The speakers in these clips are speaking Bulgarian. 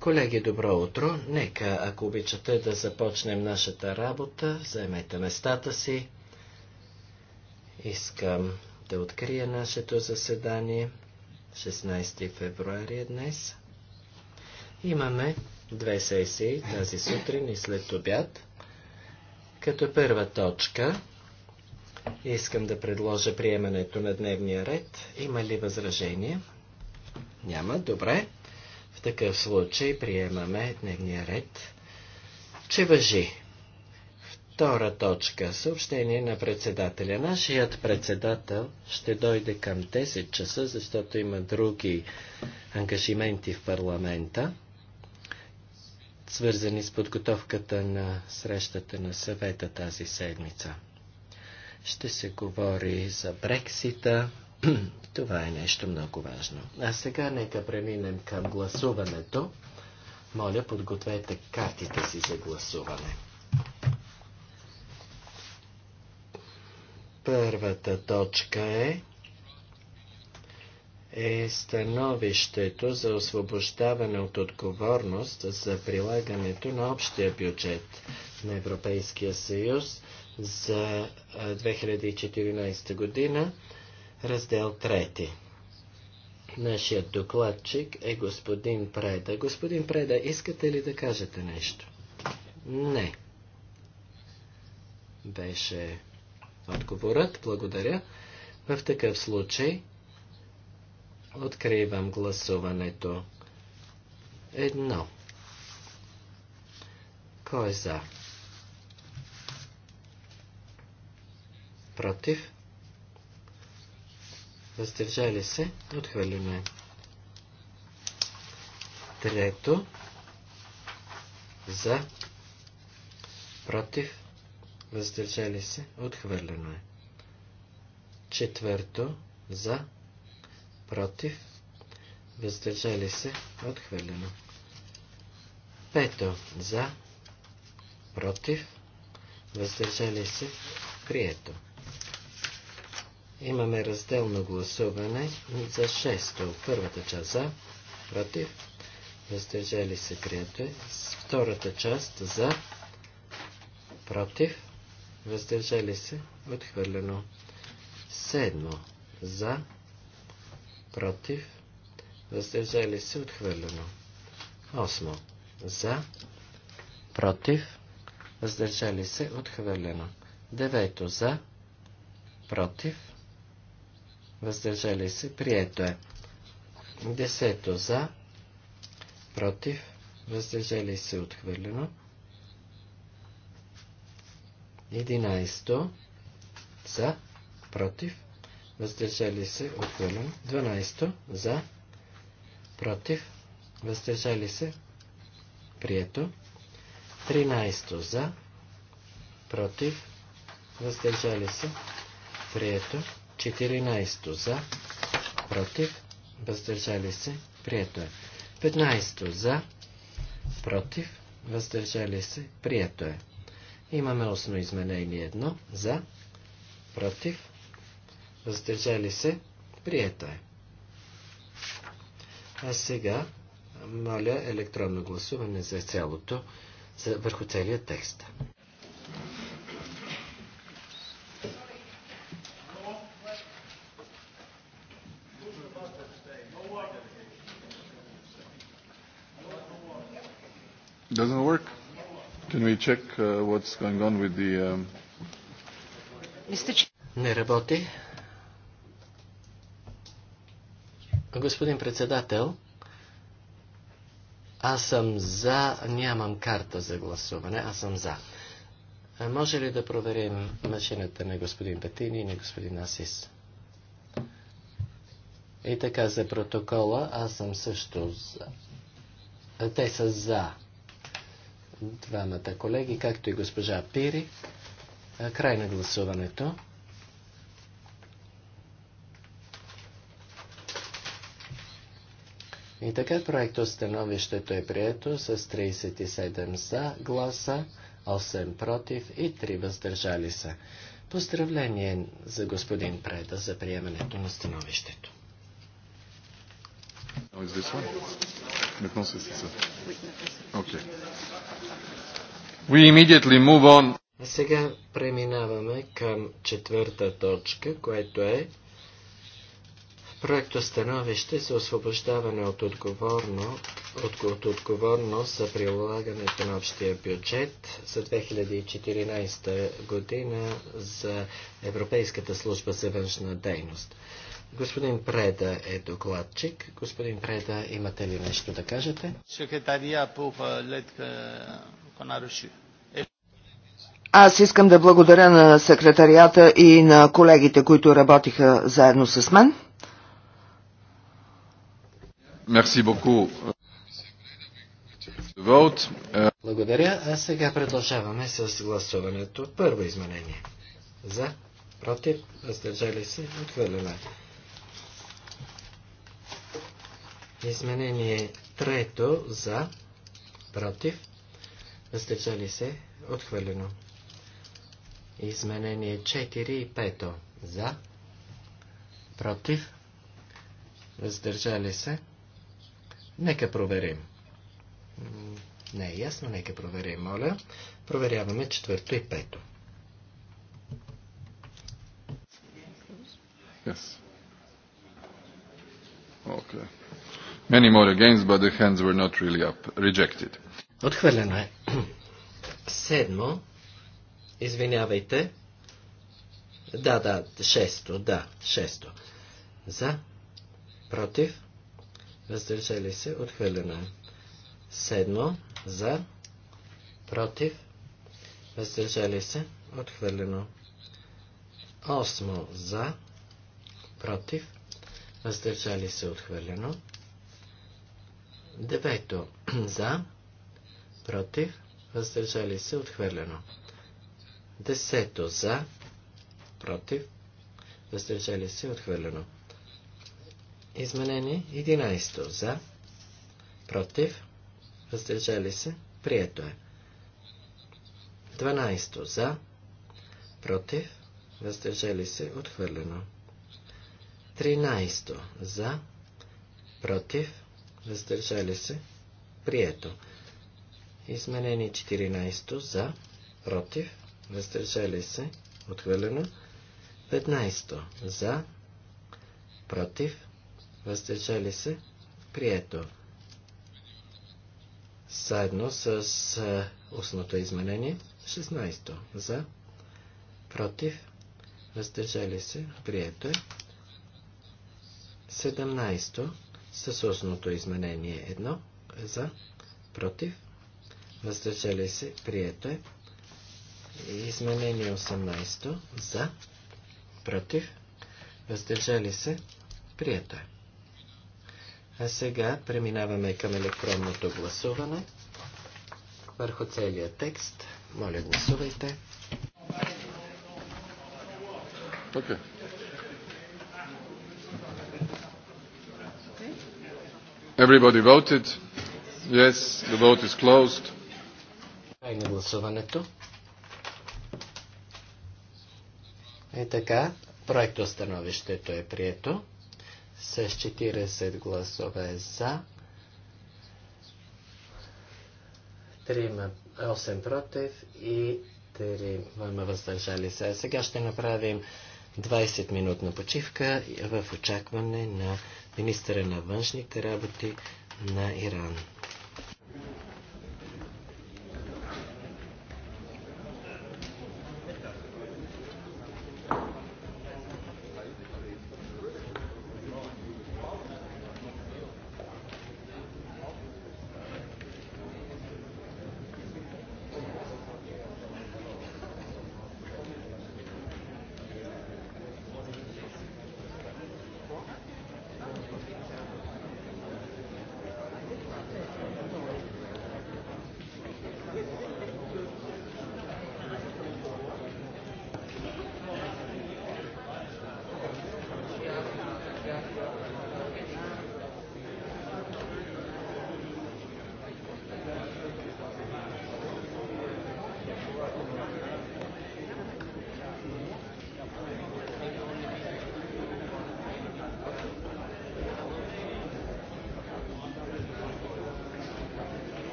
Колеги, добро утро. Нека, ако обичате да започнем нашата работа, заемете местата си. Искам да открия нашето заседание. 16 февруари е днес. Имаме две сесии тази сутрин и след обяд. Като първа точка Искам да предложа приемането на дневния ред. Има ли възражение? Няма. Добре. В такъв случай приемаме дневния ред, че въжи. Втора точка. Съобщение на председателя. Нашият председател ще дойде към 10 часа, защото има други ангажименти в парламента, свързани с подготовката на срещата на съвета тази седмица ще се говори за Брексита. Това е нещо много важно. А сега нека преминем към гласуването. Моля, подгответе картите си за гласуване. Първата точка е е становището за освобождаване от отговорност за прилагането на общия бюджет на Европейския съюз за 2014 година, раздел 3. Нашият докладчик е господин Преда. Господин Преда, искате ли да кажете нещо? Не. Беше отговорът. Благодаря. В такъв случай откривам гласуването. Едно. Кой е за? против, въздържали се, отхвърлиме. Трето, за, против, въздържали се, отхвърлено е. Четвърто, за, против, въздържали се, отхвърлено. Пето, за, против, въздържали се, прието. Имаме разделно гласуване за 6. Първата част за, против, въздържали се, приятели. е. Втората част за, против, въздържали се, отхвърлено. Седмо за, против, въздържали се, отхвърлено. Осмо за, против, въздържали се, отхвърлено. Девето за, против, въздържали се, прието е. Десето за, против, въздържали се, отхвърлено. Единайсто за, против, въздържали се, отхвърлено. Дванайсто за, против, въздържали се, прието. Тринайсто за, против, въздържали се, прието. 14 за, против, въздържали се, прието е. 15 за, против, въздържали се, прието е. Имаме осно изменение 1 за, против, въздържали се, прието е. А сега, моля, електронно гласуване за цялото, за, върху целият текст. Doesn't work? Can we check uh, what's going on with the... Um... Не работи. Господин председател, аз съм за, нямам карта за гласуване, аз съм за. А може ли да проверим машината на господин Петини и на господин Асис? И така за протокола, аз съм също за. Те са за двамата колеги, както и госпожа Пири. Край на гласуването. И така становището е прието с 37 за гласа, 8 против и 3 въздържали са. Поздравление за господин Преда за приемането на становището. Oh, Okay. We on. А сега преминаваме към четвърта точка, което е проекто становище за освобождаване от, отговорно, от, от отговорност за прилагането на общия бюджет за 2014 година за Европейската служба за външна дейност. Господин Преда е докладчик. Господин Преда, имате ли нещо да кажете? Е. Аз искам да благодаря на секретарията и на колегите, които работиха заедно с мен. Мерси боку. Благодаря. А сега продължаваме с гласуването. Първо изменение. За, против, въздържали се, отхвърляме. Изменение трето за, против, въздържали се, отхвърлено. Изменение 4 и 5 за, против, въздържали се. Нека проверим. Не е ясно, нека проверим, моля. Проверяваме четвърто и пето. Yes. Okay. Many more against, but the hands were not really up. Rejected. Отхвърлено е. Седмо. Извинявайте. Да, да, шесто, да, шесто. За, против, въздържали се, отхвърлено е. Седмо, за, против, въздържали се, отхвърлено. Осмо, за, против, въздържали се, отхвърлено. Девето. За. Против. Въздържали се. Отхвърлено. Десето. За. Против. Въздържали се. Отхвърлено. Изменени 11. За. Против. Въздържали се. Прието е. 12. За. Против. Въздържали се. Отхвърлено. 13. За. Против въздържали се, прието. Изменение 14 за, против, въздържали се, отхвърлено. 15 за, против, въздържали се, прието. Заедно с устното изменение 16 за, против, въздържали се, прието е. 17 с устното изменение 1 за, против, въздържали се, прието е. Изменение 18 за, против, въздържали се, прието е. А сега преминаваме към електронното гласуване върху целия текст. Моля, гласувайте. Okay. Everybody voted. Yes, the vote is closed. гласуването. Е така, становището е прието с 40 гласове за, 3, 8 против и 3 въздържали се. Сега ще направим 20-минутна почивка в очакване на министъра на външните работи на Иран.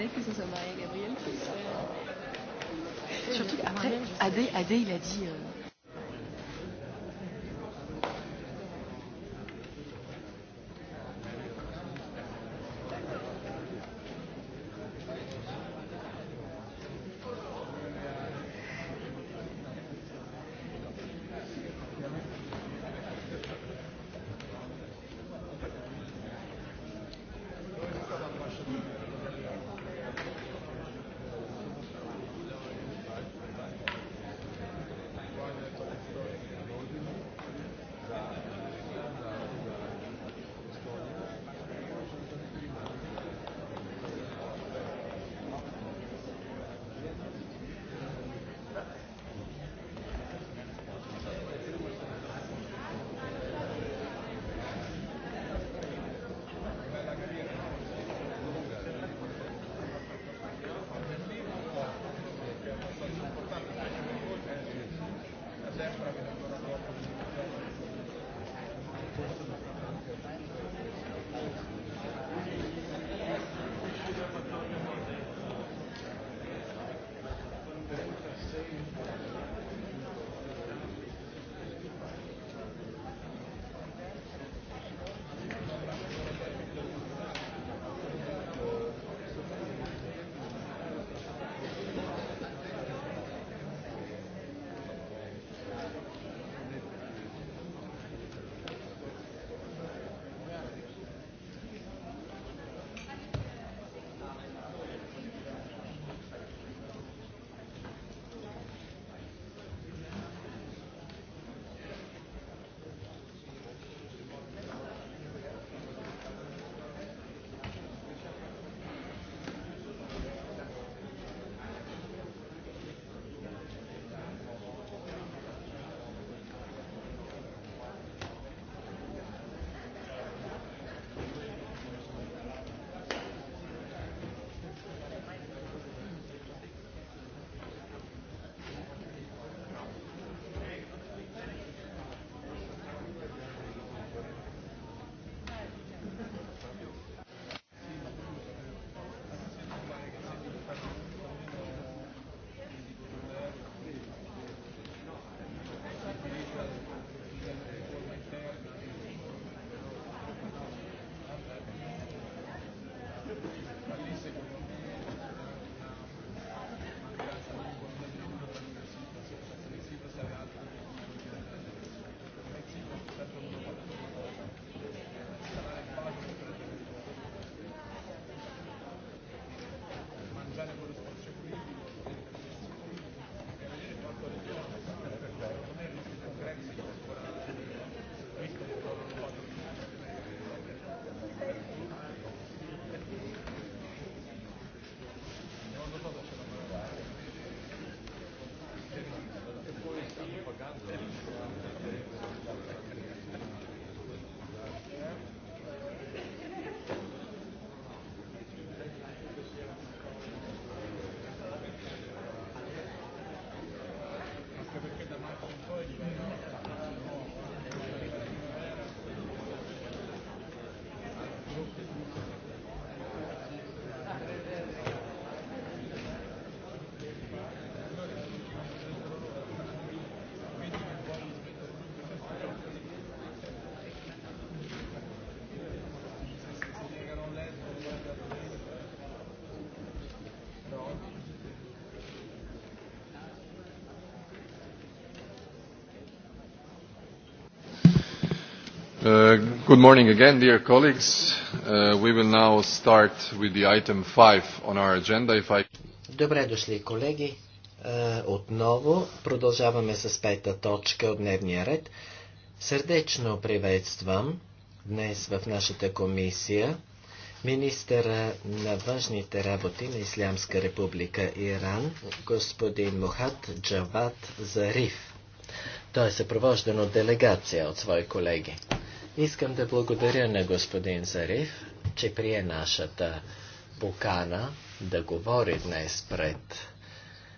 Adé, que ce soit Marie et Gabriel. Surtout après, Adé, Adé, il a dit. Euh, Good morning again, dear colleagues. Uh, we will now start with the item 5 on our agenda. If I... Добре дошли, колеги. Uh, отново продължаваме с пета точка от дневния ред. Сърдечно приветствам днес в нашата комисия министъра на външните работи на Ислямска република Иран, господин Мухат Джават Зариф. Той е съпровождан от делегация от свои колеги. Искам да благодаря на господин Зариф, че прие нашата покана да говори днес пред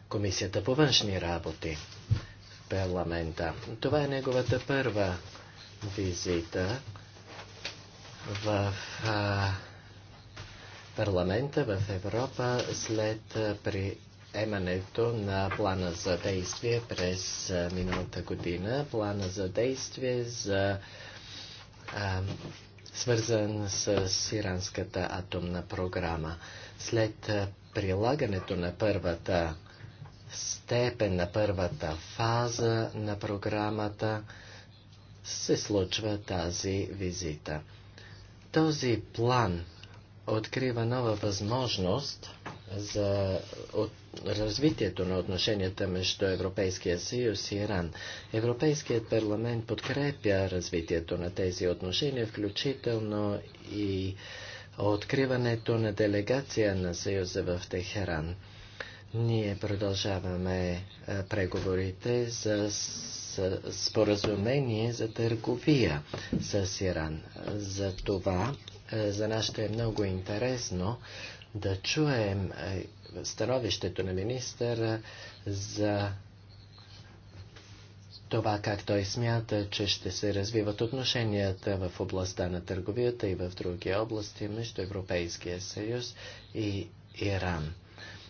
Комисията по външни работи в парламента. Това е неговата първа визита в а, парламента в Европа след при емането на плана за действие през миналата година, плана за действие за а, свързан с иранската атомна програма. След прилагането на първата степен, на първата фаза на програмата, се случва тази визита. Този план открива нова възможност – за от, развитието на отношенията между Европейския съюз и Иран. Европейският парламент подкрепя развитието на тези отношения, включително и откриването на делегация на Съюза в Техеран. Ние продължаваме а, преговорите за с, споразумение за търговия с Иран. За това а, за нас ще е много интересно да чуем е, становището на министър за това как той смята, че ще се развиват отношенията в областта на търговията и в други области между Европейския съюз и Иран.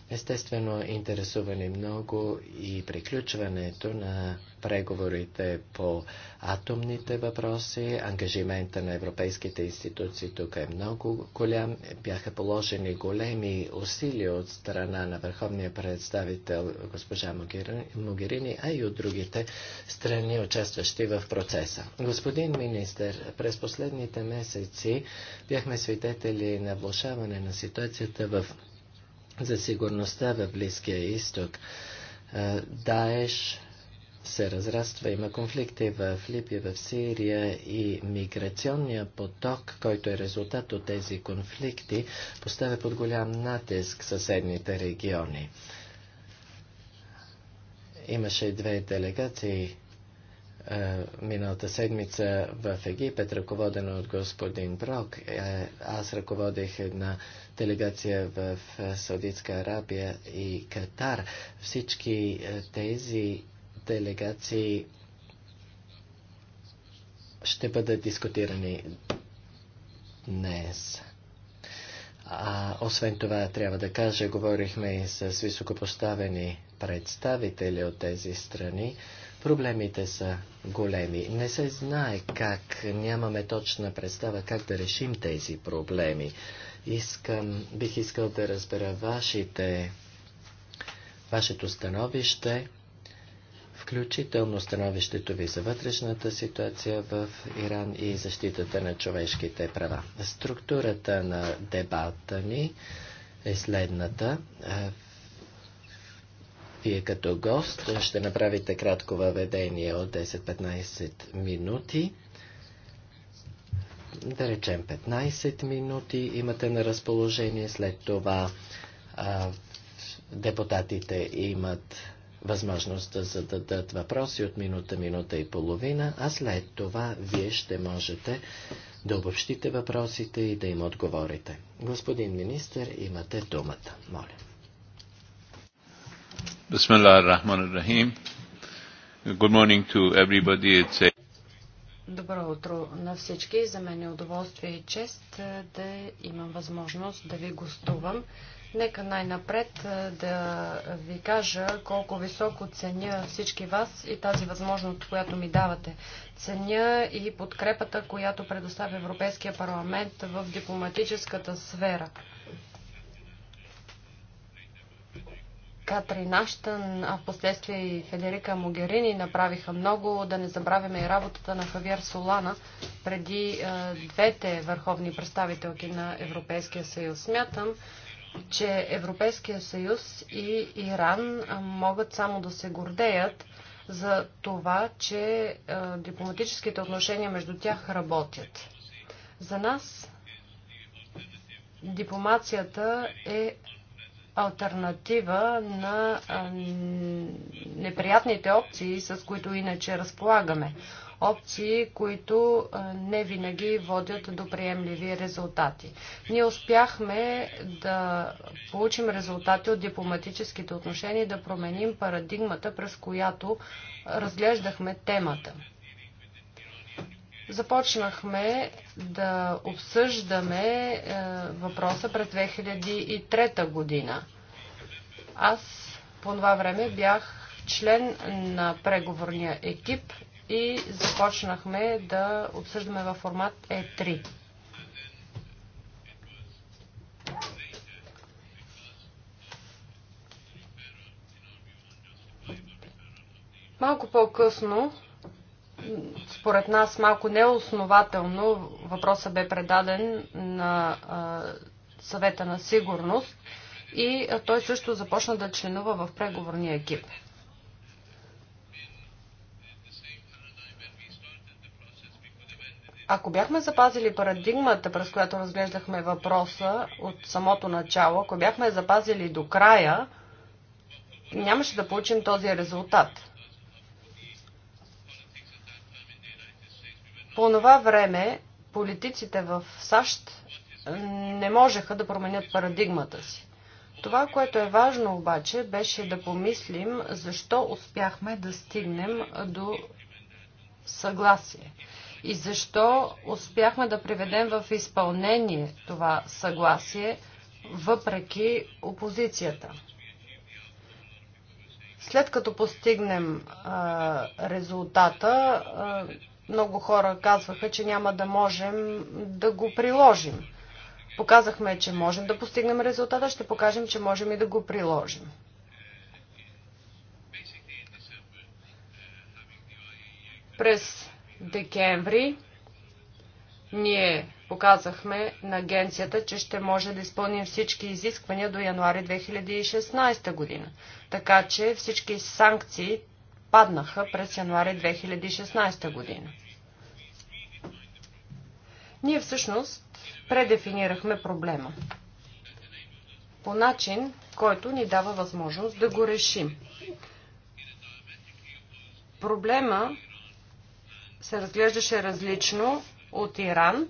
Естествено, интересувани много и приключването на преговорите по атомните въпроси. Ангажимента на европейските институции тук е много голям. Бяха положени големи усилия от страна на върховния представител госпожа Могерини, а и от другите страни, участващи в процеса. Господин министр, през последните месеци бяхме свидетели на влушаване на ситуацията в за сигурността в Близкия изток. Даеш се разраства. Има конфликти в Либия, в Сирия и миграционния поток, който е резултат от тези конфликти, поставя под голям натиск съседните региони. Имаше две делегации е, миналата седмица в Египет, ръководена от господин Брок. Е, аз ръководих една делегация в е, Саудитска Арабия и Катар. Всички тези делегации ще бъдат дискутирани днес. А, освен това, трябва да кажа, говорихме и с високопоставени представители от тези страни. Проблемите са големи. Не се знае как, нямаме точна представа как да решим тези проблеми. Искам, бих искал да разбера вашите, вашето становище включително становището ви за вътрешната ситуация в Иран и защитата на човешките права. Структурата на дебата ни е следната. Е, вие като гост ще направите кратко въведение от 10-15 минути. Да речем 15 минути имате на разположение. След това а, депутатите имат възможност да зададат въпроси от минута, минута и половина, а след това вие ще можете да обобщите въпросите и да им отговорите. Господин министр, имате думата. Моля. Bismillahirrahmanirrahim. Good morning to everybody. It's a... Добро утро на всички. За мен е удоволствие и чест е, да имам възможност да ви гостувам Нека най-напред да ви кажа колко високо ценя всички вас и тази възможност, която ми давате. Ценя и подкрепата, която предоставя Европейския парламент в дипломатическата сфера. Катрин Аштън, а в последствие и Федерика Могерини направиха много. Да не забравяме и работата на Хавиер Солана преди двете върховни представителки на Европейския съюз. Смятам, че Европейския съюз и Иран могат само да се гордеят за това, че дипломатическите отношения между тях работят. За нас дипломацията е альтернатива на неприятните опции, с които иначе разполагаме опции, които не винаги водят до приемливи резултати. Ние успяхме да получим резултати от дипломатическите отношения и да променим парадигмата, през която разглеждахме темата започнахме да обсъждаме е, въпроса през 2003 година. Аз по това време бях член на преговорния екип и започнахме да обсъждаме във формат E3. Е малко по-късно, според нас малко неоснователно, въпросът бе предаден на а, съвета на сигурност и той също започна да членува в преговорния екип. Ако бяхме запазили парадигмата, през която разглеждахме въпроса от самото начало, ако бяхме запазили до края, нямаше да получим този резултат. По това време политиците в САЩ не можеха да променят парадигмата си. Това, което е важно обаче, беше да помислим защо успяхме да стигнем до съгласие и защо успяхме да приведем в изпълнение това съгласие въпреки опозицията. След като постигнем а, резултата, а, много хора казваха, че няма да можем да го приложим. Показахме, че можем да постигнем резултата, ще покажем, че можем и да го приложим. През декември ние показахме на агенцията, че ще може да изпълним всички изисквания до януари 2016 година. Така че всички санкции паднаха през януари 2016 година. Ние всъщност предефинирахме проблема по начин, който ни дава възможност да го решим. Проблема се разглеждаше различно от Иран,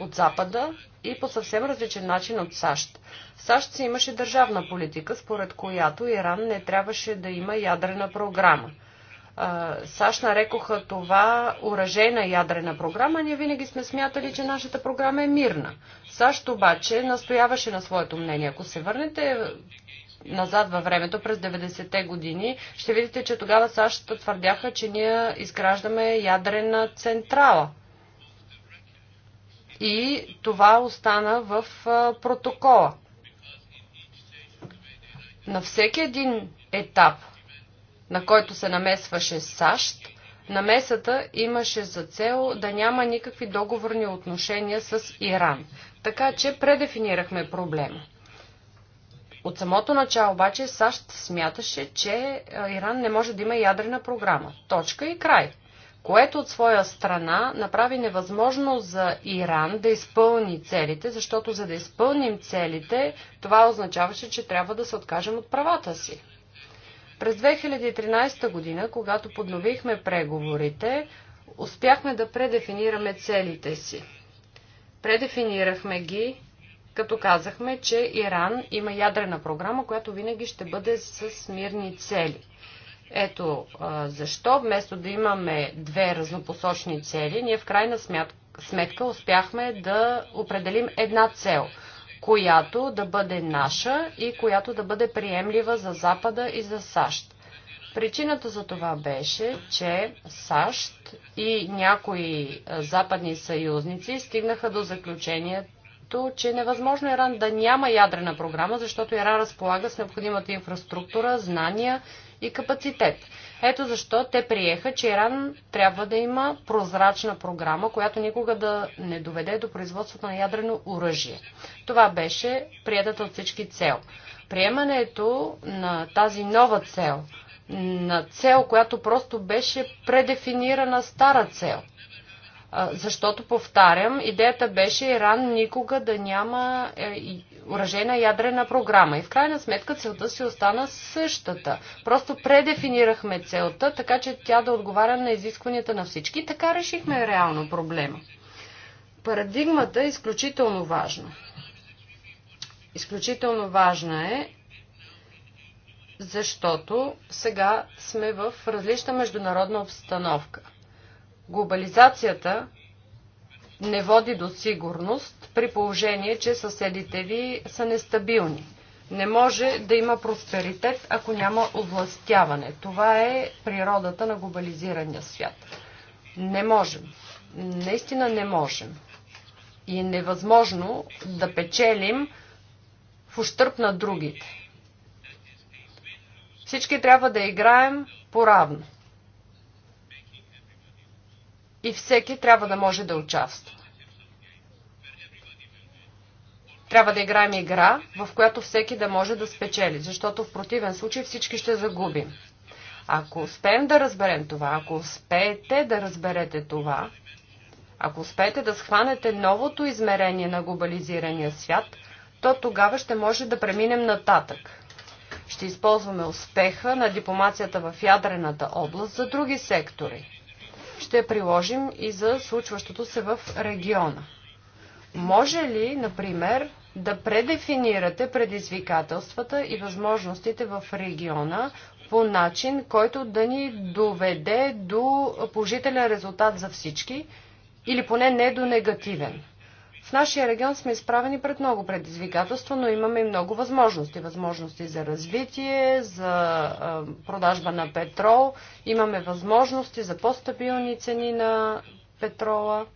от Запада и по съвсем различен начин от САЩ. В САЩ си имаше държавна политика, според която Иран не трябваше да има ядрена програма. САЩ нарекоха това уражена ядрена програма. Ние винаги сме смятали, че нашата програма е мирна. САЩ обаче настояваше на своето мнение. Ако се върнете назад във времето, през 90-те години, ще видите, че тогава САЩ твърдяха, че ние изграждаме ядрена централа. И това остана в протокола. На всеки един етап, на който се намесваше САЩ, намесата имаше за цел да няма никакви договорни отношения с Иран. Така че предефинирахме проблема. От самото начало обаче САЩ смяташе, че Иран не може да има ядрена програма. Точка и край. Което от своя страна направи невъзможно за Иран да изпълни целите, защото за да изпълним целите, това означаваше, че трябва да се откажем от правата си. През 2013 година, когато подновихме преговорите, успяхме да предефинираме целите си. Предефинирахме ги като казахме, че Иран има ядрена програма, която винаги ще бъде с мирни цели. Ето защо, вместо да имаме две разнопосочни цели, ние в крайна сметка успяхме да определим една цел, която да бъде наша и която да бъде приемлива за Запада и за САЩ. Причината за това беше, че САЩ и някои западни съюзници стигнаха до заключението, като че е невъзможно Иран да няма ядрена програма, защото Иран разполага с необходимата инфраструктура, знания и капацитет. Ето защо те приеха, че Иран трябва да има прозрачна програма, която никога да не доведе до производството на ядрено оръжие. Това беше приятата от всички цел. Приемането на тази нова цел, на цел, която просто беше предефинирана стара цел – защото, повтарям, идеята беше Иран никога да няма уражена е, ядрена програма. И в крайна сметка целта си остана същата. Просто предефинирахме целта, така че тя да отговаря на изискванията на всички. Така решихме реално проблема. Парадигмата е изключително важна. Изключително важна е, защото сега сме в различна международна обстановка – Глобализацията не води до сигурност при положение, че съседите ви са нестабилни. Не може да има просперитет, ако няма овластяване. Това е природата на глобализирания свят. Не можем. Наистина не можем. И е невъзможно да печелим в ущърп на другите. Всички трябва да играем поравно и всеки трябва да може да участва. Трябва да играем игра, в която всеки да може да спечели, защото в противен случай всички ще загубим. Ако успеем да разберем това, ако успеете да разберете това, ако успеете да схванете новото измерение на глобализирания свят, то тогава ще може да преминем нататък. Ще използваме успеха на дипломацията в ядрената област за други сектори ще приложим и за случващото се в региона. Може ли, например, да предефинирате предизвикателствата и възможностите в региона по начин, който да ни доведе до положителен резултат за всички или поне не до негативен? В нашия регион сме изправени пред много предизвикателства, но имаме и много възможности. Възможности за развитие, за продажба на петрол, имаме възможности за по-стабилни цени на петрола.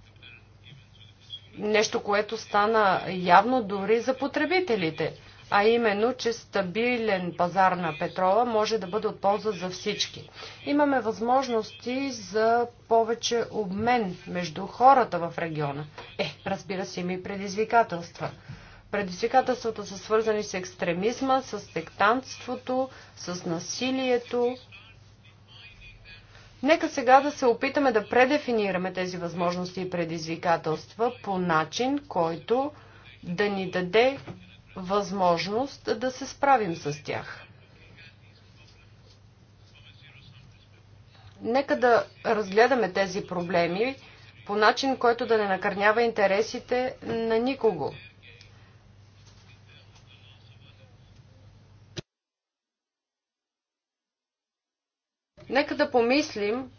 Нещо, което стана явно дори за потребителите а именно, че стабилен пазар на петрола може да бъде от полза за всички. Имаме възможности за повече обмен между хората в региона. Е, разбира се, има и предизвикателства. Предизвикателствата са свързани с екстремизма, с тектанството, с насилието. Нека сега да се опитаме да предефинираме тези възможности и предизвикателства по начин, който да ни даде възможност да се справим с тях. Нека да разгледаме тези проблеми по начин, който да не накърнява интересите на никого. Нека да помислим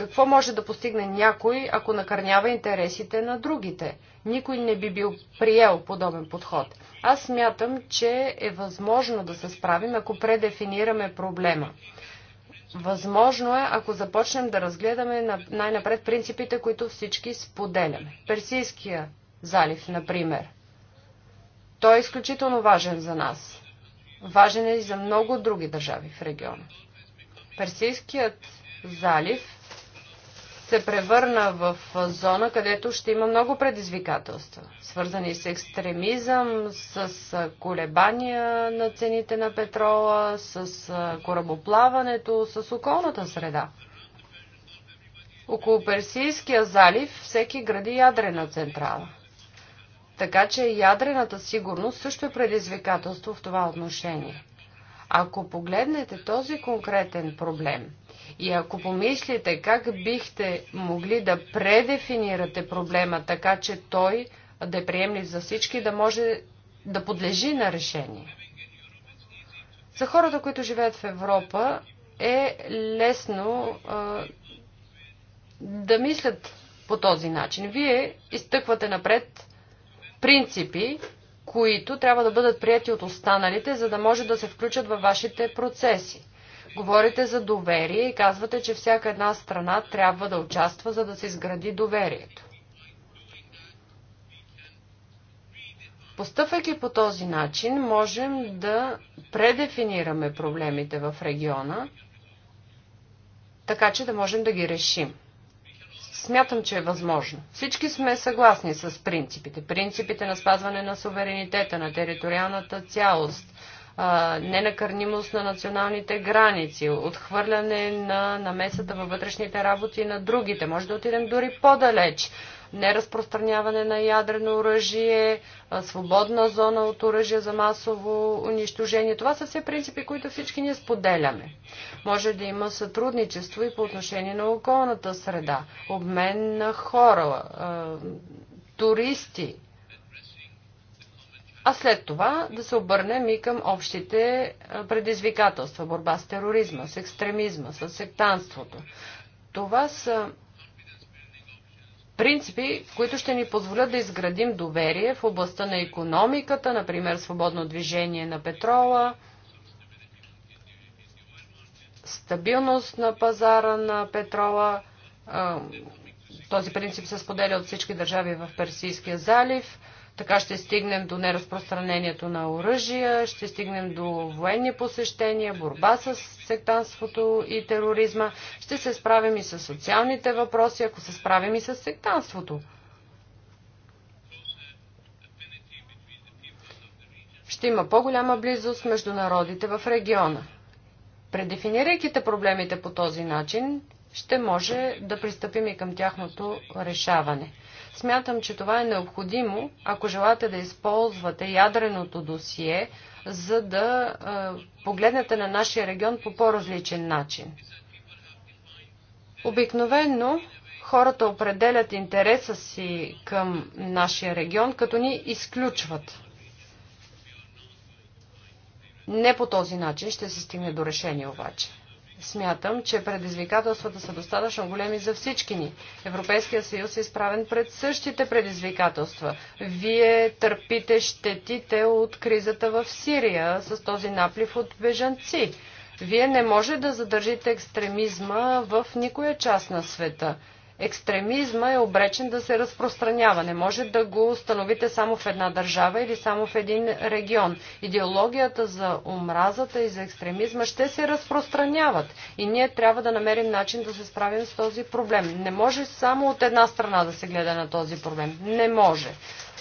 какво може да постигне някой, ако накърнява интересите на другите? Никой не би бил приел подобен подход. Аз смятам, че е възможно да се справим, ако предефинираме проблема. Възможно е, ако започнем да разгледаме най-напред принципите, които всички споделяме. Персийския залив, например. Той е изключително важен за нас. Важен е и за много други държави в региона. Персийският залив се превърна в зона, където ще има много предизвикателства, свързани с екстремизъм, с колебания на цените на петрола, с корабоплаването, с околната среда. Около Персийския залив всеки гради ядрена централа. Така че ядрената сигурност също е предизвикателство в това отношение. Ако погледнете този конкретен проблем и ако помислите как бихте могли да предефинирате проблема така, че той да е приемлив за всички, да може да подлежи на решение. За хората, които живеят в Европа, е лесно а, да мислят по този начин. Вие изтъквате напред принципи, които трябва да бъдат прияти от останалите, за да може да се включат във вашите процеси. Говорите за доверие и казвате, че всяка една страна трябва да участва, за да се изгради доверието. Постъпвайки по този начин, можем да предефинираме проблемите в региона, така че да можем да ги решим смятам, че е възможно. Всички сме съгласни с принципите. Принципите на спазване на суверенитета, на териториалната цялост, ненакърнимост на националните граници, отхвърляне на намесата във вътрешните работи на другите. Може да отидем дори по-далеч неразпространяване на ядрено оръжие, свободна зона от оръжие за масово унищожение. Това са все принципи, които всички ние споделяме. Може да има сътрудничество и по отношение на околната среда, обмен на хора, туристи, а след това да се обърнем и към общите предизвикателства. Борба с тероризма, с екстремизма, с сектанството. Това са принципи, които ще ни позволят да изградим доверие в областта на економиката, например свободно движение на петрола, стабилност на пазара на петрола. Този принцип се споделя от всички държави в Персийския залив – така ще стигнем до неразпространението на оръжия, ще стигнем до военни посещения, борба с сектанството и тероризма, ще се справим и с социалните въпроси, ако се справим и с сектанството. Ще има по-голяма близост между народите в региона. Предефинирайки проблемите по този начин, ще може да пристъпим и към тяхното решаване. Смятам, че това е необходимо, ако желате да използвате ядреното досие, за да е, погледнете на нашия регион по по-различен начин. Обикновено хората определят интереса си към нашия регион, като ни изключват. Не по този начин ще се стигне до решение обаче. Смятам, че предизвикателствата са достатъчно големи за всички ни. Европейския съюз е изправен пред същите предизвикателства. Вие търпите щетите от кризата в Сирия с този наплив от бежанци. Вие не може да задържите екстремизма в никоя част на света екстремизма е обречен да се разпространява. Не може да го установите само в една държава или само в един регион. Идеологията за омразата и за екстремизма ще се разпространяват и ние трябва да намерим начин да се справим с този проблем. Не може само от една страна да се гледа на този проблем. Не може.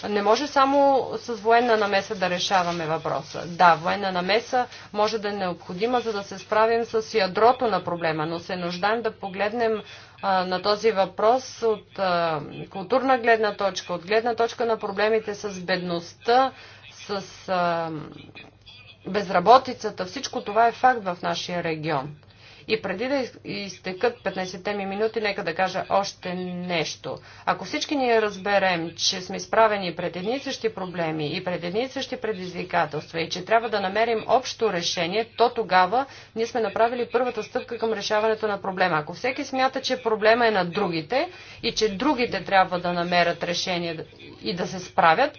Не може само с военна намеса да решаваме въпроса. Да, военна намеса може да е необходима, за да се справим с ядрото на проблема, но се нуждаем да погледнем на този въпрос от културна гледна точка, от гледна точка на проблемите с бедността, с безработицата. Всичко това е факт в нашия регион. И преди да изтекат 15-те ми минути, нека да кажа още нещо. Ако всички ние разберем, че сме изправени пред едни и същи проблеми и пред едни и същи предизвикателства и че трябва да намерим общо решение, то тогава ние сме направили първата стъпка към решаването на проблема. Ако всеки смята, че проблема е на другите и че другите трябва да намерят решение и да се справят,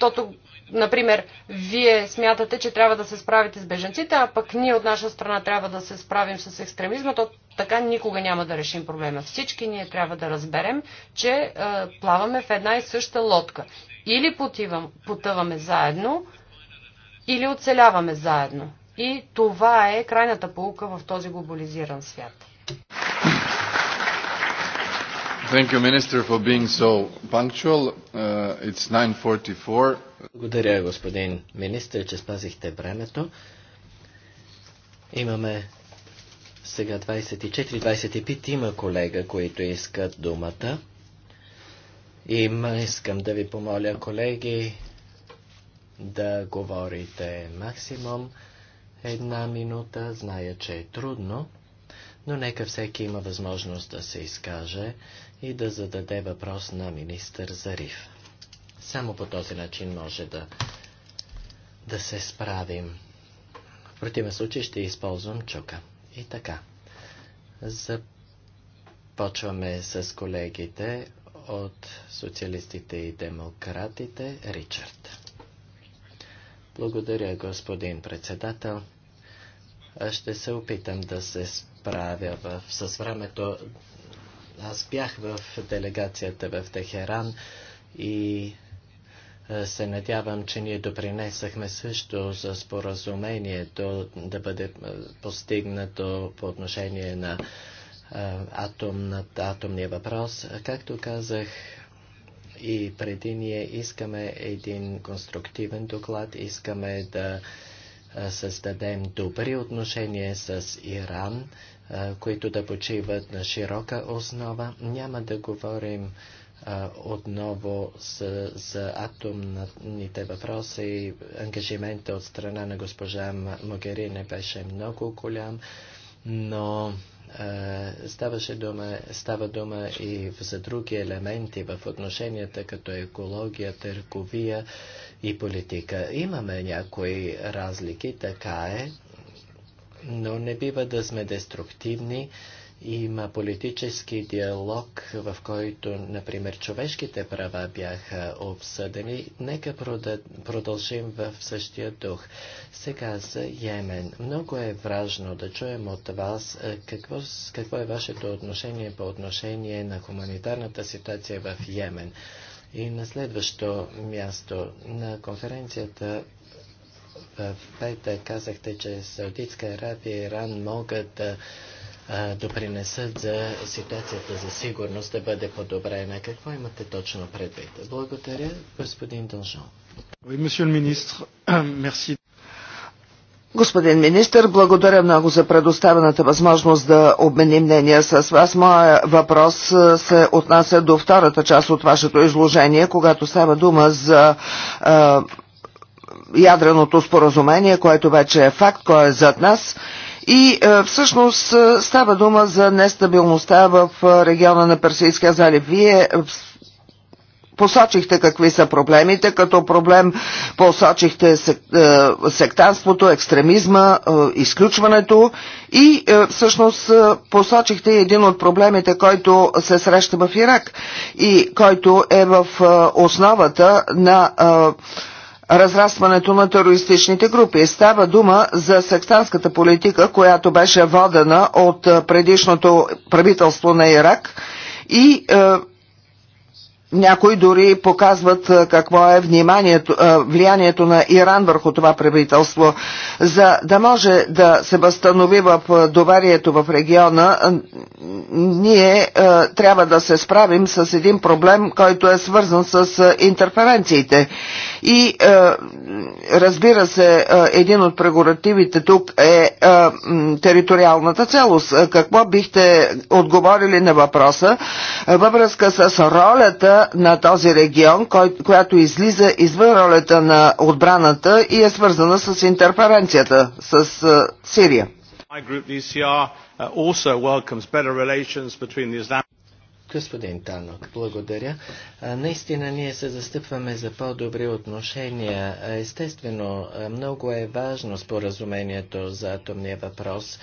то Например, вие смятате, че трябва да се справите с беженците, а пък ние от наша страна трябва да се справим с екстремизма, то така никога няма да решим проблема. Всички ние трябва да разберем, че е, плаваме в една и съща лодка. Или потивам, потъваме заедно, или оцеляваме заедно. И това е крайната полука в този глобализиран свят. Uh, Благодаря, господин министр, че спазихте времето. Имаме сега 24-25 има колега, които искат думата. Има, искам да ви помоля, колеги, да говорите максимум една минута. Зная, че е трудно, но нека всеки има възможност да се изкаже и да зададе въпрос на министър Зариф. Само по този начин може да, да се справим. В противен случай ще използвам чука. И така. Започваме с колегите от социалистите и демократите Ричард. Благодаря, господин председател. Аз ще се опитам да се справя в, с времето. Аз бях в делегацията в Техеран и е, се надявам, че ние допринесахме също за споразумението да бъде е, постигнато по отношение на е, атомната, атомния въпрос. Както казах и преди, ние искаме един конструктивен доклад, искаме да създадем добри отношения с Иран които да почиват на широка основа. Няма да говорим отново за, за атомните въпроси. Ангажимента от страна на госпожа Могерини беше много голям, но ставаше дума, става дума и за други елементи в отношенията като екология, търговия и политика. Имаме някои разлики, така е, но не бива да сме деструктивни. Има политически диалог, в който, например, човешките права бяха обсъдени. Нека продължим в същия дух. Сега за Йемен. Много е важно да чуем от вас е, какво, какво е вашето отношение по отношение на хуманитарната ситуация в Йемен. И на следващо място на конференцията в е, петък казахте, че Саудитска Арабия и Иран могат да допринесат за ситуацията за сигурност да бъде подобрена. Какво имате точно предвид? Благодаря, господин Дължон. Господин министр, благодаря много за предоставената възможност да обменим мнения с вас. Моя въпрос се отнася до втората част от вашето изложение, когато става дума за ядреното споразумение, което вече е факт, кое е зад нас. И е, всъщност е, става дума за нестабилността в е, региона на Персийския залив. Вие е, посочихте какви са проблемите, като проблем посочихте сектанството, екстремизма, изключването и всъщност посочихте един от проблемите, който се среща в Ирак и който е в основата на разрастването на терористичните групи. Става дума за сектантската политика, която беше водена от е, предишното правителство на Ирак и е, някои дори показват е, какво е вниманието, е, влиянието на Иран върху това правителство. За да може да се възстанови в доверието в региона, ние трябва да се справим с един проблем, който е свързан с интерференциите. И е, разбира се, е, един от прегоративите тук е, е териториалната целост. Е, какво бихте отговорили на въпроса е, във връзка с ролята на този регион, кой, която излиза извън ролята на отбраната и е свързана с интерференцията с е, Сирия? My group, e е, also welcomes better relations between the Islamic Господин Танок, благодаря. Наистина ние се застъпваме за по-добри отношения. Естествено, много е важно споразумението за атомния въпрос.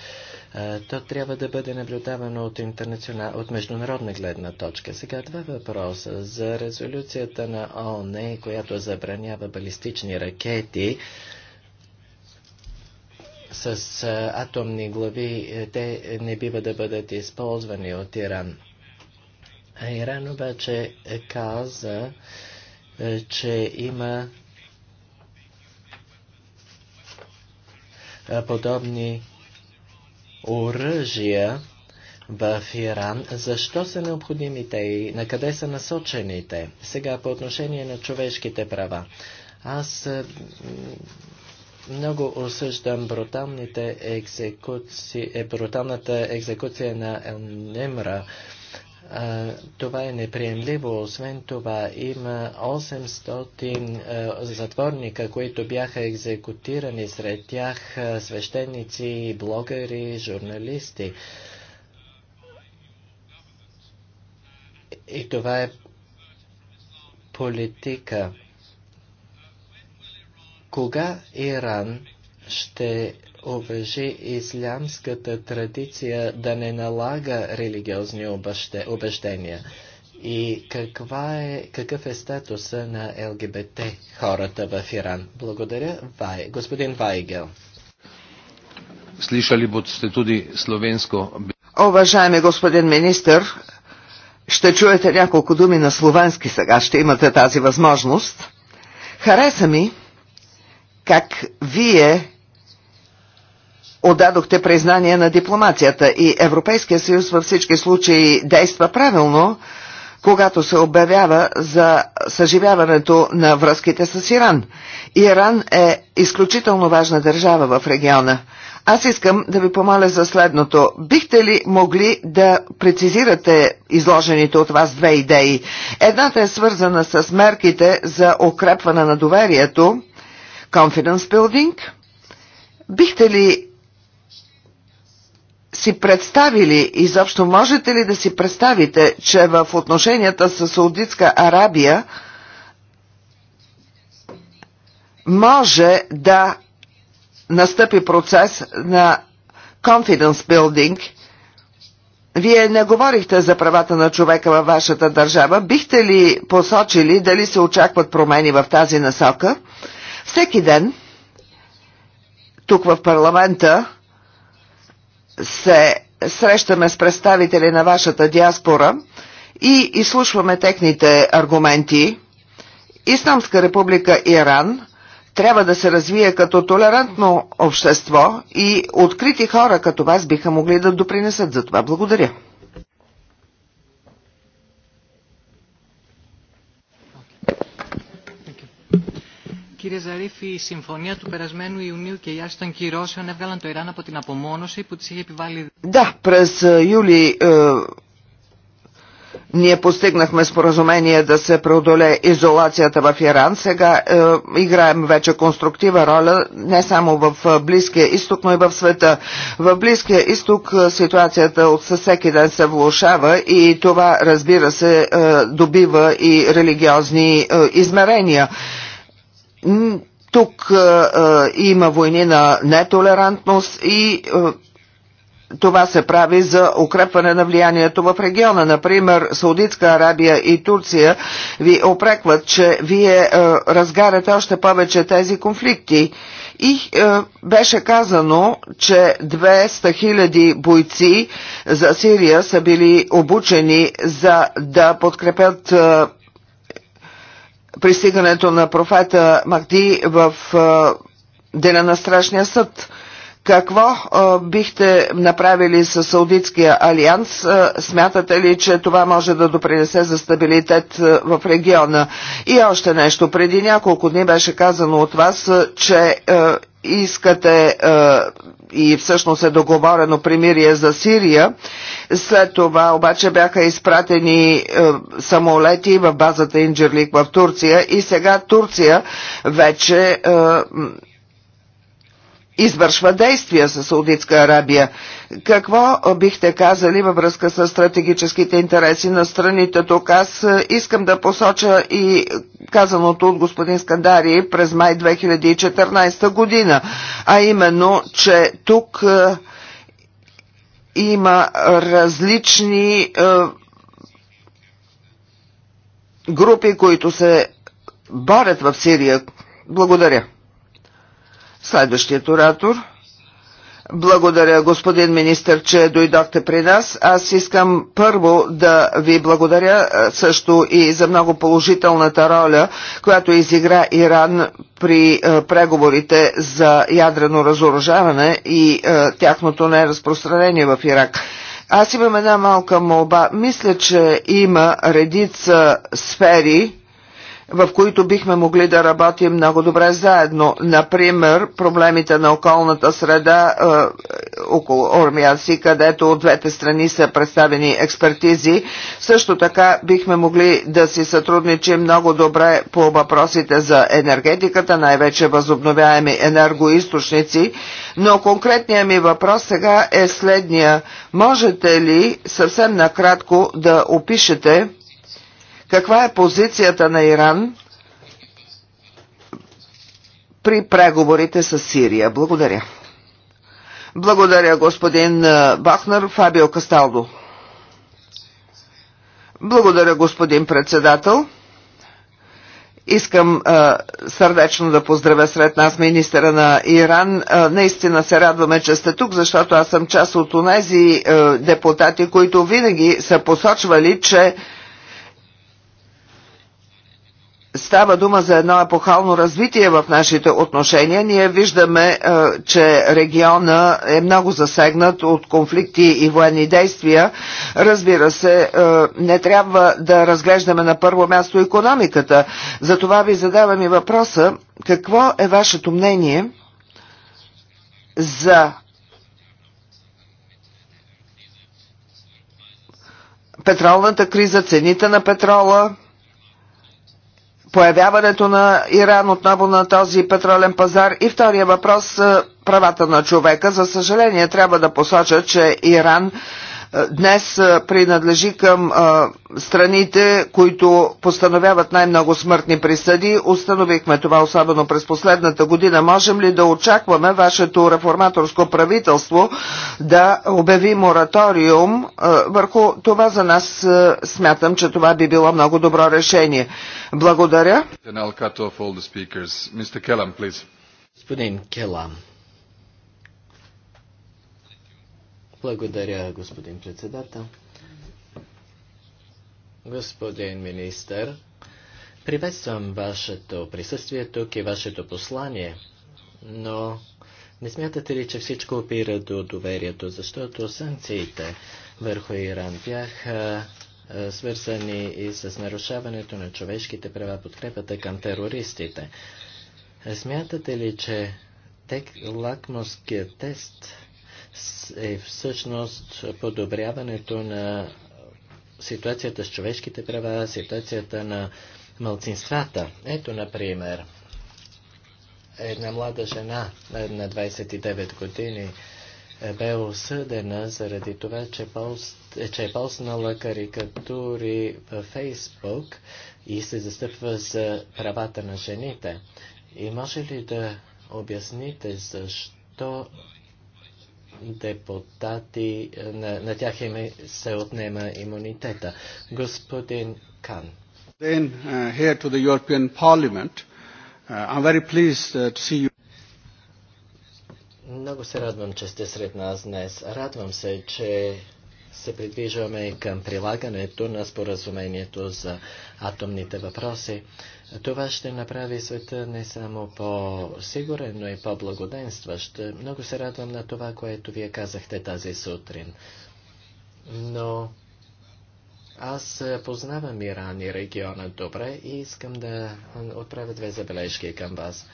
То трябва да бъде наблюдавано от, интернационал... от международна гледна точка. Сега два въпроса. За резолюцията на ООН, която забранява балистични ракети, с атомни глави, е, те не бива да бъдат използвани от Иран. Иран обаче е каза, е, че има е, подобни оръжия в Иран. Защо са необходимите и на къде са насочените? Сега по отношение на човешките права. Аз много осъждам бруталните екзекуции, бруталната екзекуция на Ем това е неприемливо. Освен това, има 800 затворника, които бяха екзекутирани. Сред тях свещеници, блогъри, журналисти. И това е политика. Кога Иран ще уважи ислямската традиция да не налага религиозни убеждения? И каква е, какъв е статуса на ЛГБТ хората в Иран? Благодаря, Вай, господин Вайгел. Слышали сте туди словенско... Уважаеми господин министр, ще чуете няколко думи на словенски сега, ще имате тази възможност. Хареса ми как вие отдадохте признание на дипломацията и Европейския съюз във всички случаи действа правилно, когато се обявява за съживяването на връзките с Иран. Иран е изключително важна държава в региона. Аз искам да ви помоля за следното. Бихте ли могли да прецизирате изложените от вас две идеи? Едната е свързана с мерките за укрепване на доверието, confidence building. Бихте ли си представили, изобщо можете ли да си представите, че в отношенията с Саудитска Арабия може да настъпи процес на confidence building. Вие не говорихте за правата на човека във вашата държава. Бихте ли посочили дали се очакват промени в тази насока? Всеки ден тук в парламента се срещаме с представители на вашата диаспора и изслушваме техните аргументи. Исламска република Иран трябва да се развие като толерантно общество и открити хора като вас биха могли да допринесат за това. Благодаря. Κύριε Ζαρίφη, η συμφωνία του περασμένου Ιουνίου και η άρση των κυρώσεων έβγαλαν το Ιράν από την απομόνωση που της είχε επιβάλει. Да, през юли е, ние постигнахме споразумение да се преодолее изолацията в Иран. Сега е, играем вече конструктива роля не само в е, Близкия изток, но и в света. В Близкия изток е, ситуацията от със всеки ден се влушава и това, разбира се, е, добива и религиозни е, измерения. Е, тук има войни на нетолерантност и това се прави за укрепване на влиянието в региона. Например, Саудитска Арабия и Турция ви опрекват, че вие а, разгаряте още повече тези конфликти. И е, беше казано, че 200 000 бойци за Сирия са били обучени за да подкрепят е, пристигането на профета Махди в деня на страшния съд. Какво а, бихте направили с Саудитския алианс? А, смятате ли, че това може да допринесе за стабилитет а, в региона? И още нещо. Преди няколко дни беше казано от вас, а, че а, искате а, и всъщност е договорено примирие за Сирия. След това обаче бяха изпратени е, самолети в базата Инджерлик в Турция и сега Турция вече е, извършва действия с Саудитска Арабия какво бихте казали във връзка с стратегическите интереси на страните тук? Аз е, искам да посоча и казаното от господин Скандари през май 2014 година, а именно, че тук е, има различни е, групи, които се борят в Сирия. Благодаря. Следващият оратор – благодаря, господин министр, че дойдохте при нас. Аз искам първо да ви благодаря също и за много положителната роля, която изигра Иран при преговорите за ядрено разоръжаване и тяхното неразпространение в Ирак. Аз имам една малка молба. Мисля, че има редица сфери, в които бихме могли да работим много добре заедно. Например, проблемите на околната среда е, около Ормиаси, където от двете страни са представени експертизи. Също така бихме могли да си сътрудничим много добре по въпросите за енергетиката, най-вече възобновяеми енергоисточници. Но конкретният ми въпрос сега е следния. Можете ли съвсем накратко да опишете каква е позицията на Иран при преговорите с Сирия? Благодаря. Благодаря, господин Бахнер. Фабио Касталдо. Благодаря, господин председател. Искам а, сърдечно да поздравя сред нас министъра на Иран. А, наистина се радваме, че сте тук, защото аз съм част от тези депутати, които винаги са посочвали, че става дума за едно епохално развитие в нашите отношения. Ние виждаме, е, че региона е много засегнат от конфликти и военни действия. Разбира се, е, не трябва да разглеждаме на първо място економиката. Затова ви задавам и въпроса, какво е вашето мнение за петролната криза, цените на петрола, появяването на Иран отново на този петролен пазар? И втория въпрос е, правата на човека. За съжаление трябва да посоча, че Иран е, днес е, принадлежи към е, страните, които постановяват най-много смъртни присъди. Установихме това особено през последната година. Можем ли да очакваме вашето реформаторско правителство да обяви мораториум върху това за нас? Смятам, че това би било много добро решение. Благодаря. Господин Келам. Благодаря, господин председател. Господин министър, приветствам вашето присъствие тук и вашето послание, но не смятате ли, че всичко опира до доверието, защото санкциите върху Иран бяха свързани и с нарушаването на човешките права, подкрепата към терористите. Смятате ли, че тек лакмоският тест е всъщност подобряването на ситуацията с човешките права, ситуацията на мълцинствата. Ето, например, една млада жена на 29 години е, бе осъдена заради това, че, полз, е, че е ползнала карикатури във Фейсбук и се застъпва за правата на жените. И може ли да обясните защо депутати, е, на, на тях им е, се отнема имунитета. Господин Кан. Then, uh, here to the European Parliament. Uh, I'm very pleased uh, to see you. Много се радвам, че сте сред нас днес. Радвам се, че се придвижваме към прилагането на споразумението за атомните въпроси. Uh, това ще направи света не само по-сигурен, но и по-благоденстващ. Много се радвам на това, което вие казахте тази сутрин. Но аз познавам Иран и региона добре и искам да отправя две забележки към вас.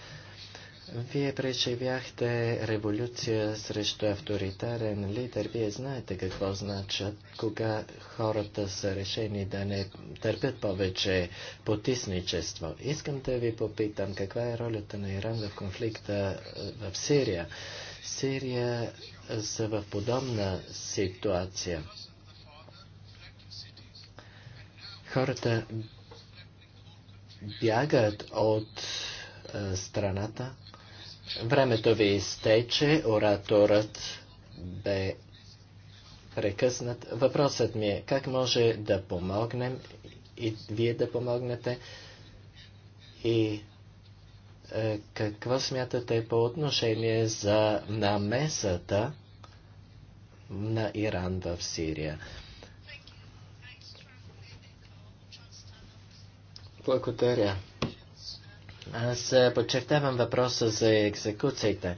Вие преживяхте революция срещу авторитарен лидер. Вие знаете какво значат, кога хората са решени да не търпят повече потисничество. Искам да ви попитам, каква е ролята на Иран в конфликта е, в Сирия? Сирия е, са в подобна ситуация. Хората бягат от е, страната, Времето ви изтече, ораторът бе прекъснат. Въпросът ми е, как може да помогнем и вие да помогнете и е, какво смятате по отношение за намесата на Иран в Сирия? Благодаря. Аз подчертавам въпроса за екзекуциите.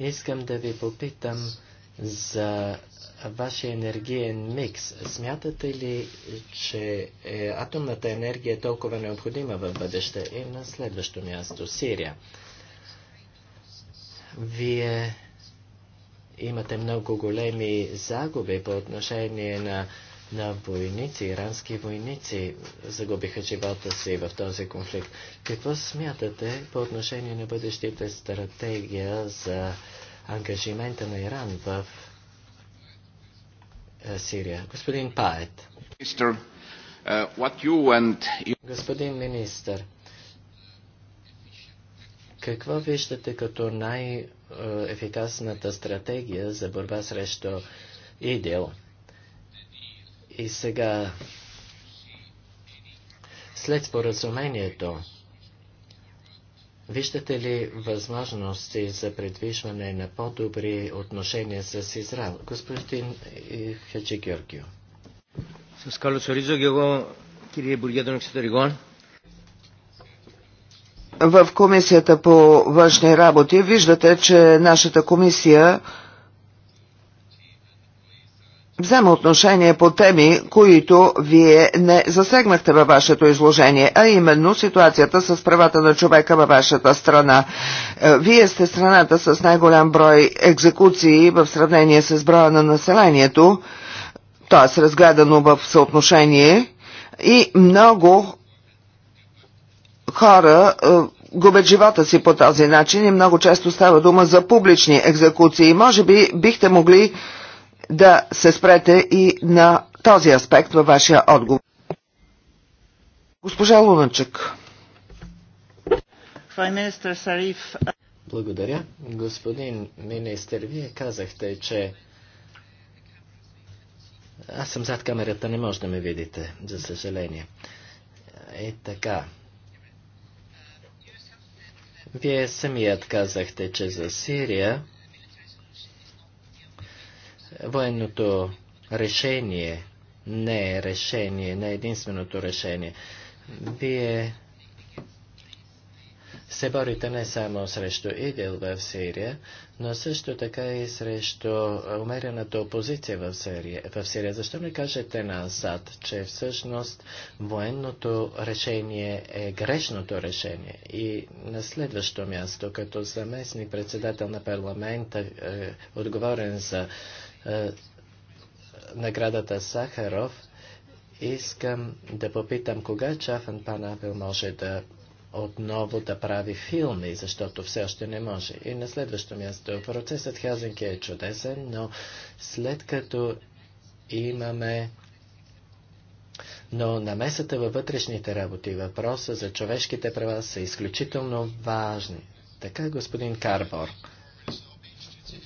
Искам да ви попитам за вашия енергиен микс. Смятате ли, че е, атомната енергия е толкова необходима в бъдеще? И на следващо място Сирия. Вие имате много големи загуби по отношение на на войници, ирански войници загубиха живота си в този конфликт. Какво смятате по отношение на бъдещите стратегия за ангажимента на Иран в е, Сирия? Господин Пает. Е, Господин министър, какво виждате като най-ефикасната е, стратегия за борба срещу ИДИЛ? И сега, след споразумението, виждате ли възможности за предвижване на по-добри отношения с Израел? Господин Хаджи Георгио. В Комисията по външни работи виждате, че нашата комисия взема отношение по теми, които вие не засегнахте във вашето изложение, а именно ситуацията с правата на човека във вашата страна. Е, вие сте страната с най-голям брой екзекуции в сравнение с броя на населението, т.е. разгледано в съотношение и много хора е, губят живота си по този начин и много често става дума за публични екзекуции. Може би бихте могли да се спрете и на този аспект във вашия отговор. Госпожа Луначък. Благодаря. Господин министр, вие казахте, че аз съм зад камерата, не може да ме видите, за съжаление. Е така. Вие самият казахте, че за Сирия Военното решение не е решение, не е единственото решение. Вие се борите не само срещу ИДИЛ в Сирия, но също така и срещу умерената опозиция в Сирия. В Сирия. Защо не кажете на Асад, че всъщност военното решение е грешното решение? И на следващо място, като заместник председател на парламента, е, отговорен за е, наградата Сахаров, искам да попитам кога Чафан Панавел може да отново да прави филми, защото все още не може. И на следващо място, процесът Хелзинки е чудесен, но след като имаме но намесата във вътрешните работи, въпроса за човешките права са изключително важни. Така, господин Карбор.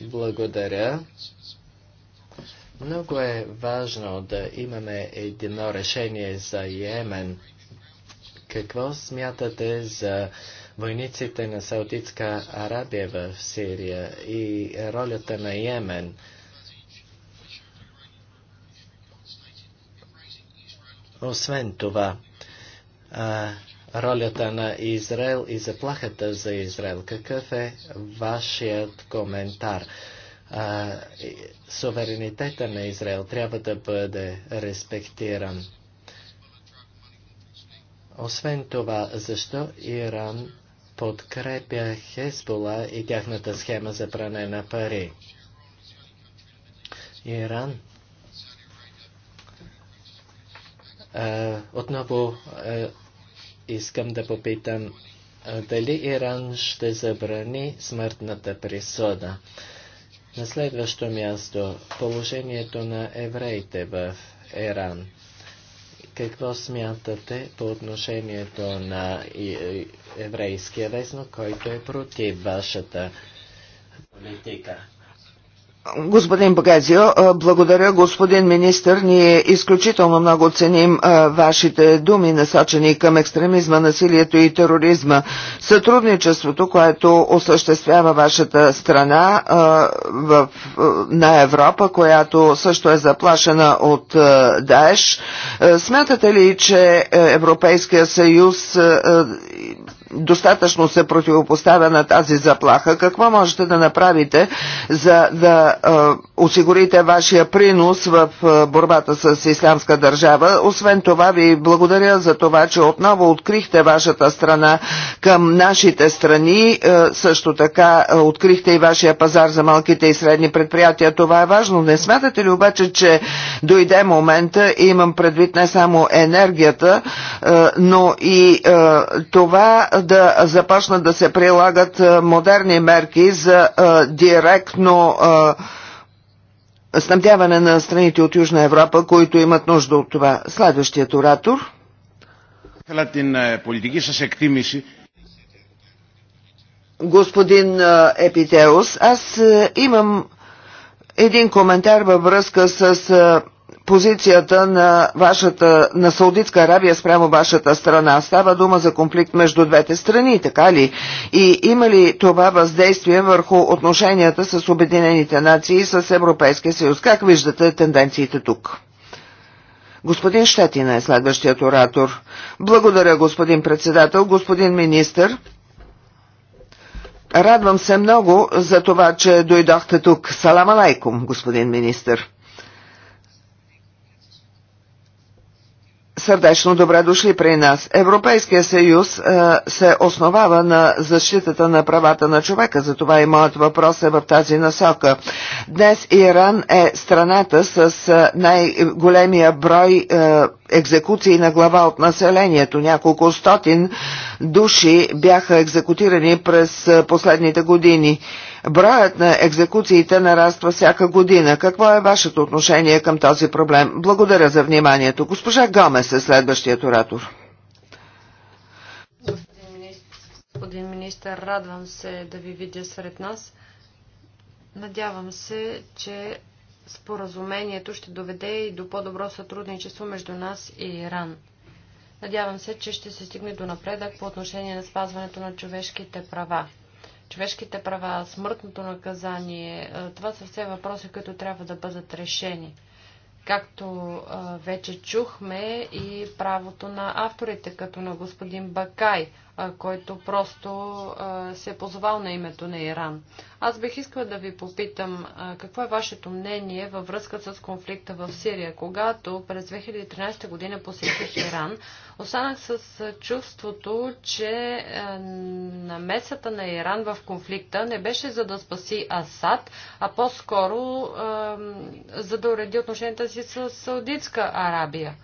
Благодаря. Много е важно да имаме едно решение за Йемен. Какво смятате за войниците на Саудитска Арабия в Сирия и ролята на Йемен? Освен това, а, ролята на Израел и заплахата за Израел. Какъв е вашият коментар? а, суверенитета на Израел трябва да бъде респектиран. Освен това, защо Иран подкрепя Хезбола и тяхната схема за пране на пари? Иран а, отново а, искам да попитам дали Иран ще забрани смъртната присъда. На следващо място, положението на евреите в Иран. Какво смятате по отношението на еврейския вестник, който е против вашата политика? Господин Багазио, благодаря господин министр. Ние изключително много ценим вашите думи, насочени към екстремизма, насилието и тероризма. Сътрудничеството, което осъществява вашата страна в, на Европа, която също е заплашена от Даеш. Смятате ли, че Европейския съюз достатъчно се противопоставя на тази заплаха, какво можете да направите, за да осигурите вашия принос в борбата с Ислямска държава. Освен това ви благодаря за това, че отново открихте вашата страна към нашите страни. Също така открихте и вашия пазар за малките и средни предприятия. Това е важно. Не смятате ли обаче, че дойде момента, и имам предвид не само енергията, но и това да започнат да се прилагат модерни мерки за директно снабдяване на страните от Южна Европа, които имат нужда от това. Следващият оратор. Господин е, Епитеус, аз е, имам един коментар във връзка с е, позицията на, вашата, на Саудитска Арабия спрямо вашата страна. Става дума за конфликт между двете страни, така ли? И има ли това въздействие върху отношенията с Обединените нации и с Европейския съюз? Как виждате тенденциите тук? Господин Щетина е следващият оратор. Благодаря, господин председател, господин министър. Радвам се много за това, че дойдохте тук. Салам алейкум, господин министър. Сърдечно добре дошли при нас. Европейския съюз е, се основава на защитата на правата на човека, затова и моят въпрос е в тази насока. Днес Иран е страната с е, най-големия брой е, екзекуции на глава от населението. Няколко стотин души бяха екзекутирани през последните години. Броят на екзекуциите нараства всяка година. Какво е вашето отношение към този проблем? Благодаря за вниманието. Госпожа Гомес е следващият оратор. Господин министър, радвам се да ви видя сред нас. Надявам се, че споразумението ще доведе и до по-добро сътрудничество между нас и Иран. Надявам се, че ще се стигне до напредък по отношение на спазването на човешките права. Човешките права, смъртното наказание, е, това са все въпроси, които трябва да бъдат решени. Както е, вече чухме и правото на авторите, като на господин Бакай – който просто се е позовал на името на Иран. Аз бих искала да ви попитам какво е вашето мнение във връзка с конфликта в Сирия. Когато през 2013 година посетих Иран, останах с чувството, че намесата на Иран в конфликта не беше за да спаси Асад, а по-скоро за да уреди отношенията си с Саудитска Арабия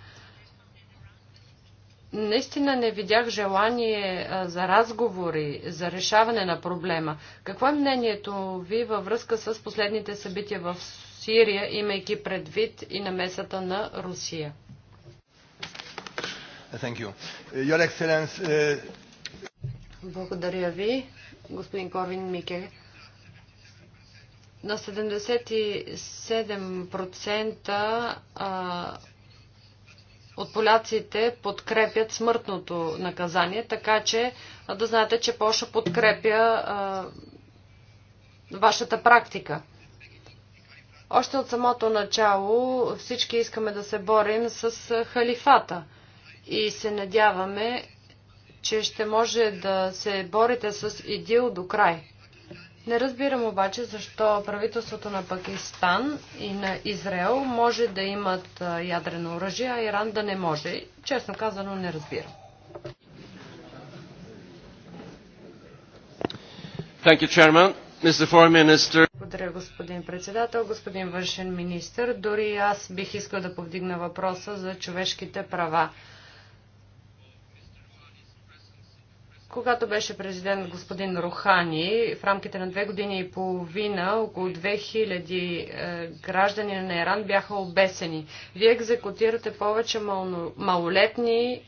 наистина не видях желание за разговори, за решаване на проблема. Какво е мнението ви във връзка с последните събития в Сирия, имайки предвид и намесата на Русия? Е, Благодаря ви, господин Корвин Мике. На 77% от поляците подкрепят смъртното наказание, така че да знаете, че Польша подкрепя а, вашата практика. Още от самото начало всички искаме да се борим с халифата и се надяваме, че ще може да се борите с ИДИЛ до край. Не разбирам обаче защо правителството на Пакистан и на Израел може да имат ядрено оръжие, а Иран да не може. Честно казано, не разбирам. Thank you, Chairman. Благодаря, господин председател. Господин външен министр, дори аз бих искал да повдигна въпроса за човешките права. Когато беше президент господин Рухани, в рамките на две години и половина около 2000 е, граждани на Иран бяха обесени. Вие екзекутирате повече малолетни, е,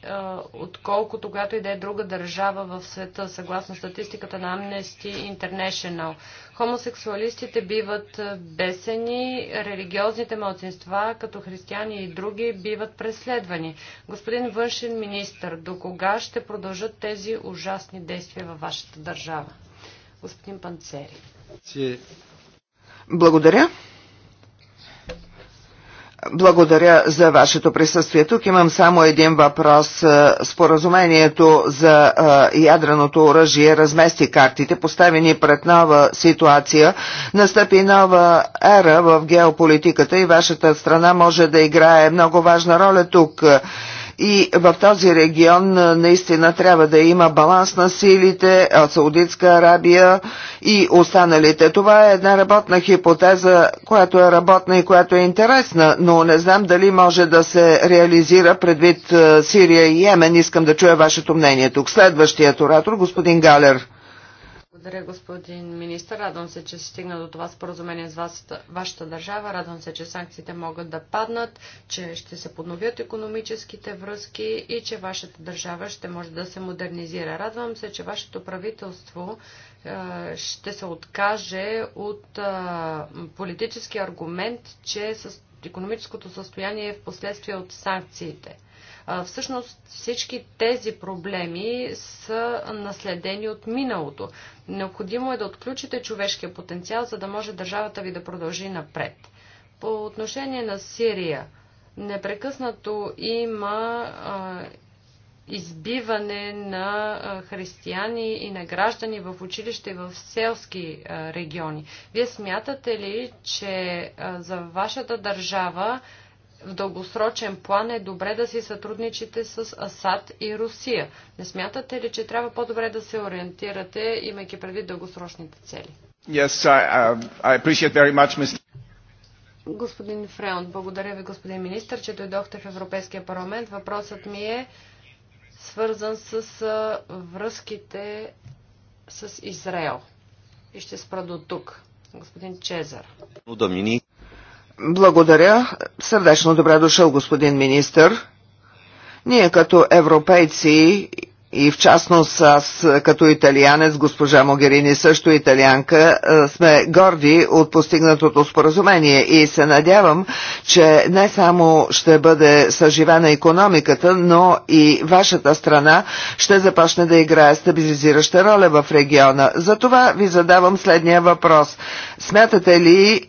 отколкото когато и да е друга държава в света, съгласно статистиката на Amnesty International. Хомосексуалистите биват бесени, религиозните младсинства, като християни и други, биват преследвани. Господин външен министр, до кога ще продължат тези ужасни действия във вашата държава? Господин Панцери. Благодаря. Благодаря за вашето присъствие. Тук имам само един въпрос. Е, споразумението за е, ядреното оръжие размести картите, поставени пред нова ситуация. Настъпи нова ера в геополитиката и вашата страна може да играе много важна роля тук. И в този регион наистина трябва да има баланс на силите, Саудитска Арабия и останалите. Това е една работна хипотеза, която е работна и която е интересна, но не знам дали може да се реализира предвид Сирия и Йемен. Искам да чуя вашето мнение тук. Следващият оратор, господин Галер. Благодаря, господин министр. Радвам се, че се стигна до това споразумение с вас, вашата държава. Радвам се, че санкциите могат да паднат, че ще се подновят економическите връзки и че вашата държава ще може да се модернизира. Радвам се, че вашето правителство е, ще се откаже от е, политически аргумент, че с економическото състояние е в последствие от санкциите. Всъщност всички тези проблеми са наследени от миналото. Необходимо е да отключите човешкия потенциал, за да може държавата ви да продължи напред. По отношение на Сирия, непрекъснато има избиване на християни и на граждани в училище в селски региони. Вие смятате ли, че за вашата държава в дългосрочен план е добре да си сътрудничите с Асад и Русия. Не смятате ли, че трябва по-добре да се ориентирате, имайки преди дългосрочните цели? Yes, I, um, I appreciate very much, Mr. Господин Фреон, благодаря ви, господин министр, че дойдохте в Европейския парламент. Въпросът ми е свързан с връзките с Израел. И ще спра до тук. Господин Чезар. Доминик. Благодаря. Сърдечно добре дошъл, господин министър. Ние като европейци и в частност аз като италианец, госпожа Могерини също италианка, е, сме горди от постигнатото споразумение и се надявам, че не само ще бъде съживена економиката, но и вашата страна ще започне да играе стабилизираща роля в региона. За това ви задавам следния въпрос. Смятате ли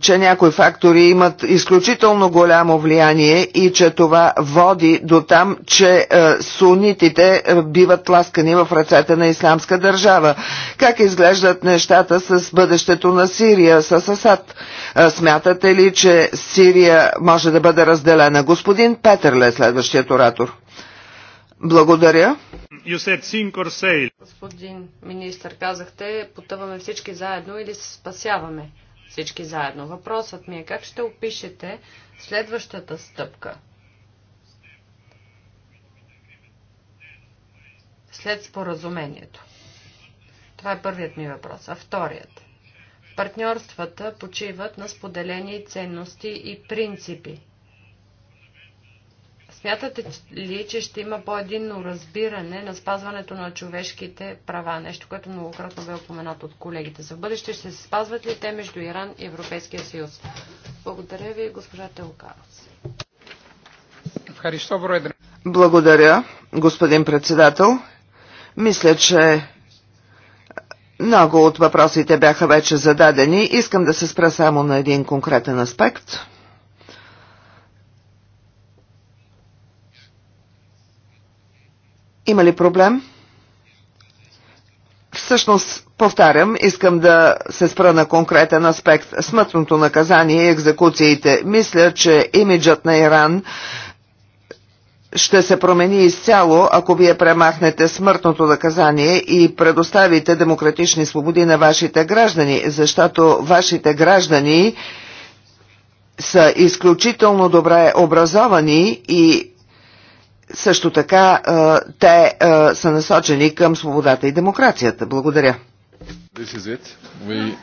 че някои фактори имат изключително голямо влияние и че това води до там, че е, сунитите е, биват ласкани в ръцете на исламска държава. Как изглеждат нещата с бъдещето на Сирия, с Асад? Е, смятате ли, че Сирия може да бъде разделена? Господин Петърле, е следващият оратор. Благодаря. Господин министр, казахте, потъваме всички заедно или се спасяваме всички заедно. Въпросът ми е как ще опишете следващата стъпка? След споразумението. Това е първият ми въпрос. А вторият? Партньорствата почиват на споделени ценности и принципи. Смятате ли, че ще има по-единно разбиране на спазването на човешките права? Нещо, което многократно бе упоменато от колегите. За бъдеще ще се спазват ли те между Иран и Европейския съюз? Благодаря ви, госпожа Телкарас. Благодаря, господин председател. Мисля, че много от въпросите бяха вече зададени. Искам да се спра само на един конкретен аспект – Има ли проблем? Всъщност, повтарям, искам да се спра на конкретен аспект. Смътното наказание и екзекуциите. Мисля, че имиджът на Иран ще се промени изцяло, ако вие премахнете смъртното наказание и предоставите демократични свободи на вашите граждани, защото вашите граждани са изключително добре образовани и също така те са насочени към свободата и демокрацията. Благодаря.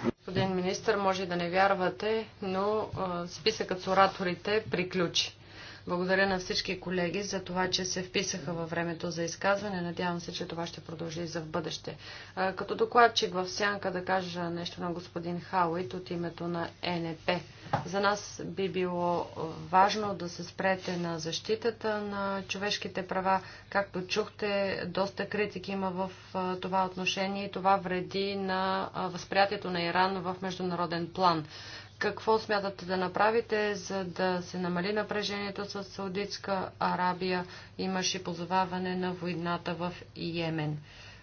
Господин министр, може да не вярвате, но списъкът с ораторите приключи. Благодаря на всички колеги за това, че се вписаха във времето за изказване. Надявам се, че това ще продължи за в бъдеще. Като докладчик в сянка да кажа нещо на господин Хауит от името на НП. За нас би било важно да се спрете на защитата на човешките права. Както чухте, доста критики има в това отношение и това вреди на възприятието на Иран в международен план. Какво смятате да направите, за да се намали напрежението с Саудитска Арабия? Имаше позоваване на войната в Йемен.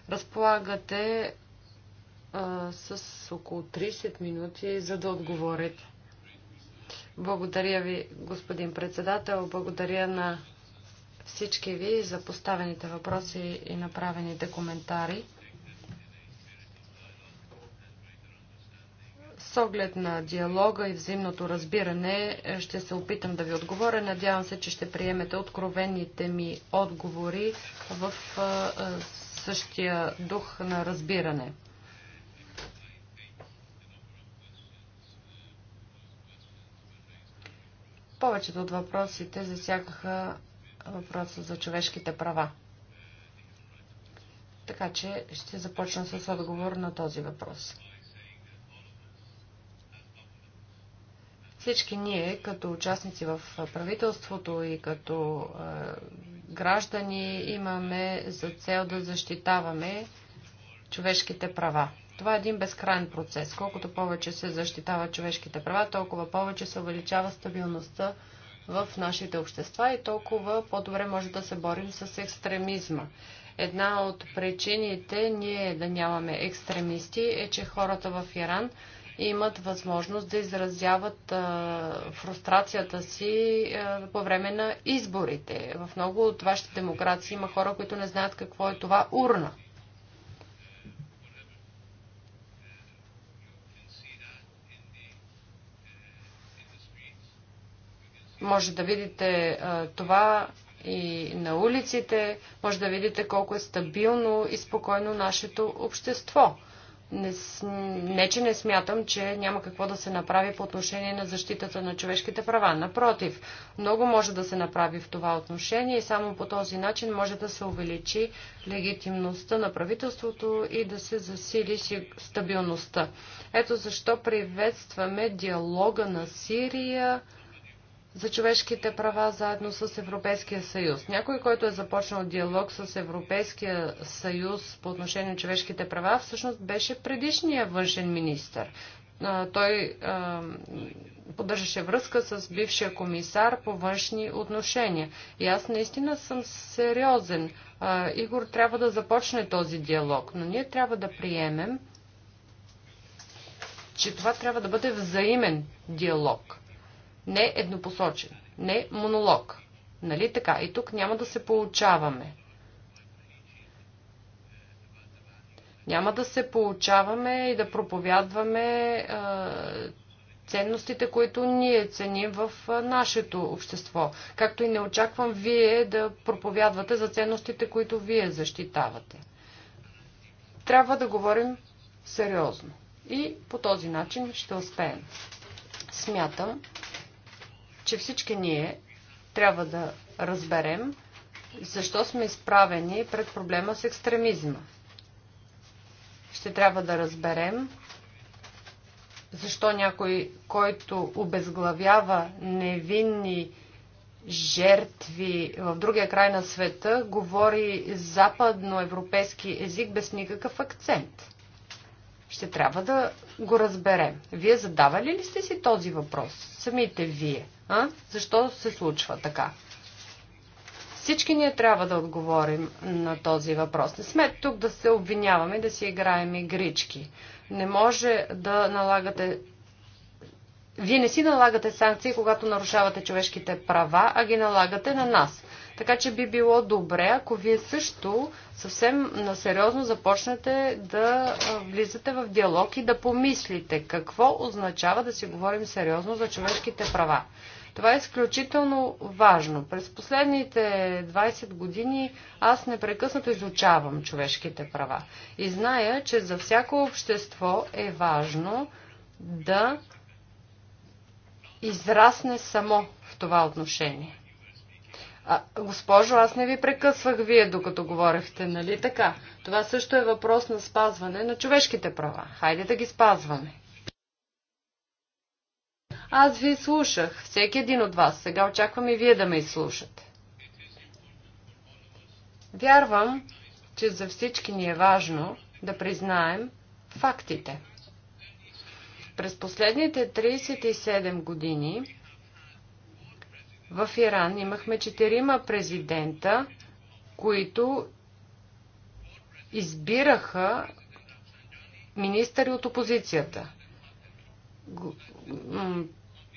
Разполагате а, с около 30 минути, за да отговорите. Благодаря ви, господин председател. Благодаря на всички ви за поставените въпроси и направените коментари. С оглед на диалога и взаимното разбиране е, ще се опитам да ви отговоря. Надявам се, че ще приемете откровените ми отговори в е, е, същия дух на разбиране. Повечето от въпросите засягаха въпроса за човешките права. Така че ще започна с отговор на този въпрос. Всички ние, като участници в правителството и като граждани, имаме за цел да защитаваме човешките права. Това е един безкрайен процес. Колкото повече се защитава човешките права, толкова повече се увеличава стабилността в нашите общества и толкова по-добре може да се борим с екстремизма. Една от причините ние да нямаме екстремисти е, че хората в Иран имат възможност да изразяват а, фрустрацията си а, по време на изборите. В много от вашите демокрации има хора, които не знаят какво е това урна. Може да видите а, това и на улиците, може да видите колко е стабилно и спокойно нашето общество. Не, не, че не смятам, че няма какво да се направи по отношение на защитата на човешките права. Напротив, много може да се направи в това отношение и само по този начин може да се увеличи легитимността на правителството и да се засили стабилността. Ето защо приветстваме диалога на Сирия за човешките права заедно с Европейския съюз. Някой, който е започнал диалог с Европейския съюз по отношение на човешките права, всъщност беше предишния външен министр. Той поддържаше връзка с бившия комисар по външни отношения. И аз наистина съм сериозен. Игор трябва да започне този диалог, но ние трябва да приемем, че това трябва да бъде взаимен диалог – не еднопосочен, не монолог. Нали така? И тук няма да се получаваме. Няма да се получаваме и да проповядваме е, ценностите, които ние ценим в нашето общество. Както и не очаквам вие да проповядвате за ценностите, които вие защитавате. Трябва да говорим сериозно. И по този начин ще успеем. Смятам, че всички ние трябва да разберем защо сме изправени пред проблема с екстремизма. Ще трябва да разберем защо някой, който обезглавява невинни жертви в другия край на света, говори западноевропейски език без никакъв акцент. Ще трябва да го разберем. Вие задавали ли сте си този въпрос? Самите вие. А? Защо се случва така? Всички ние трябва да отговорим на този въпрос. Не сме тук да се обвиняваме, да си играем игрички. Не може да налагате. Вие не си налагате санкции, когато нарушавате човешките права, а ги налагате на нас. Така че би било добре, ако вие също съвсем насериозно започнете да влизате в диалог и да помислите какво означава да си говорим сериозно за човешките права. Това е изключително важно. През последните 20 години аз непрекъснато изучавам човешките права и зная, че за всяко общество е важно да израсне само в това отношение. А, госпожо, аз не ви прекъсвах вие, докато говорехте, нали така? Това също е въпрос на спазване на човешките права. Хайде да ги спазваме. Аз ви слушах, всеки един от вас. Сега очаквам и вие да ме изслушате. Вярвам, че за всички ни е важно да признаем фактите. През последните 37 години в Иран имахме четирима президента, които избираха министъри от опозицията.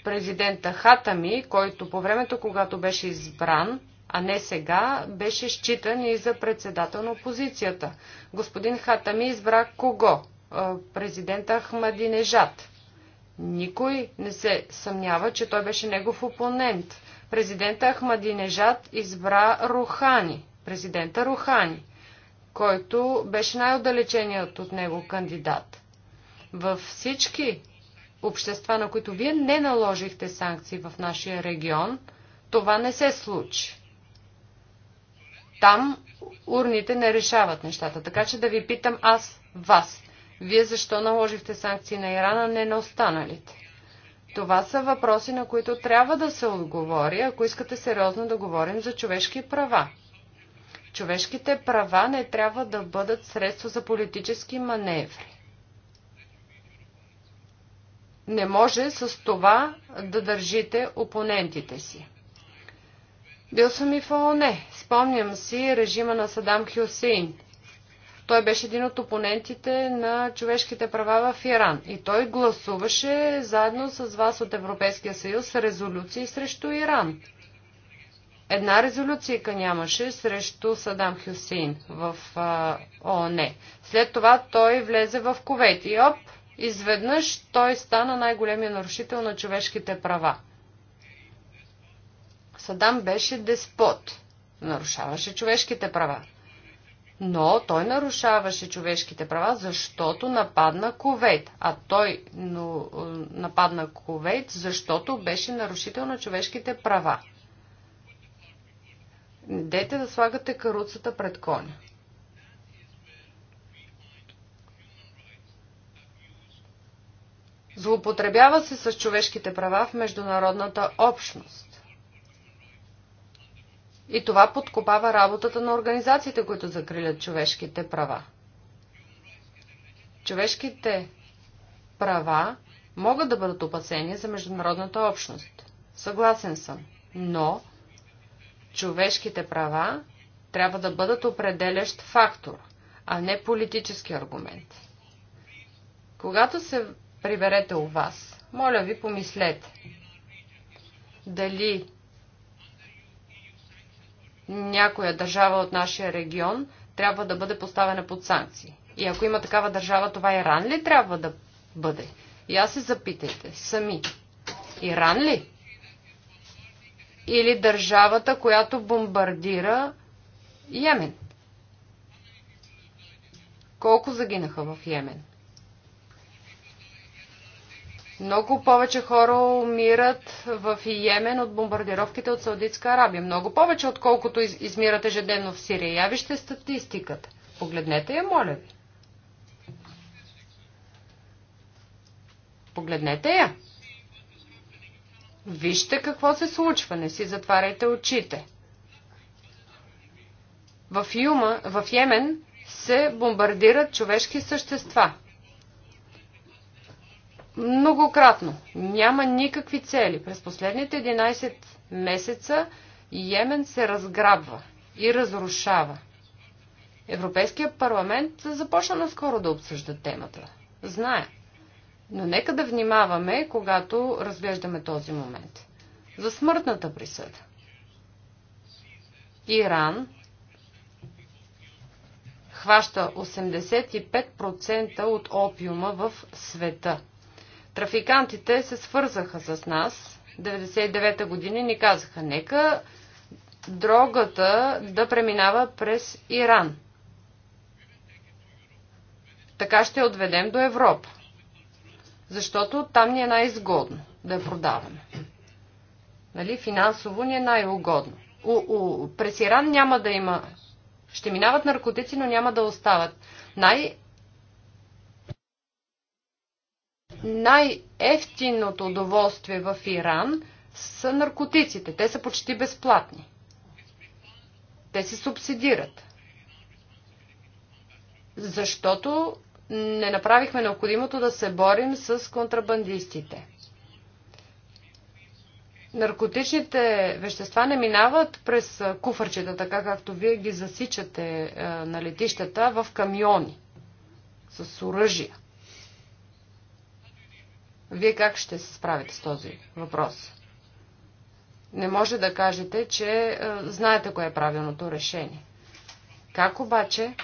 Президента Хатами, който по времето, когато беше избран, а не сега, беше считан и за председател на опозицията. Господин Хатами избра кого? Е, президента Ахмадинежад. Никой не се съмнява, че той беше негов опонент – Президента Ахмадинежад избра Рухани, президента Рухани, който беше най-отдалеченият от него кандидат. Във всички общества, на които вие не наложихте санкции в нашия регион, това не се случи. Там урните не решават нещата. Така че да ви питам аз, вас, вие защо наложихте санкции на Ирана, не на останалите? Това са въпроси, на които трябва да се отговори, ако искате сериозно да говорим за човешки права. Човешките права не трябва да бъдат средство за политически маневри. Не може с това да държите опонентите си. Бил съм и в ООН. Спомням си режима на Садам Хюсейн – той беше един от опонентите на човешките права в Иран и той гласуваше заедно с вас от Европейския съюз резолюции срещу Иран. Една резолюция нямаше срещу Садам Хюсейн в а, ООН. След това той влезе в Ковет и оп, изведнъж той стана най-големия нарушител на човешките права. Садам беше деспот, нарушаваше човешките права но той нарушаваше човешките права, защото нападна Ковейт. А той но, е, нападна Ковейт, защото беше нарушител на човешките права. Дете да слагате каруцата пред коня. Злоупотребява се с човешките права в международната общност. И това подкопава работата на организациите, които закрилят човешките права. Човешките права могат да бъдат опасени за международната общност. Съгласен съм, но човешките права трябва да бъдат определящ фактор, а не политически аргумент. Когато се приберете у вас, моля ви помислете дали някоя държава от нашия регион трябва да бъде поставена под санкции. И ако има такава държава, това Иран ли трябва да бъде? И аз се запитайте сами. Иран ли? Или държавата, която бомбардира Йемен? Колко загинаха в Йемен? Много повече хора умират в Йемен от бомбардировките от Саудитска Арабия. Много повече, отколкото измират ежедневно в Сирия. Я вижте статистиката. Погледнете я, моля ви. Погледнете я. Вижте какво се случва. Не си затваряйте очите. В, Юма, в Йемен се бомбардират човешки същества – многократно. Няма никакви цели. През последните 11 месеца Йемен се разграбва и разрушава. Европейският парламент започна наскоро да обсъжда темата. Зная. Но нека да внимаваме, когато разглеждаме този момент. За смъртната присъда. Иран хваща 85% от опиума в света – Трафикантите се свързаха с нас 99-та година ни казаха, нека дрогата да преминава през Иран. Така ще отведем до Европа. Защото там ни е най-изгодно да я продаваме. Нали? Финансово ни е най-угодно. през Иран няма да има. Ще минават наркотици, но няма да остават. Най- най-ефтиното удоволствие в Иран са наркотиците. Те са почти безплатни. Те се субсидират. Защото не направихме необходимото да се борим с контрабандистите. Наркотичните вещества не минават през куфърчета, така както вие ги засичате е, на летищата в камиони с оръжия. Вие как ще се справите с този въпрос? Не може да кажете, че е, знаете кое е правилното решение. Как обаче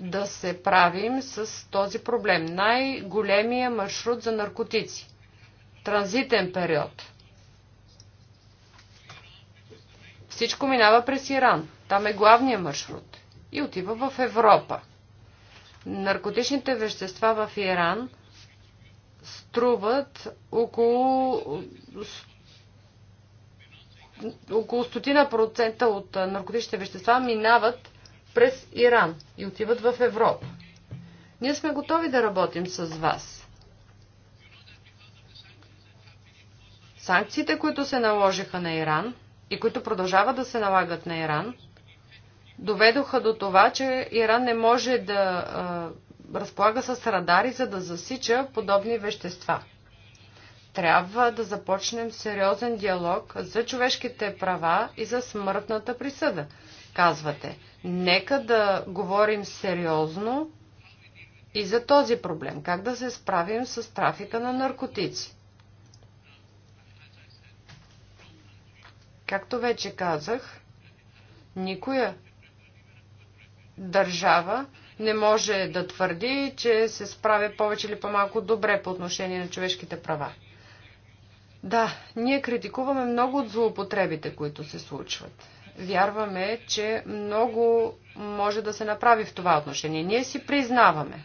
да се правим с този проблем? Най-големия маршрут за наркотици. Транзитен период. Всичко минава през Иран. Там е главният маршрут. И отива в Европа. Наркотичните вещества в Иран – струват около около стотина процента от наркотичните вещества минават през Иран и отиват в Европа. Ние сме готови да работим с вас. Санкциите, които се наложиха на Иран и които продължават да се налагат на Иран, доведоха до това, че Иран не може да разполага с радари, за да засича подобни вещества. Трябва да започнем сериозен диалог за човешките права и за смъртната присъда. Казвате, нека да говорим сериозно и за този проблем, как да се справим с трафика на наркотици. Както вече казах, никоя държава не може да твърди, че се справя повече или по-малко добре по отношение на човешките права. Да, ние критикуваме много от злоупотребите, които се случват. Вярваме, че много може да се направи в това отношение. Ние си признаваме.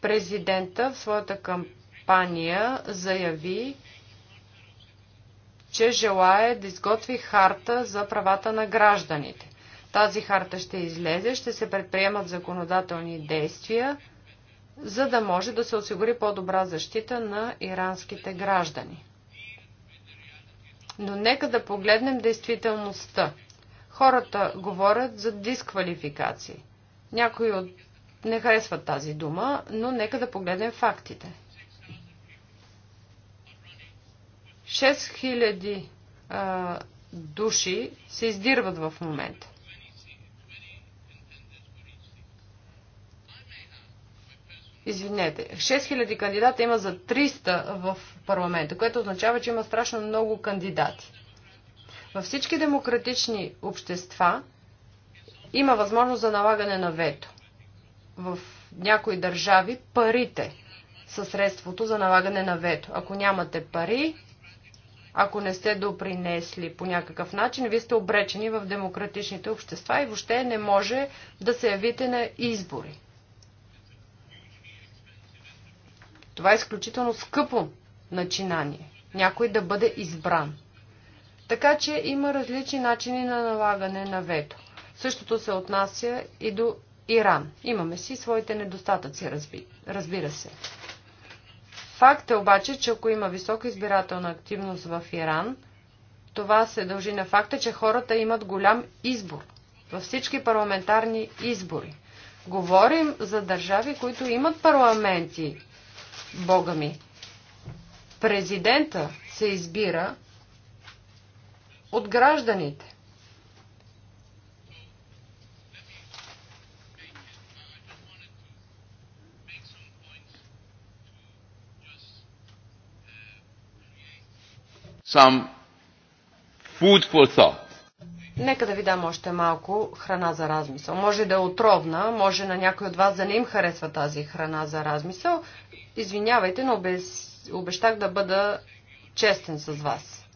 Президента в своята кампания заяви, че желая да изготви харта за правата на гражданите тази харта ще излезе, ще се предприемат законодателни действия, за да може да се осигури по-добра защита на иранските граждани. Но нека да погледнем действителността. Хората говорят за дисквалификации. Някои от... не харесват тази дума, но нека да погледнем фактите. 6000 а, души се издирват в момента. Извинете, 6000 кандидата има за 300 в парламента, което означава, че има страшно много кандидати. Във всички демократични общества има възможност за налагане на вето. В някои държави парите са средството за налагане на вето. Ако нямате пари, ако не сте допринесли по някакъв начин, вие сте обречени в демократичните общества и въобще не може да се явите на избори. Това е изключително скъпо начинание. Някой да бъде избран. Така че има различни начини на налагане на вето. Същото се отнася и до Иран. Имаме си своите недостатъци, разби... разбира се. Факт е обаче, че ако има висока избирателна активност в Иран, това се дължи на факта, че хората имат голям избор във всички парламентарни избори. Говорим за държави, които имат парламенти Бога ми. Президента се избира от гражданите. Some food for thought. Нека да ви дам още малко храна за размисъл. Може да е отровна, може на някой от вас да не им харесва тази храна за размисъл, Извинявайте, но без... обещах да бъда честен с вас.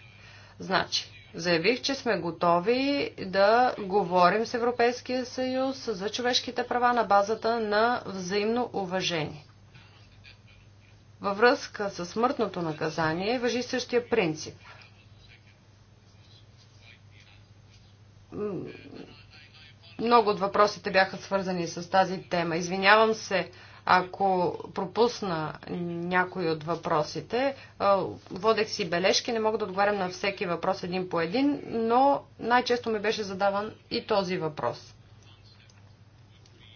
Значи, заявих, че сме готови да говорим с Европейския съюз за човешките права на базата на взаимно уважение. Във връзка с смъртното наказание въжи същия принцип. Много от въпросите бяха свързани с тази тема. Извинявам се ако пропусна някой от въпросите, водех си бележки, не мога да отговарям на всеки въпрос един по един, но най-често ми беше задаван и този въпрос.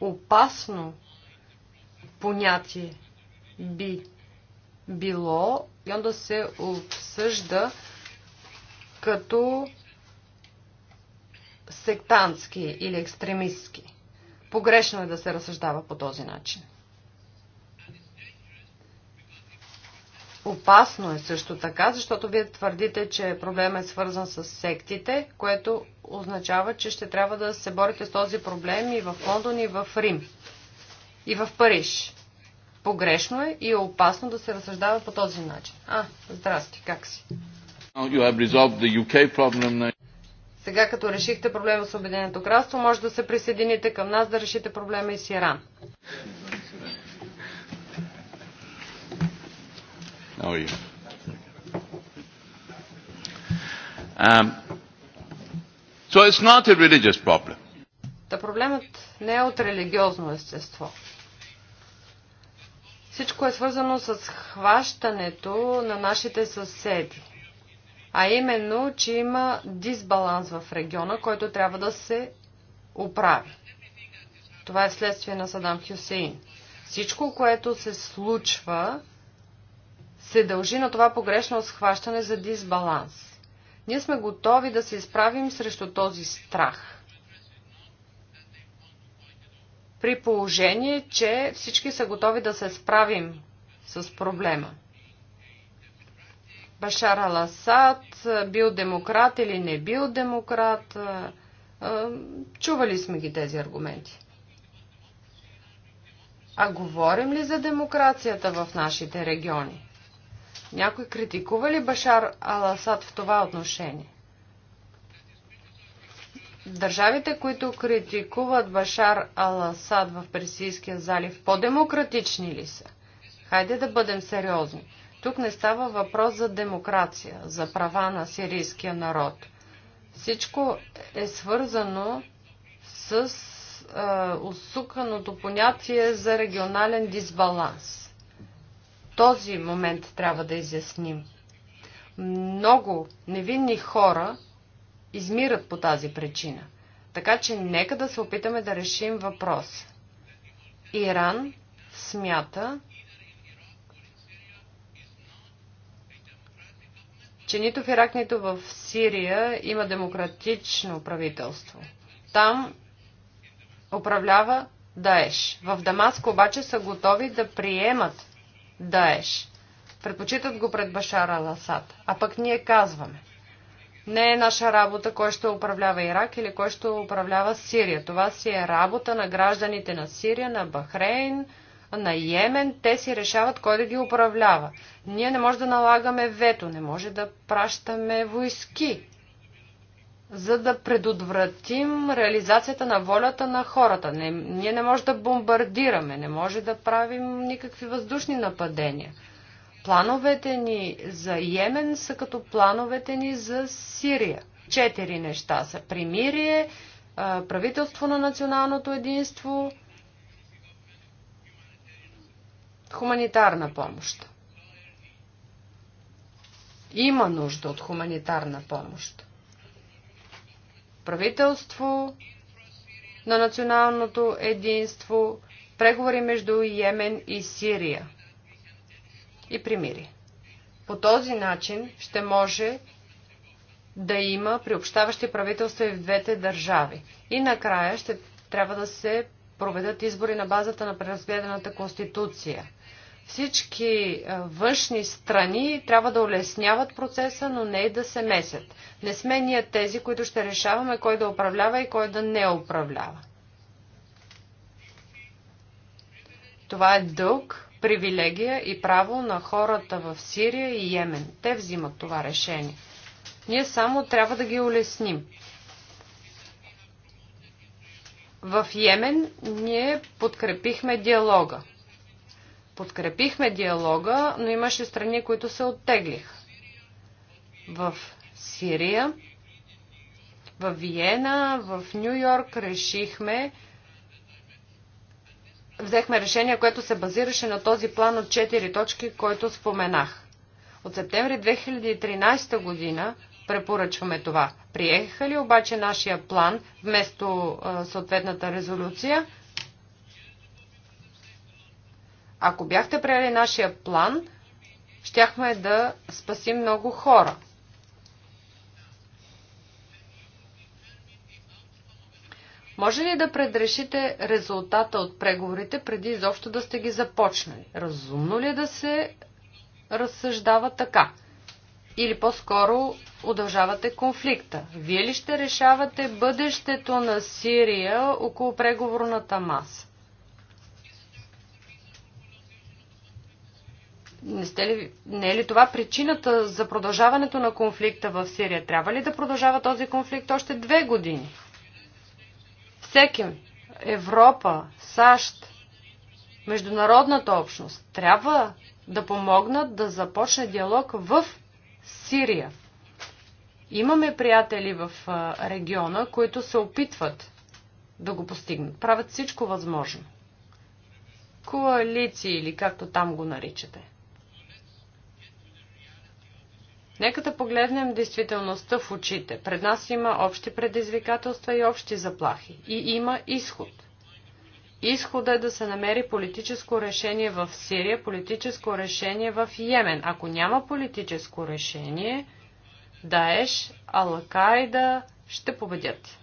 Опасно понятие би било и он да се обсъжда като сектантски или екстремистски. Погрешно е да се разсъждава по този начин. Опасно е също така, защото вие твърдите, че проблем е свързан с сектите, което означава, че ще трябва да се борите с този проблем и в Лондон, и в Рим, и в Париж. Погрешно е и е опасно да се разсъждава по този начин. А, здрасти, как си? Сега като решихте проблема с Обединеното кралство, може да се присъедините към нас да решите проблема и с Иран. How are you? Um, so it's not a religious problem. Та проблемът не е от религиозно естество. Всичко е свързано с хващането на нашите съседи. А именно, че има дисбаланс в региона, който трябва да се оправи. Това е следствие на Садам Хюсейн. Всичко, което се случва, се дължи на това погрешно схващане за дисбаланс. Ние сме готови да се изправим срещу този страх. При положение, че всички са готови да се справим с проблема. Башар Ласад, бил демократ или не бил демократ, чували сме ги тези аргументи. А говорим ли за демокрацията в нашите региони? Някой критикува ли Башар Аласад в това отношение? Държавите, които критикуват Башар Аласад в Персийския залив, по-демократични ли са? Хайде да бъдем сериозни. Тук не става въпрос за демокрация, за права на сирийския народ. Всичко е свързано с е, усуканото понятие за регионален дисбаланс този момент трябва да изясним. Много невинни хора измират по тази причина. Така че нека да се опитаме да решим въпрос. Иран смята, че нито в Ирак, нито в Сирия има демократично правителство. Там управлява Даеш. В Дамаск обаче са готови да приемат Даеш. Предпочитат го пред Башара Ласад, А пък ние казваме. Не е наша работа кой ще управлява Ирак или кой ще управлява Сирия. Това си е работа на гражданите на Сирия, на Бахрейн, на Йемен. Те си решават кой да ги управлява. Ние не може да налагаме вето, не може да пращаме войски за да предотвратим реализацията на волята на хората. Не, ние не може да бомбардираме, не може да правим никакви въздушни нападения. Плановете ни за Йемен са като плановете ни за Сирия. Четири неща са примирие, правителство на националното единство, хуманитарна помощ. Има нужда от хуманитарна помощ правителство на националното единство, преговори между Йемен и Сирия и примири. По този начин ще може да има приобщаващи правителства и в двете държави. И накрая ще трябва да се проведат избори на базата на преразгледаната конституция – всички външни страни трябва да улесняват процеса, но не и да се месят. Не сме ние тези, които ще решаваме кой да управлява и кой да не управлява. Това е дълг, привилегия и право на хората в Сирия и Йемен. Те взимат това решение. Ние само трябва да ги улесним. В Йемен ние подкрепихме диалога подкрепихме диалога, но имаше страни, които се оттеглих. В Сирия, в Виена, в Нью Йорк решихме, взехме решение, което се базираше на този план от 4 точки, който споменах. От септември 2013 година препоръчваме това. Приеха ли обаче нашия план вместо съответната резолюция? Ако бяхте приели нашия план, щяхме да спасим много хора. Може ли да предрешите резултата от преговорите преди изобщо да сте ги започнали? Разумно ли е да се разсъждава така? Или по-скоро удължавате конфликта? Вие ли ще решавате бъдещето на Сирия около преговорната маса? Не, сте ли, не е ли това причината за продължаването на конфликта в Сирия? Трябва ли да продължава този конфликт още две години? Всеки, Европа, САЩ, международната общност, трябва да помогнат да започне диалог в Сирия. Имаме приятели в региона, които се опитват да го постигнат. Правят всичко възможно. Коалиции или както там го наричате. Нека да погледнем действителността в очите. Пред нас има общи предизвикателства и общи заплахи. И има изход. Изходът е да се намери политическо решение в Сирия, политическо решение в Йемен. Ако няма политическо решение, Даеш, Алакайда ще победят.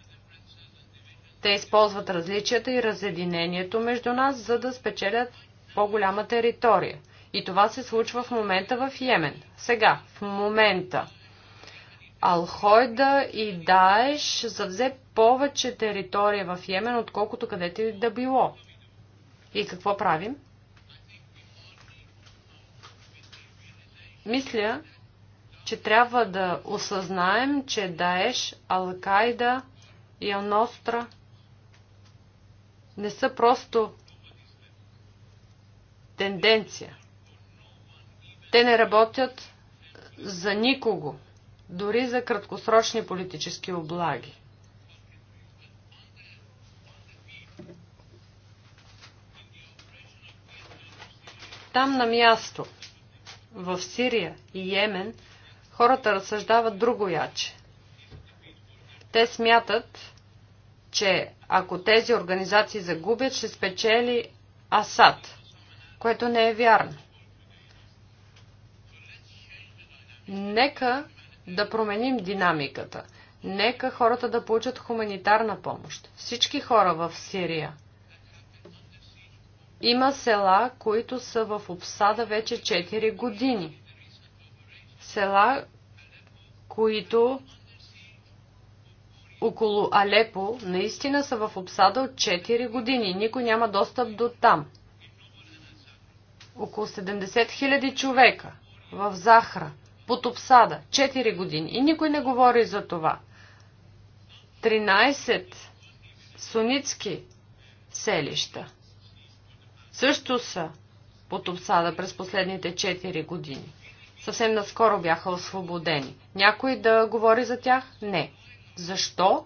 Те използват различията и разединението между нас, за да спечелят по-голяма територия – и това се случва в момента в Йемен. Сега, в момента, Алхойда и Даеш завзе повече територия в Йемен, отколкото където и да било. И какво правим? Мисля, че трябва да осъзнаем, че Даеш, Алкайда и Аностра не са просто тенденция. Те не работят за никого, дори за краткосрочни политически облаги. Там на място, в Сирия и Йемен, хората разсъждават друго яче. Те смятат, че ако тези организации загубят, ще спечели Асад, което не е вярно. Нека да променим динамиката. Нека хората да получат хуманитарна помощ. Всички хора в Сирия. Има села, които са в обсада вече 4 години. Села, които около Алепо наистина са в обсада от 4 години. Никой няма достъп до там. Около 70 000 човека в Захра – под обсада 4 години и никой не говори за това. 13 сунитски селища също са под обсада през последните 4 години. Съвсем наскоро бяха освободени. Някой да говори за тях? Не. Защо?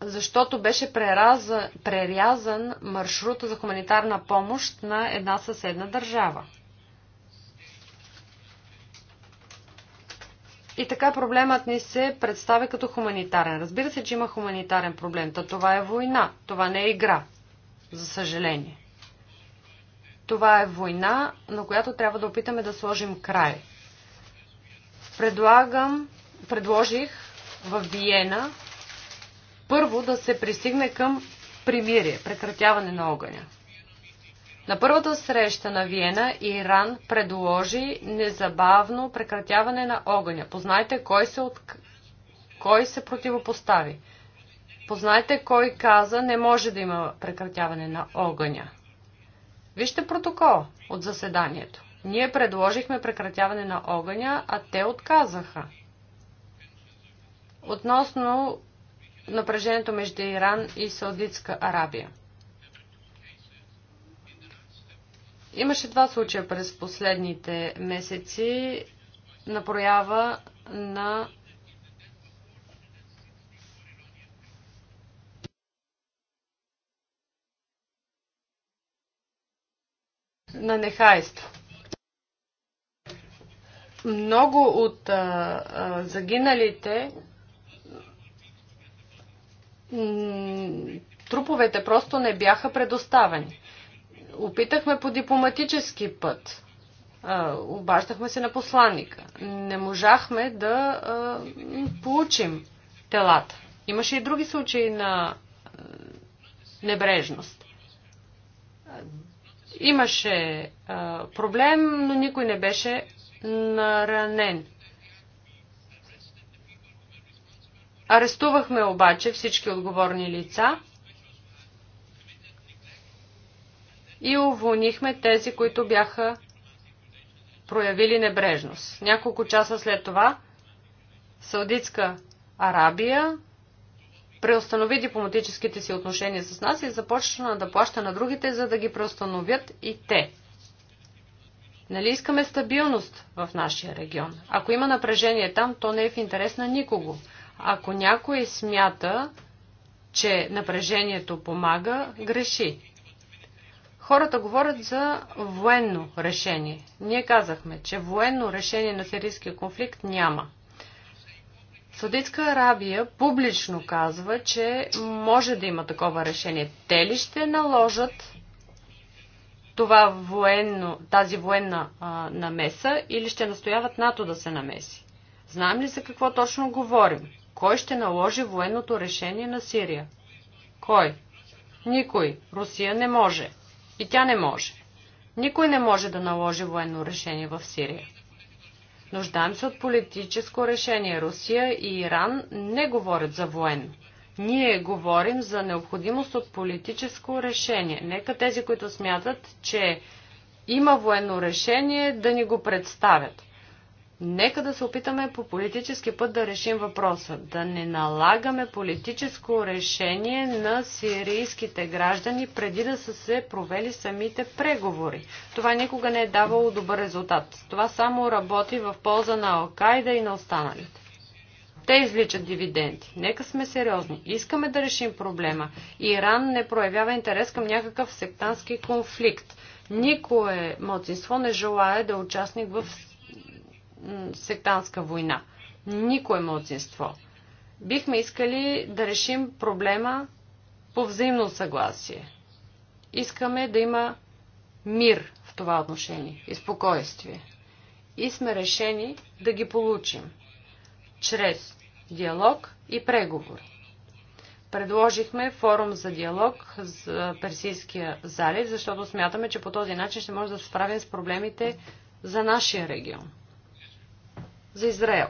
Защото беше прерязан, прерязан маршрута за хуманитарна помощ на една съседна държава. И така проблемът ни се представя като хуманитарен. Разбира се, че има хуманитарен проблем. Та това е война. Това не е игра. За съжаление. Това е война, на която трябва да опитаме да сложим край. Предлагам, предложих в Виена първо да се пристигне към примирие, прекратяване на огъня. На първата среща на Виена Иран предложи незабавно прекратяване на огъня. Познайте кой се, от... кой се противопостави. Познайте кой каза не може да има прекратяване на огъня. Вижте протокол от заседанието. Ние предложихме прекратяване на огъня, а те отказаха. Относно напрежението между Иран и Саудитска Арабия. Имаше два случая през последните месеци на проява на на нехайство. Много от а, а, загиналите труповете просто не бяха предоставени. Опитахме по дипломатически път. Обаждахме се на посланника. Не можахме да получим телата. Имаше и други случаи на небрежност. Имаше а, проблем, но никой не беше наранен. Арестувахме обаче всички отговорни лица и уволнихме тези, които бяха проявили небрежност. Няколко часа след това Саудитска Арабия преустанови дипломатическите си отношения с нас и започна да плаща на другите, за да ги преустановят и те. Нали искаме стабилност в нашия регион? Ако има напрежение там, то не е в интерес на никого. Ако някой смята, че напрежението помага, греши. Хората говорят за военно решение. Ние казахме, че военно решение на сирийския конфликт няма. Саудитска Арабия публично казва, че може да има такова решение. Те ли ще наложат това военно, тази военна а, намеса или ще настояват НАТО да се намеси? Знаем ли за какво точно говорим? Кой ще наложи военното решение на Сирия? Кой? Никой. Русия не може. И тя не може. Никой не може да наложи военно решение в Сирия. Нуждаем се от политическо решение. Русия и Иран не говорят за военно. Ние говорим за необходимост от политическо решение. Нека тези, които смятат, че има военно решение, да ни го представят. Нека да се опитаме по политически път да решим въпроса. Да не налагаме политическо решение на сирийските граждани преди да са се провели самите преговори. Това никога не е давало добър резултат. Това само работи в полза на Алкайда и на останалите. Те изличат дивиденти. Нека сме сериозни. Искаме да решим проблема. Иран не проявява интерес към някакъв сектантски конфликт. Никое младсинство не желая да е участник в сектантска война. Никое младсинство. Бихме искали да решим проблема по взаимно съгласие. Искаме да има мир в това отношение и спокойствие. И сме решени да ги получим чрез диалог и преговори. Предложихме форум за диалог за Персийския залив, защото смятаме, че по този начин ще може да справим с проблемите за нашия регион за Израел.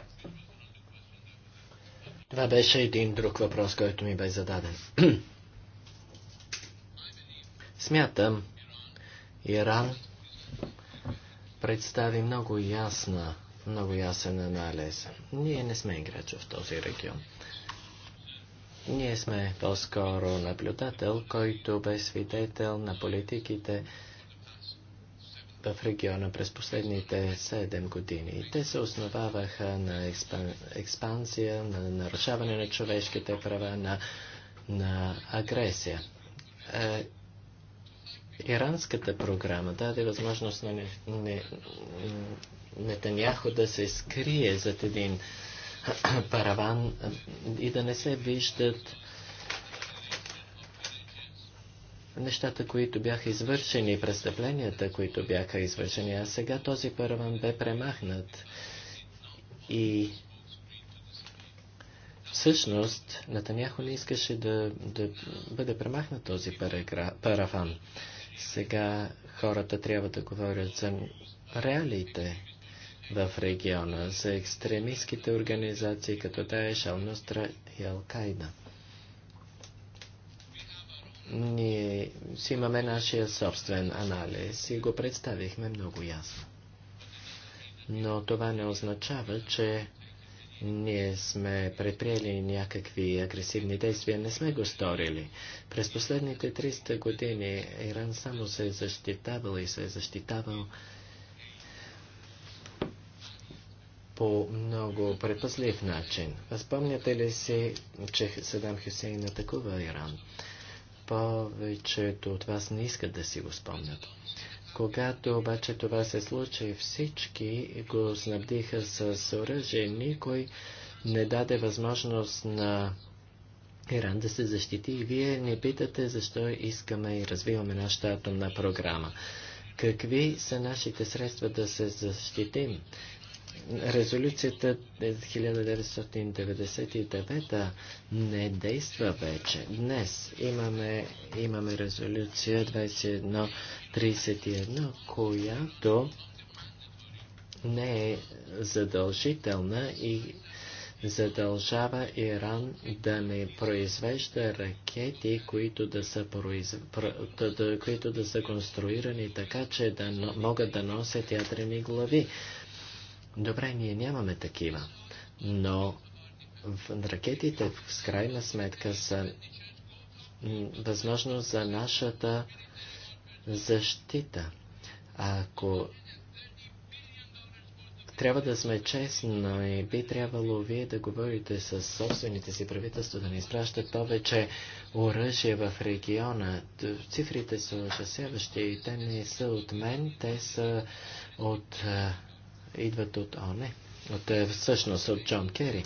Това беше един друг въпрос, който ми бе зададен. Смятам, Иран представи много ясна, много ясен анализ. Ние не сме играчи в този регион. Ние сме по-скоро наблюдател, който бе свидетел на политиките в региона през последните 7 години. Те се основаваха на експан, експансия, на нарушаване на човешките права, на, на агресия. Е, иранската програма даде възможност на не, не, Нетаняхо да се скрие зад един параван и да не се виждат нещата, които бяха извършени, престъпленията, които бяха извършени. А сега този параван бе премахнат. И всъщност Натаняхо не искаше да, да бъде премахнат този параван. Сега хората трябва да говорят за реалите в региона, за екстремистските организации като Даеш, Алнустра и Алкайда. Ние си имаме нашия собствен анализ и го представихме много ясно. Но това не означава, че ние сме предприели някакви агресивни действия. Не сме го сторили. През последните 300 години Иран само се е защитавал и се е защитавал по много предпазлив начин. Възпомняте ли си, че Садам Хюсейн атакува Иран? повечето от вас не искат да си го спомнят. Когато обаче това се случи, всички го снабдиха с оръжие. Никой не даде възможност на Иран да се защити и вие не питате защо искаме и развиваме нашата атомна програма. Какви са нашите средства да се защитим? Резолюцията 1999 е не действа вече. Днес имаме, имаме резолюция 2131, която не е задължителна и задължава Иран да не произвежда ракети, които да са, произ... които да са конструирани така, че да могат да носят ядрени глави. Добре, ние нямаме такива, но ракетите в крайна сметка са възможност за нашата защита. Ако трябва да сме честни, и би трябвало вие да говорите с собствените си правителства, да не изпращат повече оръжие в региона. Цифрите са ужасяващи и те не са от мен, те са от идват от ОНЕ, от, е, всъщност от Джон Кери.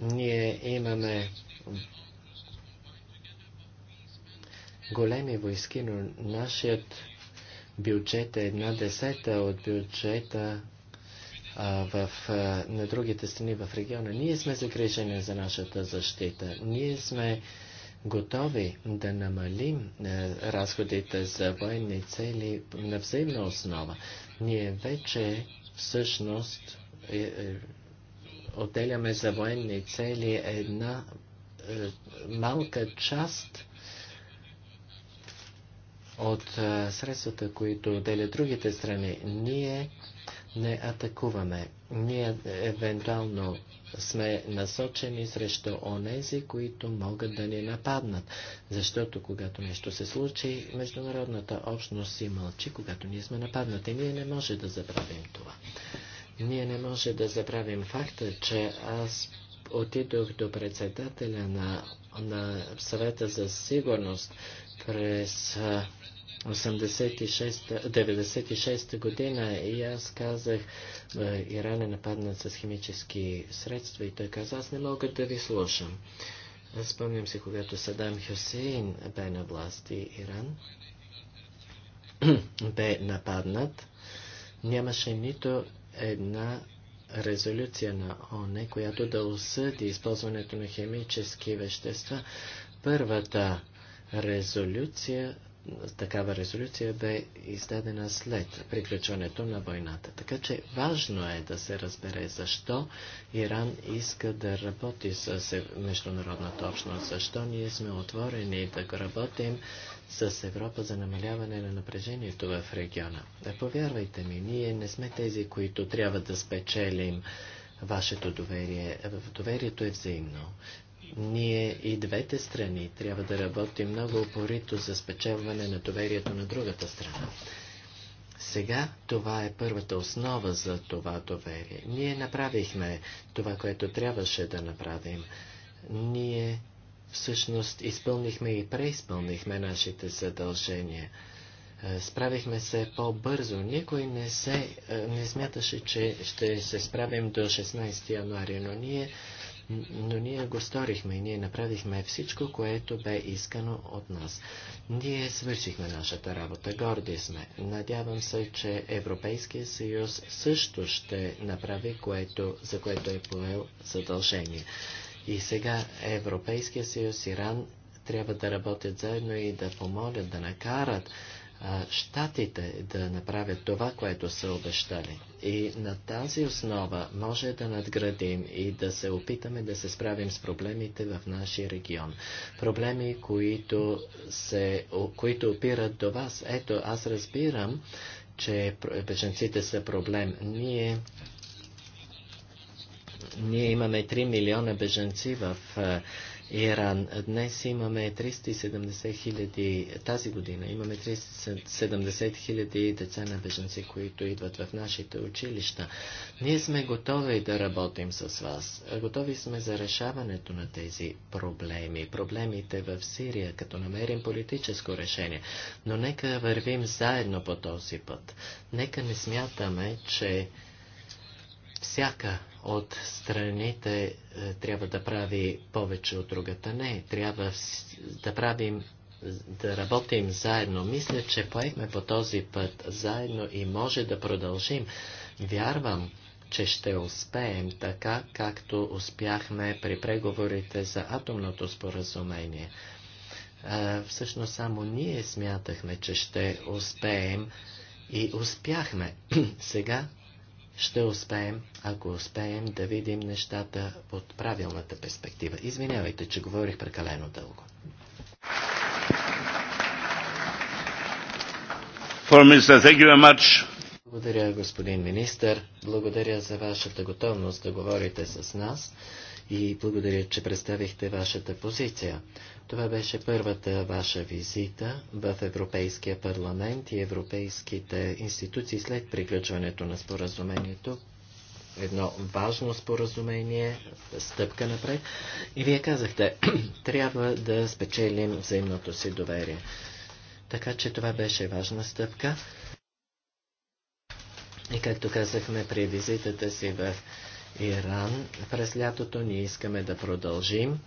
Ние имаме големи войски, но нашият бюджет е една десета от бюджета в, на другите страни в региона. Ние сме загрижени за нашата защита. Ние сме готови да намалим е, разходите за военни цели на взаимна основа. Ние вече всъщност е, е, отделяме за военни цели една малка част от средствата, които отделят другите страни. Ние не атакуваме. Ние евентуално сме насочени срещу онези, които могат да ни нападнат. Защото когато нещо се случи, международната общност си мълчи, когато ние сме нападнати. Ние не може да забравим това. Ние не може да забравим факта, че аз отидох до председателя на, на съвета за сигурност през 1996 96 година и аз казах, е, Иран е нападнат с химически средства и той каза, аз не мога да ви слушам. Спомням се, когато Садам Хюсейн бе на власт и Иран бе нападнат, нямаше нито една резолюция на ОНЕ, която да осъди използването на химически вещества. Първата резолюция такава резолюция бе издадена след приключването на войната. Така че важно е да се разбере защо Иран иска да работи с е, международната общност, защо ние сме отворени да работим с Европа за намаляване на напрежението в региона. Да е, повярвайте ми, ние не сме тези, които трябва да спечелим вашето доверие. Е, доверието е взаимно. Ние и двете страни трябва да работим много упорито за спечелване на доверието на другата страна. Сега това е първата основа за това доверие. Ние направихме това, което трябваше да направим. Ние всъщност изпълнихме и преизпълнихме нашите задължения. Е, справихме се по-бързо. Никой не, се, е, не смяташе, че ще се справим до 16 януари, но ние но ние го сторихме и ние направихме всичко, което бе искано от нас. Ние свършихме нашата работа, горди сме. Надявам се, че Европейския съюз също ще направи, което, за което е поел задължение. И сега Европейския съюз, Иран трябва да работят заедно и да помолят, да накарат щатите да направят това, което са обещали. И на тази основа може да надградим и да се опитаме да се справим с проблемите в нашия регион. Проблеми, които, се, които опират до вас. Ето, аз разбирам, че беженците са проблем. Ние ние имаме 3 милиона беженци в Иран. Днес имаме 370 хиляди, тази година имаме 370 хиляди деца на беженци, които идват в нашите училища. Ние сме готови да работим с вас. Готови сме за решаването на тези проблеми, проблемите в Сирия, като намерим политическо решение. Но нека вървим заедно по този път. Нека не смятаме, че всяка от страните е, трябва да прави повече от другата. Не, трябва да правим да работим заедно. Мисля, че поехме по този път заедно и може да продължим. Вярвам, че ще успеем така, както успяхме при преговорите за атомното споразумение. А, е, всъщност само ние смятахме, че ще успеем и успяхме. Сега ще успеем, ако успеем да видим нещата от правилната перспектива. Извинявайте, че говорих прекалено дълго. Благодаря, господин министър. Благодаря за вашата готовност да говорите с нас и благодаря, че представихте вашата позиция. Това беше първата ваша визита в Европейския парламент и европейските институции след приключването на споразумението. Едно важно споразумение, стъпка напред. И вие казахте, трябва да спечелим взаимното си доверие. Така че това беше важна стъпка. И както казахме при визитата си в Иран. През лятото ние искаме да продължим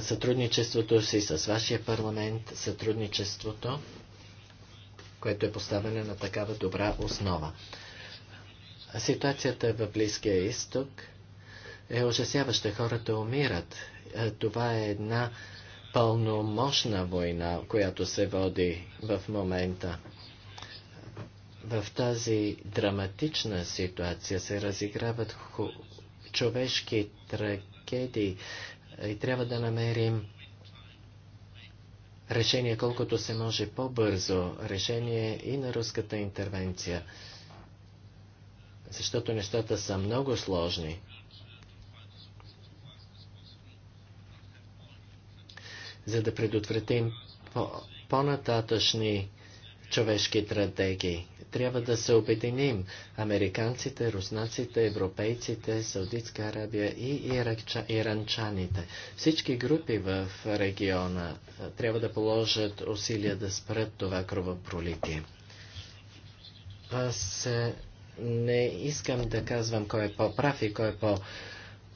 сътрудничеството си с вашия парламент, сътрудничеството, което е поставено на такава добра основа. Ситуацията в Близкия изток е ужасяваща. Хората умират. Това е една пълномощна война, която се води в момента в тази драматична ситуация се разиграват ху... човешки трагедии и трябва да намерим решение колкото се може по-бързо, решение и на руската интервенция, защото нещата са много сложни. За да предотвратим по-нататъчни човешки стратегии. Трябва да се обединим американците, руснаците, европейците, Саудитска Арабия и иракча, иранчаните. Всички групи в региона трябва да положат усилия да спрат това кровопролитие. Аз е, не искам да казвам кой е по-прав и кой е по-прав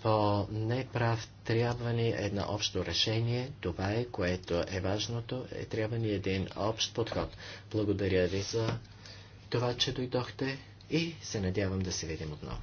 по неправ трябва ни едно общо решение. Това е, което е важното. Е, трябва ни един общ подход. Благодаря ви за това, че дойдохте и се надявам да се видим отново.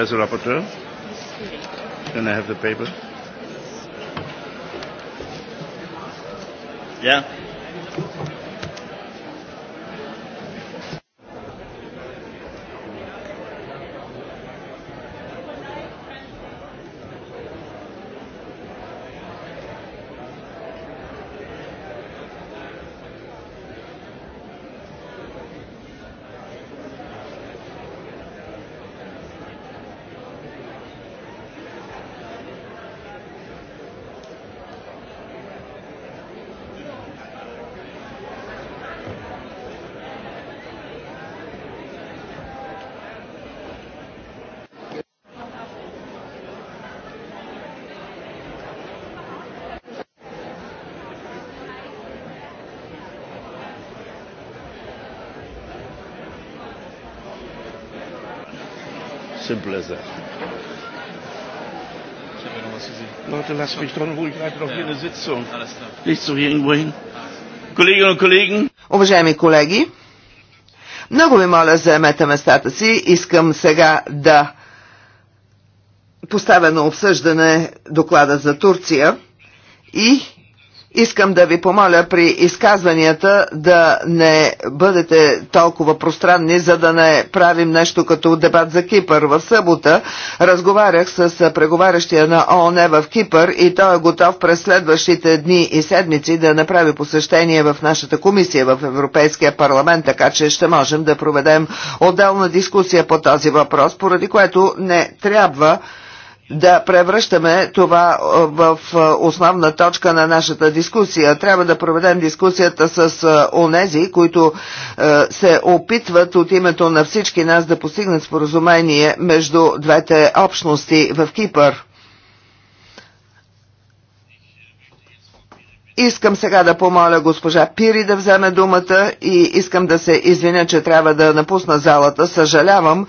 There's a rapporteur. Can I have the paper? Yeah. bitte lass mich dran ruhig, ich leite doch hier eine Sitzung. Nicht so hier irgendwo hin. Kolleginnen und Kollegen. Уважаеми колеги, много ви моля, заемете местата си. Искам сега да поставя на обсъждане доклада за Турция и Искам да ви помоля при изказванията да не бъдете толкова пространни, за да не правим нещо като дебат за Кипър. В събота разговарях с преговарящия на ООН в Кипър и той е готов през следващите дни и седмици да направи посещение в нашата комисия в Европейския парламент, така че ще можем да проведем отделна дискусия по този въпрос, поради което не трябва да превръщаме това е, в е, основна точка на нашата дискусия. Трябва да проведем дискусията с е, онези, които се опитват от името на всички нас да постигнат споразумение между двете общности в Кипър. Искам сега да помоля госпожа Пири да вземе думата и искам да се извиня, че трябва да напусна залата. Съжалявам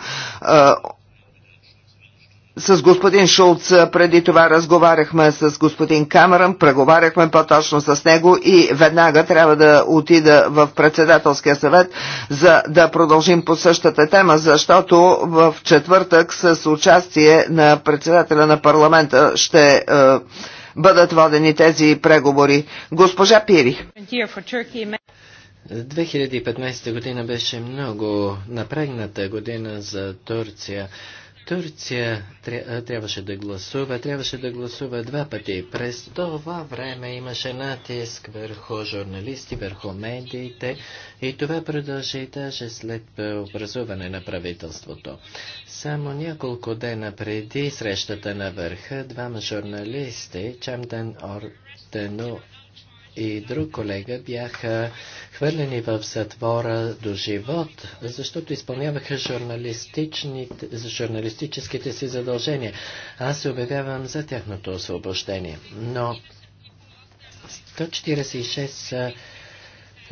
с господин Шулц, преди това разговаряхме с господин Камерън, преговаряхме по-точно с него и веднага трябва да отида в председателския съвет, за да продължим по същата тема, защото в четвъртък с участие на председателя на парламента ще е, бъдат водени тези преговори. Госпожа Пири. 2015 година беше много напрегната година за Турция. Турция трябваше да гласува, трябваше да гласува два пъти. През това време имаше натиск върху журналисти, върху медиите и това продължи даже след образуване на правителството. Само няколко дена преди срещата на върха, двама журналисти, Чамден Ор и друг колега бяха хвърлени в затвора до живот, защото изпълняваха журналистическите си задължения. Аз се обявявам за тяхното освобождение. Но 146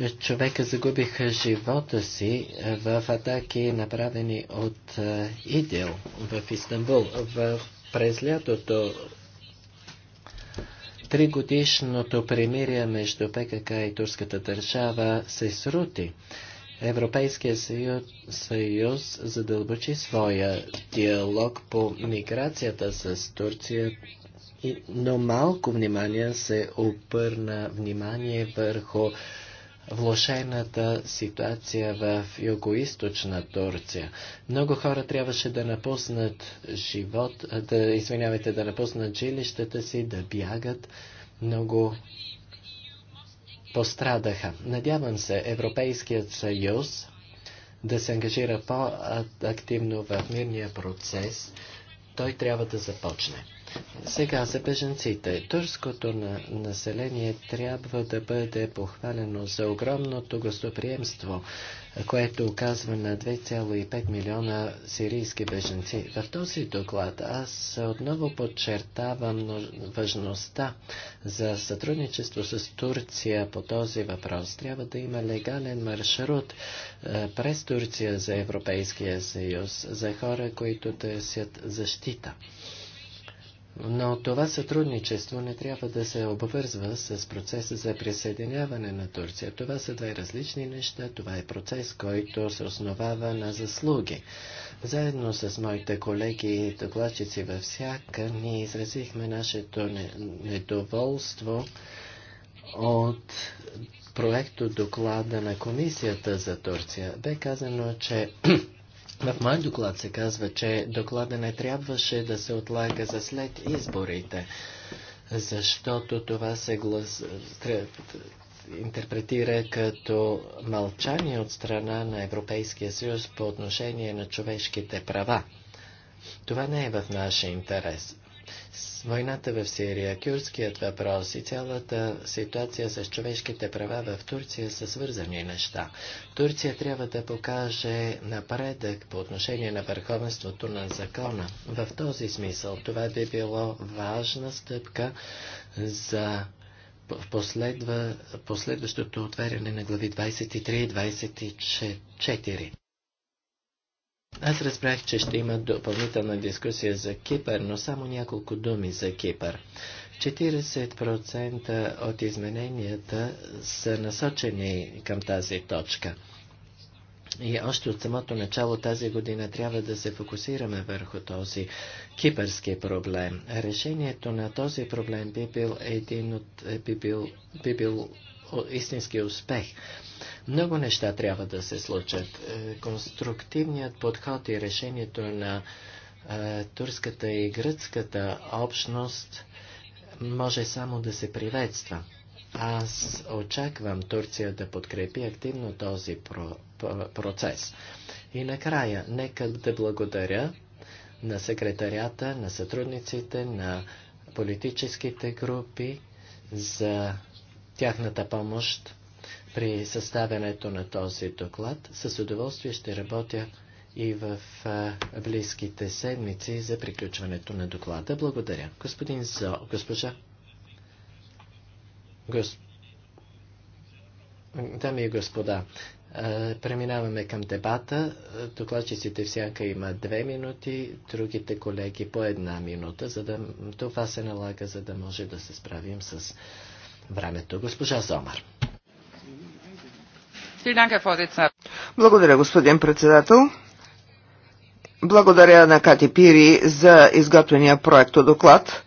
е, човека загубиха живота си е, в атаки, направени от е, Идил в Истанбул. В през лятото Тригодишното премирие между ПКК и турската държава се срути. Европейския съюз, съюз задълбочи своя диалог по миграцията с Турция, но малко внимание се обърна внимание върху влошената ситуация в югоисточна Турция. Много хора трябваше да напуснат живот, да, извинявайте, да напуснат жилищата си, да бягат. Много пострадаха. Надявам се Европейският съюз да се ангажира по-активно в мирния процес. Той трябва да започне. Сега за беженците. Турското на население трябва да бъде похвалено за огромното гостоприемство, което оказва на 2,5 милиона сирийски беженци. В този доклад аз отново подчертавам важността за сътрудничество с Турция по този въпрос. Трябва да има легален маршрут е, през Турция за Европейския съюз, за хора, които търсят защита. Но това сътрудничество не трябва да се обвързва с процеса за присъединяване на Турция. Това са две различни неща. Това е процес, който се основава на заслуги. Заедно с моите колеги и докладчици във всяка, ние изразихме нашето недоволство от проекто доклада на Комисията за Турция. Бе казано, че В моя доклад се казва, че доклада не трябваше да се отлага за след изборите, защото това се глас... интерпретира като мълчание от страна на Европейския съюз по отношение на човешките права. Това не е в нашия интерес войната в Сирия, кюрският въпрос и цялата ситуация с човешките права в Турция са свързани неща. Турция трябва да покаже напредък по отношение на върховенството на закона. В този смисъл това би било важна стъпка за последва, последващото отваряне на глави 23 и 24. Аз разбрах, че ще има допълнителна дискусия за Кипър, но само няколко думи за Кипър. 40% от измененията са насочени към тази точка. И още от самото начало тази година трябва да се фокусираме върху този кипърски проблем. Решението на този проблем би бил един от, би бил, би бил истински успех. Много неща трябва да се случат. Е, конструктивният подход и решението на е, турската и гръцката общност може само да се приветства. Аз очаквам Турция да подкрепи активно този процес. И накрая, нека да благодаря на секретарята, на сътрудниците, на политическите групи за тяхната помощ при съставянето на този доклад. С удоволствие ще работя и в близките седмици за приключването на доклада. Благодаря. Господин Зо, госпожа. Гос... Дами и господа, преминаваме към дебата. Докладчиците всяка има две минути, другите колеги по една минута. За да... Това се налага, за да може да се справим с времето. Госпожа Зомар. Благодаря, господин председател. Благодаря на Кати Пири за изготвения проекто доклад.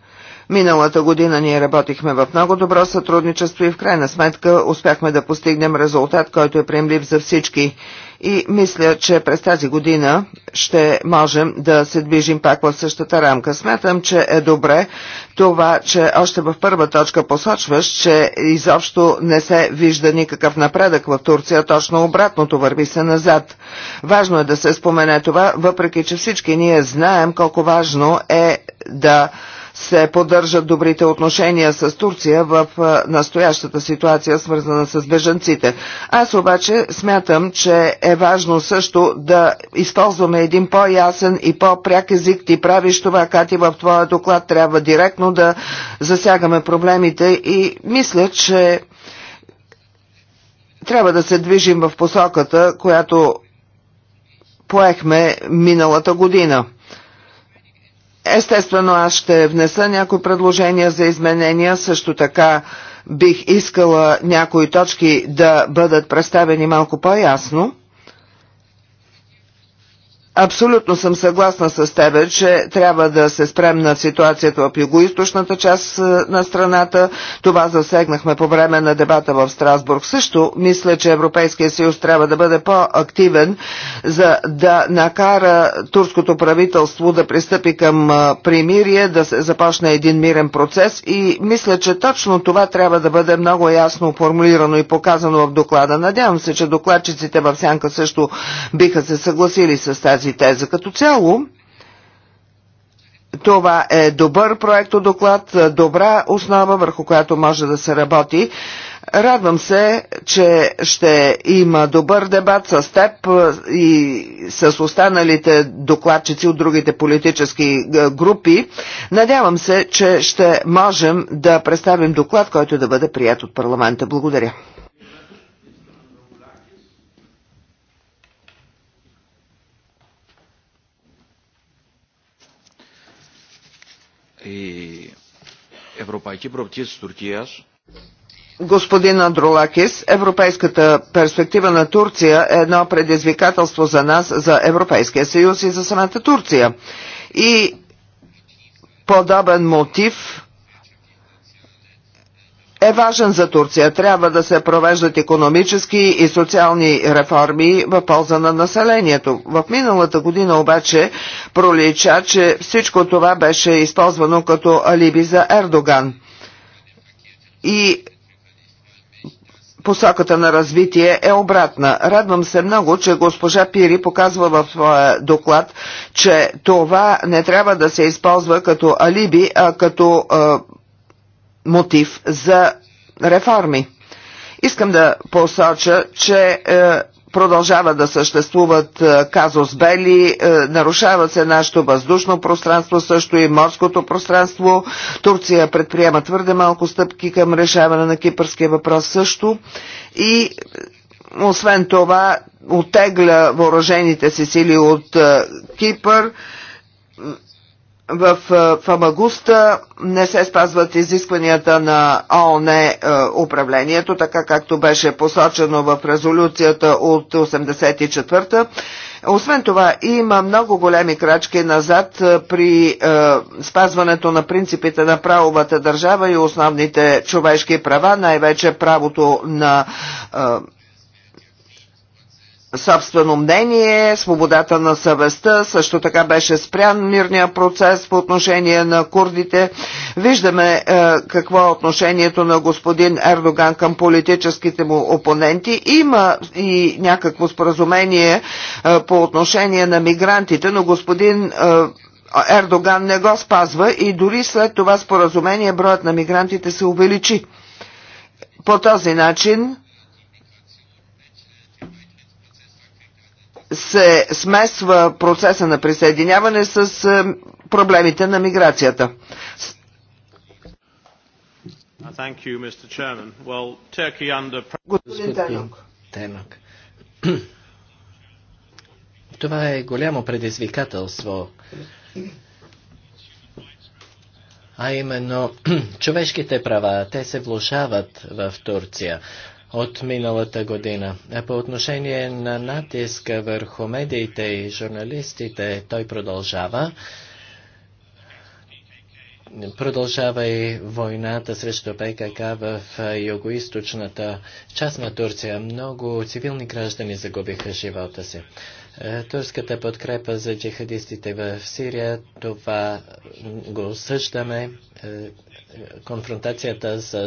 Миналата година ние работихме в много добро сътрудничество и в крайна сметка успяхме да постигнем резултат, който е приемлив за всички. И мисля, че през тази година ще можем да се движим пак в същата рамка. Смятам, че е добре това, че още в първа точка посочваш, че изобщо не се вижда никакъв напредък в Турция, точно обратното върви се назад. Важно е да се спомене това, въпреки че всички ние знаем колко важно е да се поддържат добрите отношения с Турция в настоящата ситуация, свързана с бежанците. Аз обаче смятам, че е важно също да използваме един по-ясен и по-пряк език. Ти правиш това, Кати, в твоя доклад трябва директно да засягаме проблемите и мисля, че трябва да се движим в посоката, която поехме миналата година. Естествено, аз ще внеса някои предложения за изменения, също така бих искала някои точки да бъдат представени малко по-ясно. Абсолютно съм съгласна с тебе, че трябва да се спрем на ситуацията в югоисточната част е, на страната. Това засегнахме по време на дебата в Страсбург. Също мисля, че Европейския съюз трябва да бъде по-активен, за да накара турското правителство да пристъпи към е, примирие, да се започне един мирен процес и мисля, че точно това трябва да бъде много ясно формулирано и показано в доклада. Надявам се, че докладчиците в Сянка също биха се съгласили с тази тази теза. Като цяло, това е добър проектодоклад, добра основа, върху която може да се работи. Радвам се, че ще има добър дебат с теб и с останалите докладчици от другите политически групи. Надявам се, че ще можем да представим доклад, който да бъде прият от парламента. Благодаря. η ευρωπαϊκή προοπτική της Τουρκίας Господин Андролакис, европейската перспектива на Турция е едно предизвикателство за нас, за Европейския съюз и за самата Турция. И подобен мотив е важен за Турция. Трябва да се провеждат економически и социални реформи в полза на населението. В миналата година обаче пролича, че всичко това беше използвано като алиби за Ердоган. И Посоката на развитие е обратна. Радвам се много, че госпожа Пири показва в своя доклад, че това не трябва да се използва като алиби, а като мотив за реформи. Искам да посоча, че е, продължава да съществуват е, казус бели, е, нарушава се нашето въздушно пространство, също и морското пространство. Турция предприема твърде малко стъпки към решаване на кипърския въпрос също и освен това отегля въоръжените си сили от Кипър в Фамагуста не се спазват изискванията на ООН е, управлението, така както беше посочено в резолюцията от 84-та. Освен това, има много големи крачки назад е, при е, спазването на принципите на правовата държава и основните човешки права, най-вече правото на е, собствено мнение, свободата на съвестта, също така беше спрян мирния процес по отношение на курдите. Виждаме е, какво е отношението на господин Ердоган към политическите му опоненти. Има и някакво споразумение е, по отношение на мигрантите, но господин е, Ердоган не го спазва и дори след това споразумение броят на мигрантите се увеличи. По този начин се смесва процеса на присъединяване с е, проблемите на миграцията. Uh, Господин Тенок, това е голямо предизвикателство, а именно човешките права, те се влушават в Турция от миналата година. По отношение на натиска върху медиите и журналистите, той продължава. Продължава и войната срещу ПКК в югоизточната част на Турция. Много цивилни граждани загубиха живота си. Е, турската подкрепа за джихадистите в Сирия, това го осъждаме. Е, конфронтацията с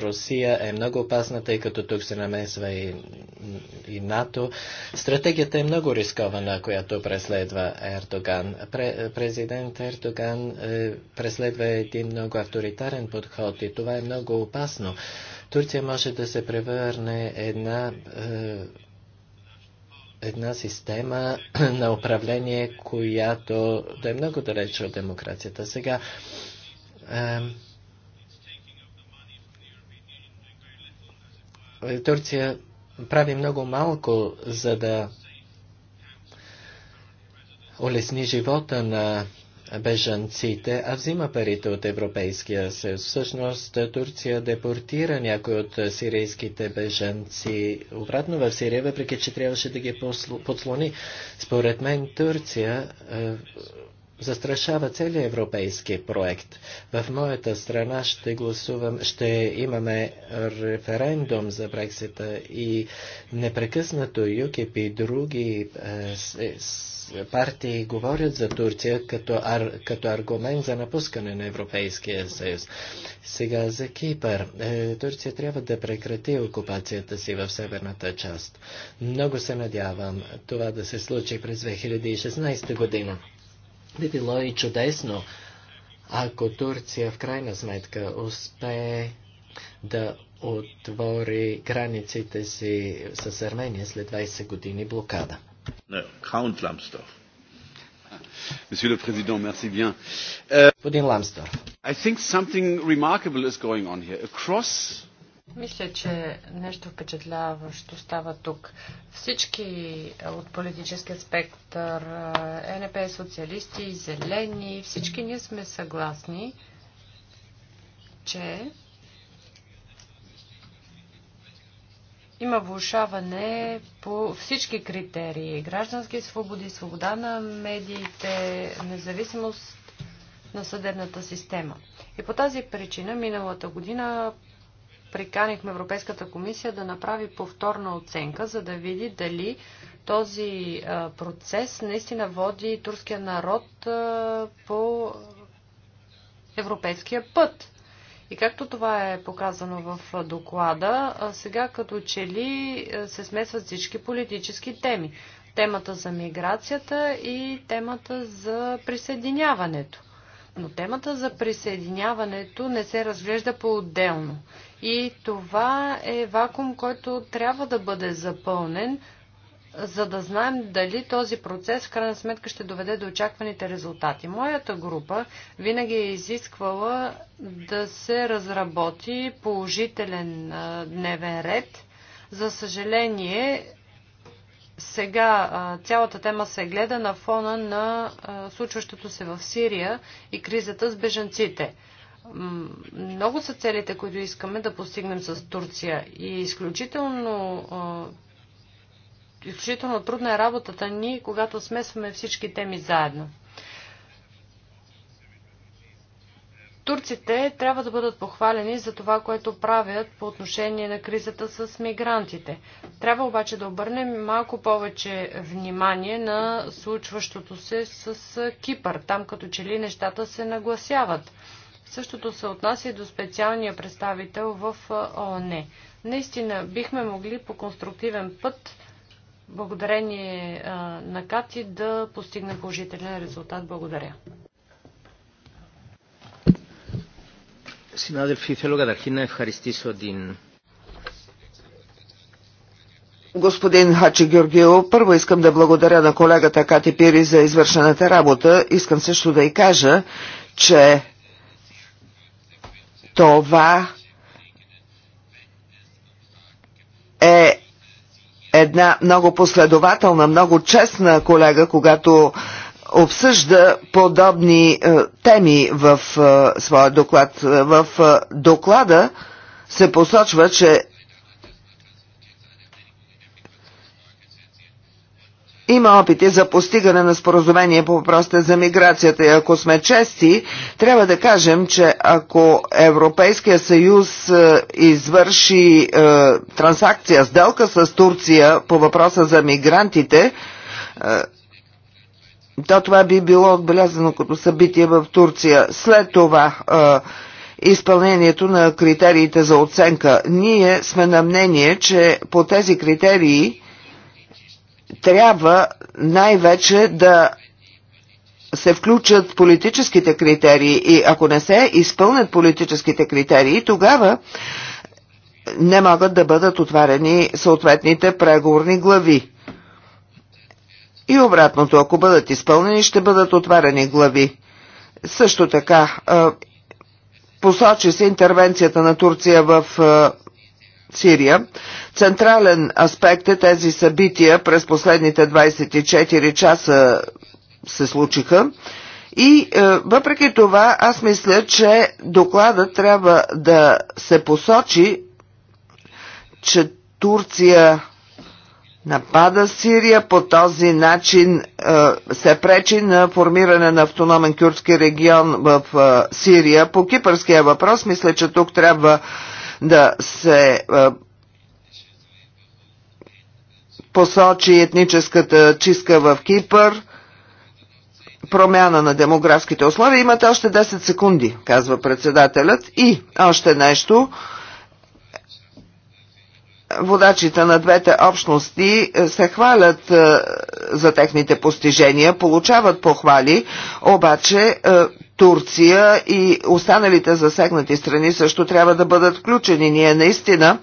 Русия е много опасна, тъй като тук се намесва и, и НАТО. Стратегията е много рискована, която преследва Ердоган. Президент Ердоган е, преследва един много авторитарен подход и това е много опасно. Турция може да се превърне една една система на управление, която да е много далече от демокрацията. Сега, е, Турция прави много малко, за да улесни живота на бежанците, а взима парите от Европейския съюз. Всъщност Турция депортира някои от сирийските бежанци обратно в Сирия, въпреки че трябваше да ги подслони. Според мен Турция е, застрашава целият европейски проект. В моята страна ще гласувам, ще имаме референдум за Брексита и непрекъснато ЮКИП и други е, е партии говорят за Турция като, ар, като аргумент за напускане на Европейския съюз. Сега за Кипър. Е, Турция трябва да прекрати окупацията си в северната част. Много се надявам това да се случи през 2016 година. Би било и чудесно, ако Турция в крайна сметка успее да отвори границите си с Армения след 20 години блокада. Count Lambsdorff. Monsieur le Président, merci bien. Uh, I think something remarkable is going on here. Across мисля, че нещо впечатляващо става тук. Всички от политическия спектър, е, НП, социалисти, зелени, всички ние сме съгласни, че Има влушаване по всички критерии. Граждански свободи, свобода на медиите, независимост на съдебната система. И по тази причина миналата година приканихме Европейската комисия да направи повторна оценка, за да види дали този процес наистина води турския народ по европейския път. И както това е показано в доклада, сега като че ли се смесват всички политически теми. Темата за миграцията и темата за присъединяването. Но темата за присъединяването не се разглежда по-отделно. И това е вакуум, който трябва да бъде запълнен, за да знаем дали този процес в крайна сметка ще доведе до очакваните резултати. Моята група винаги е изисквала да се разработи положителен дневен ред. За съжаление, сега цялата тема се гледа на фона на случващото се в Сирия и кризата с бежанците. Много са целите, които искаме да постигнем с Турция и изключително изключително трудна е работата ни, когато смесваме всички теми заедно. Турците трябва да бъдат похвалени за това, което правят по отношение на кризата с мигрантите. Трябва обаче да обърнем малко повече внимание на случващото се с Кипър, там като че ли нещата се нагласяват. Същото се отнася и до специалния представител в ООН. Е. Наистина бихме могли по конструктивен път благодарение на Кати да постигне положителен резултат. Благодаря. Συνάδελφοι, θέλω καταρχήν να ευχαριστήσω την Господин Хачи Георгио, първо искам да благодаря на колегата Кати Пири за извършената работа. Искам също да й кажа, че това е една много последователна, много честна колега, когато обсъжда подобни е, теми в е, своя доклад. Е, в е, доклада се посочва, че Има опити за постигане на споразумение по въпросите за миграцията и ако сме чести, трябва да кажем, че ако Европейския съюз е, извърши е, трансакция, сделка с Турция по въпроса за мигрантите, е, то това би било отбелязано като събитие в Турция. След това е, изпълнението на критериите за оценка. Ние сме на мнение, че по тези критерии трябва най-вече да се включат политическите критерии и ако не се изпълнят политическите критерии, тогава не могат да бъдат отварени съответните преговорни глави. И обратното, ако бъдат изпълнени, ще бъдат отварени глави. Също така, посочи се интервенцията на Турция в Сирия. Централен аспект е тези събития през последните 24 часа се случиха. И е, въпреки това, аз мисля, че докладът трябва да се посочи, че Турция напада Сирия, по този начин е, се пречи на формиране на автономен кюртски регион в е, Сирия. По кипърския въпрос, мисля, че тук трябва да се е, посочи етническата чистка в Кипър, промяна на демографските условия. Имате още 10 секунди, казва председателят. И още нещо. Водачите на двете общности е, се хвалят е, за техните постижения, получават похвали, обаче Турция и останалите засегнати страни също трябва да бъдат включени. Ние наистина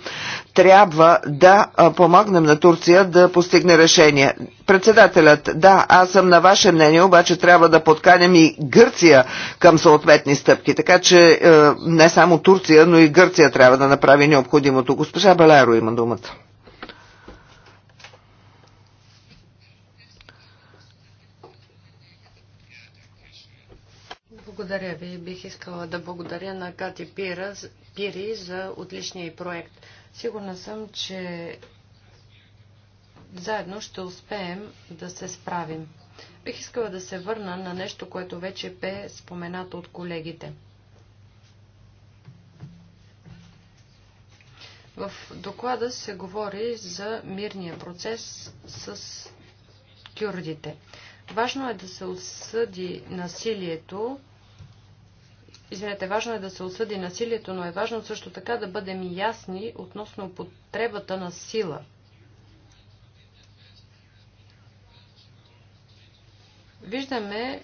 трябва да помогнем на Турция да постигне решение. Председателят, да, аз съм на ваше мнение, обаче трябва да подканем и Гърция към съответни стъпки. Така че е, не само Турция, но и Гърция трябва да направи необходимото. Госпожа Беляро има думата. Благодаря ви. Бих искала да благодаря на Кати Пира, Пири за отличния проект. Сигурна съм, че заедно ще успеем да се справим. Бих искала да се върна на нещо, което вече бе споменато от колегите. В доклада се говори за мирния процес с кюрдите. Важно е да се осъди насилието Извинете, важно е да се осъди насилието, но е важно също така да бъдем ясни относно употребата на сила. Виждаме,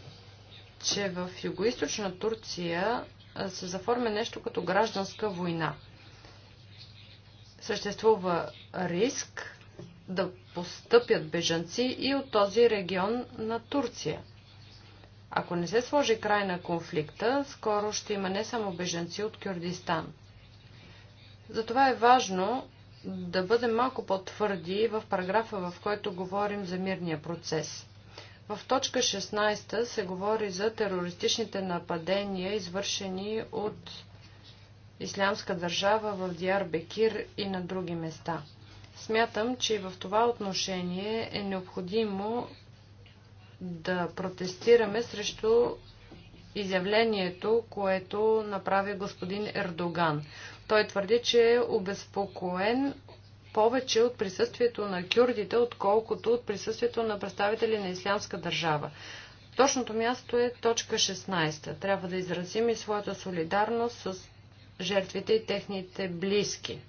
че в югоисточна Турция се заформя нещо като гражданска война. Съществува риск да постъпят бежанци и от този регион на Турция – ако не се сложи край на конфликта, скоро ще има не само беженци от Кюрдистан. Затова е важно да бъдем малко по-твърди в параграфа, в който говорим за мирния процес. В точка 16 се говори за терористичните нападения, извършени от Ислямска държава в Диар Бекир и на други места. Смятам, че и в това отношение е необходимо да протестираме срещу изявлението, което направи господин Ердоган. Той твърди, че е обезпокоен повече от присъствието на кюрдите, отколкото от присъствието на представители на Ислямска държава. Точното място е точка 16. Трябва да изразим и своята солидарност с жертвите и техните близки.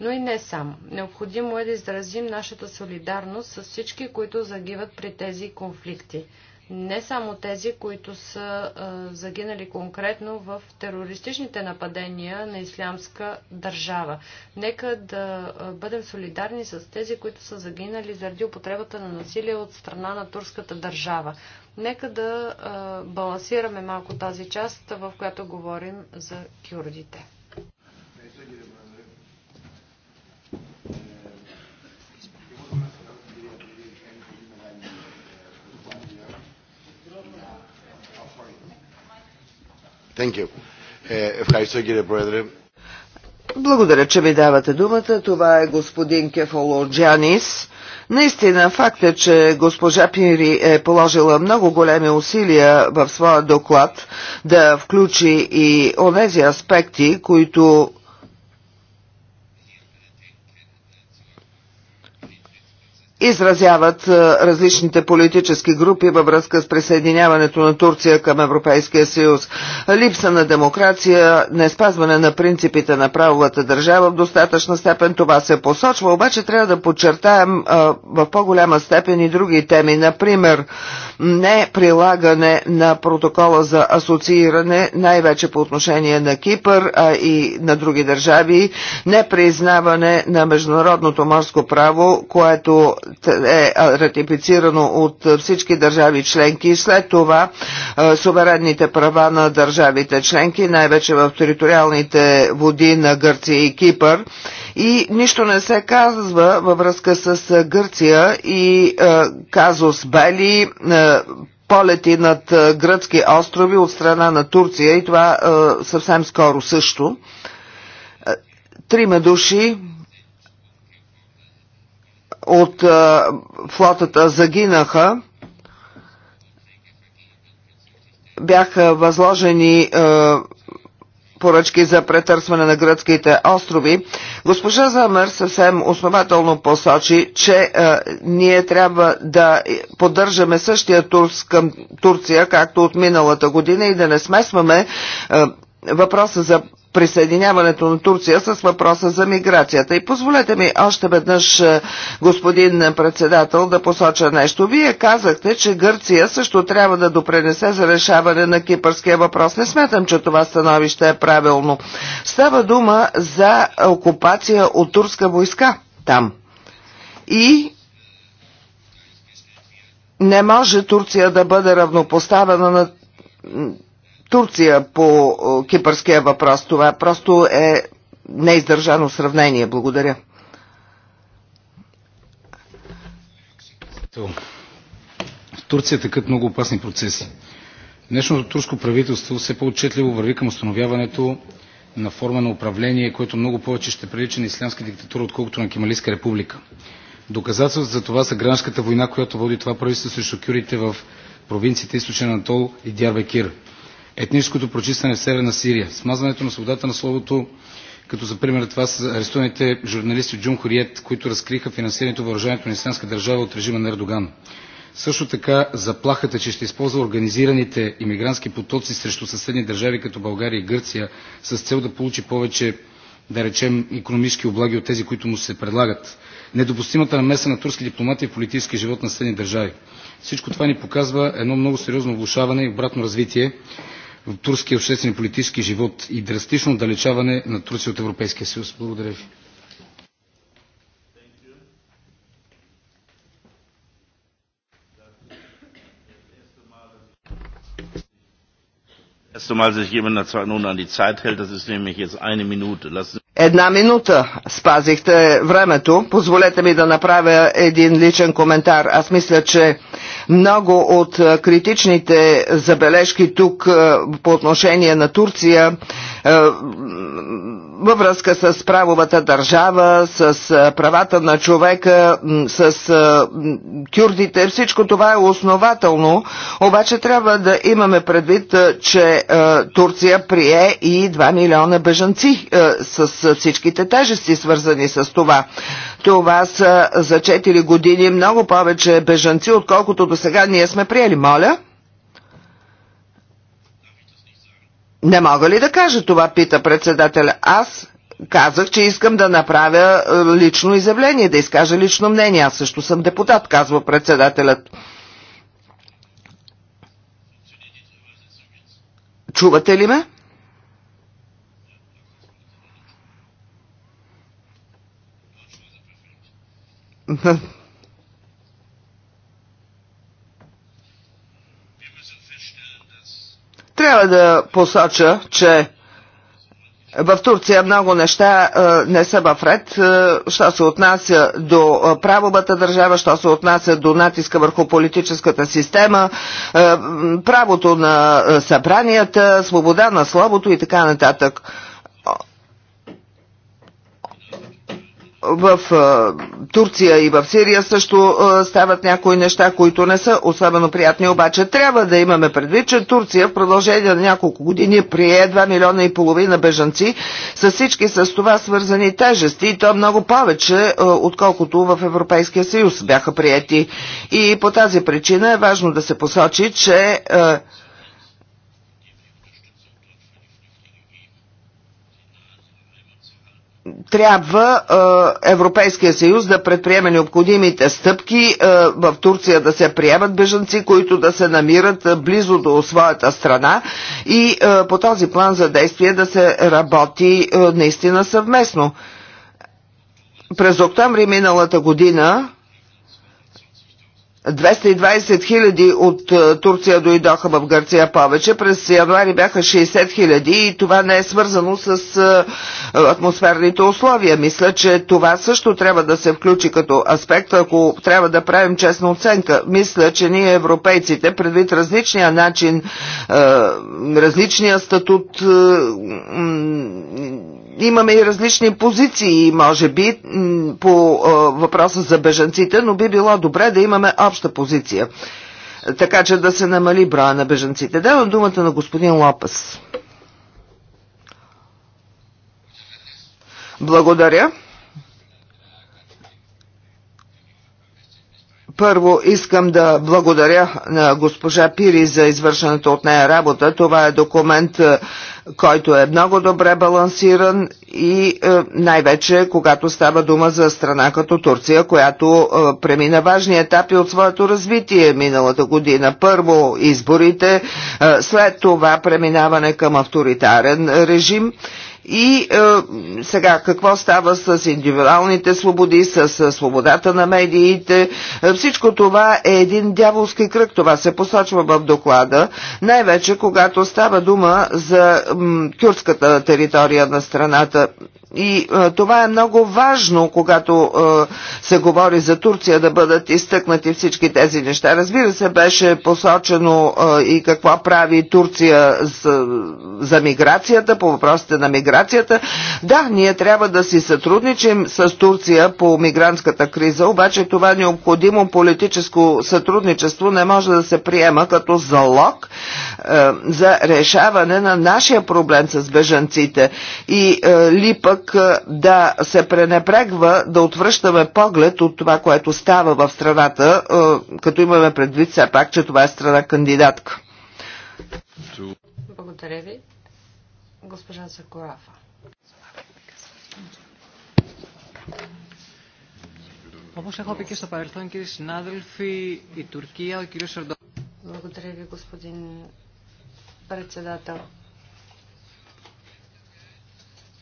Но и не само. Необходимо е да изразим нашата солидарност с всички, които загиват при тези конфликти. Не само тези, които са а, загинали конкретно в терористичните нападения на ислямска държава. Нека да бъдем солидарни с тези, които са загинали заради употребата на насилие от страна на турската държава. Нека да а, балансираме малко тази част, в която говорим за кюрдите. Eh, Благодаря, че ми давате думата. Това е господин Джанис. Наистина факт е, че госпожа Пири е положила много големи усилия в своя доклад да включи и онези аспекти, които изразяват е, различните политически групи във връзка с присъединяването на Турция към Европейския съюз. Липса на демокрация, не спазване на принципите на правовата държава в достатъчна степен това се посочва, обаче трябва да подчертаем е, в по-голяма степен и други теми, например не прилагане на протокола за асоцииране, най-вече по отношение на Кипър а и на други държави, не признаване на международното морско право, което е, е ратифицирано от всички държави членки и след това е, суверенните права на държавите членки, най-вече в териториалните води на Гърция и Кипър. И нищо не се казва във връзка с е, Гърция и казус Бели, полети над гръцки острови от страна на Турция и това съвсем скоро също. Трима души от флотата загинаха, бяха възложени поръчки за претърсване на гръцките острови, госпожа Замер съвсем основателно посочи, че а, ние трябва да поддържаме същия турс към Турция, както от миналата година и да не смесваме а, въпроса за присъединяването на Турция с въпроса за миграцията. И позволете ми още веднъж, е, господин председател, да посоча нещо. Вие казахте, че Гърция също трябва да допренесе за решаване на кипърския въпрос. Не смятам, че това становище е правилно. Става дума за окупация от турска войска там. И не може Турция да бъде равнопоставена на Турция по кипърския въпрос. Това просто е неиздържано сравнение. Благодаря. В Турция тъкат много опасни процеси. Днешното турско правителство все по-отчетливо върви към установяването на форма на управление, което много повече ще прилича на ислямска диктатура, отколкото на Кемалийска република. Доказателство за това са гражданската война, която води това правителство срещу кюрите в провинциите Източен Анатол и Дярбекир – етническото прочистване в Северна Сирия, смазването на свободата на словото, като за пример това са арестуваните журналисти Джун Хориет, които разкриха финансирането въоръжението на Исламска държава от режима на Ердоган. Също така заплахата, че ще използва организираните иммигрантски потоци срещу съседни държави като България и Гърция с цел да получи повече, да речем, економически облаги от тези, които му се предлагат. Недопустимата намеса на турски дипломати в политически живот на съседни държави. Всичко това ни показва едно много сериозно влушаване и обратно развитие в турския обществен и политически живот и драстично отдалечаване на Турция от Европейския съюз. Благодаря ви. erst einmal sich jemand nun an die Zeit hält. Das ist nämlich jetzt eine Minute. Lassen Една минута спазихте времето. Позволете ми да направя един личен коментар. Аз мисля, че много от критичните забележки тук е, по отношение на Турция е, във връзка с правовата държава, с правата на човека, с кюрдите. Всичко това е основателно, обаче трябва да имаме предвид, че Турция прие и 2 милиона бежанци с всичките тежести, свързани с това. Това са за 4 години много повече бежанци, отколкото до сега ние сме приели. Моля? Не мога ли да кажа това, пита председателя. Аз казах, че искам да направя е, лично изявление, да изкажа лично мнение. Аз също съм депутат, казва председателят. Чувате ли ме? Трябва да посоча, че в Турция много неща е, не са в ред, е, що се отнася до е, правовата държава, що се отнася до натиска върху политическата система, правото на събранията, свобода на словото и така нататък. в Турция и в Сирия също стават някои неща, които не са особено приятни, обаче трябва да имаме предвид, че Турция в продължение на няколко години прие 2 милиона и половина бежанци с всички с това свързани тежести и то много повече, отколкото в Европейския съюз бяха приети. И по тази причина е важно да се посочи, че трябва е, Европейския съюз да предприеме необходимите стъпки е, в Турция да се приемат бежанци, които да се намират близо до своята страна и е, по този план за действие да се работи е, наистина съвместно. През октомври миналата година 220 хиляди от е, Турция дойдоха в Гърция повече. През януари бяха 60 хиляди и това не е свързано с е, атмосферните условия. Мисля, че това също трябва да се включи като аспект, ако трябва да правим честна оценка. Мисля, че ние европейците, предвид различния начин, е, различния статут, имаме и различни позиции, може би, по въпроса за бежанците, но би било добре да имаме обща позиция, така че да се намали броя на бежанците. Давам думата на господин Лопес. Благодаря. Първо искам да благодаря на госпожа Пири за извършената от нея работа. Това е документ, е, който е много добре балансиран и е, най-вече когато става дума за страна като Турция, която е, премина важни етапи от своето развитие миналата година. Първо изборите, след това преминаване към авторитарен режим – и е, сега, какво става с индивидуалните свободи, с, с свободата на медиите? Е, всичко това е един дяволски кръг, това се посочва в доклада, най-вече когато става дума за м, кюрската територия на страната. И а, това е много важно, когато а, се говори за Турция, да бъдат изтъкнати всички тези неща. Разбира се, беше посочено а, и какво прави Турция за, за миграцията, по въпросите на миграцията. Да, ние трябва да си сътрудничим с Турция по мигрантската криза, обаче това необходимо политическо сътрудничество не може да се приема като залог а, за решаване на нашия проблем с бежанците. И а, ли пък пък да се пренебрегва, да отвръщаме поглед от това, което става в страната, като имаме предвид все пак, че това е страна кандидатка. Благодаря ви. Госпожа Закорафа. Благодаря ви, господин председател.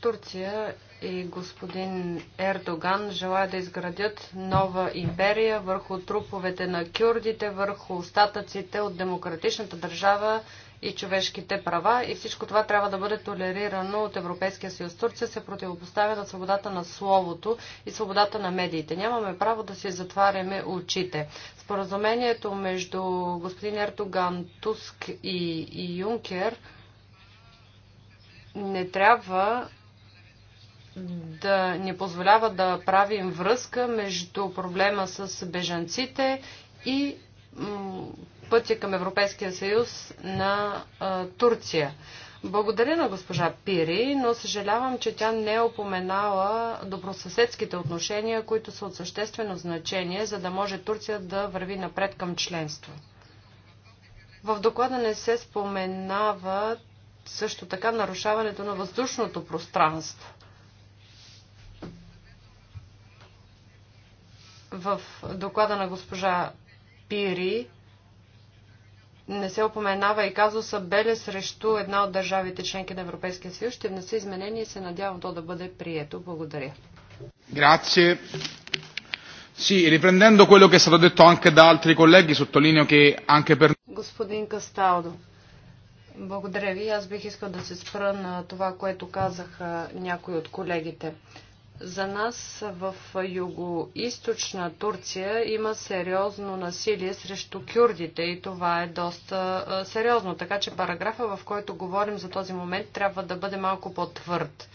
Турция и господин Ердоган желая да изградят нова империя върху труповете на кюрдите, върху остатъците от демократичната държава и човешките права и всичко това трябва да бъде толерирано от Европейския съюз. Турция се противопоставя на свободата на словото и свободата на медиите. Нямаме право да си затваряме очите. Споразумението между господин Ердоган, Туск и, и Юнкер не трябва да ни позволява да правим връзка между проблема с бежанците и пътя към Европейския съюз на Турция. Благодаря на госпожа Пири, но съжалявам, че тя не е опоменала добросъседските отношения, които са от съществено значение, за да може Турция да върви напред към членство. В доклада не се споменава също така нарушаването на въздушното пространство. в доклада на госпожа Пири не се опоменава и казуса Беле срещу една от държавите членки на Европейския съюз. Ще внесе изменение и се надявам то да бъде прието. Благодаря. Grazie. Sì, riprendendo quello che è stato detto anche da altri colleghi, sottolineo che anche per... Господин Касталдо, благодаря ви. Аз бих искал да се спра на това, което казаха някои от колегите. За нас в юго-источна Турция има сериозно насилие срещу кюрдите и това е доста сериозно. Така че параграфа, в който говорим за този момент, трябва да бъде малко по-твърд.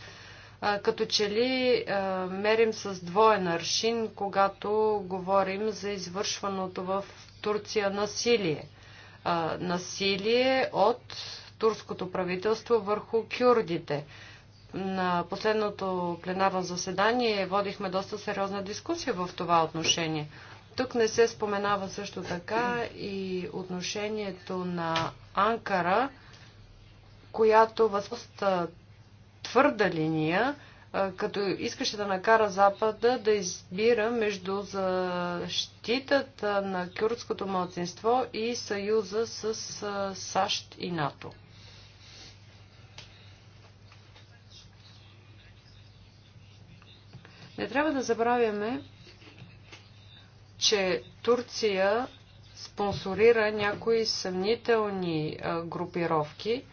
Като че ли мерим с двоен аршин, когато говорим за извършваното в Турция насилие. Насилие от турското правителство върху кюрдите. На последното пленарно заседание водихме доста сериозна дискусия в това отношение. Тук не се споменава също така и отношението на Анкара, която възпоста твърда линия, като искаше да накара Запада да избира между защитата на кюрдското младсинство и съюза с САЩ и НАТО. Не трябва да забравяме, че Турция спонсорира някои съмнителни групировки,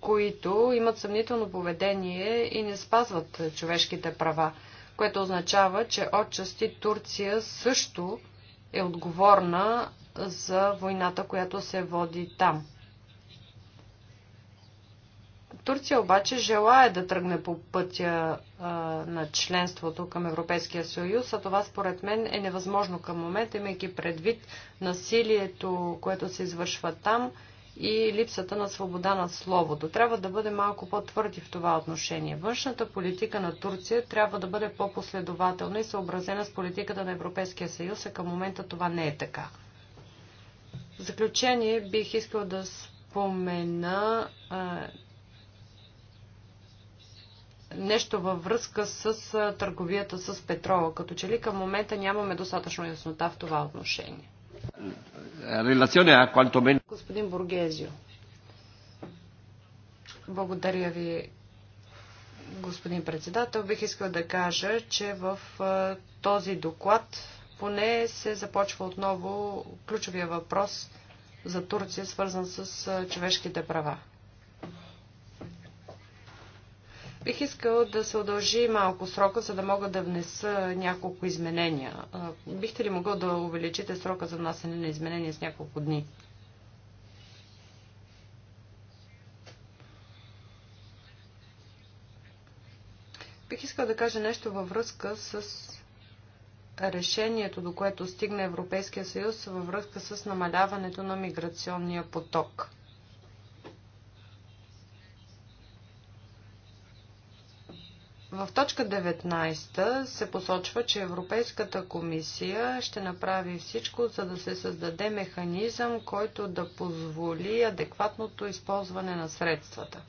които имат съмнително поведение и не спазват човешките права, което означава, че отчасти Турция също е отговорна за войната, която се води там. Турция обаче желая да тръгне по пътя а, на членството към Европейския съюз, а това според мен е невъзможно към момента, имайки предвид насилието, което се извършва там и липсата на свобода на словото. Трябва да бъде малко по-твърди в това отношение. Външната политика на Турция трябва да бъде по-последователна и съобразена с политиката на Европейския съюз, а към момента това не е така. В заключение бих искал да спомена нещо във връзка с търговията с петрола. Като че ли към момента нямаме достатъчно яснота в това отношение. Господин Бургезио. Благодаря ви, господин председател. Бих искал да кажа, че в този доклад поне се започва отново ключовия въпрос за Турция, свързан с човешките права. Бих искал да се удължи малко срока, за да мога да внеса няколко изменения. Бихте ли могъл да увеличите срока за внасяне на изменения с няколко дни? Бих искал да кажа нещо във връзка с решението, до което стигна Европейския съюз във връзка с намаляването на миграционния поток – В точка 19 се посочва, че Европейската комисия ще направи всичко, за да се създаде механизъм, който да позволи адекватното използване на средствата.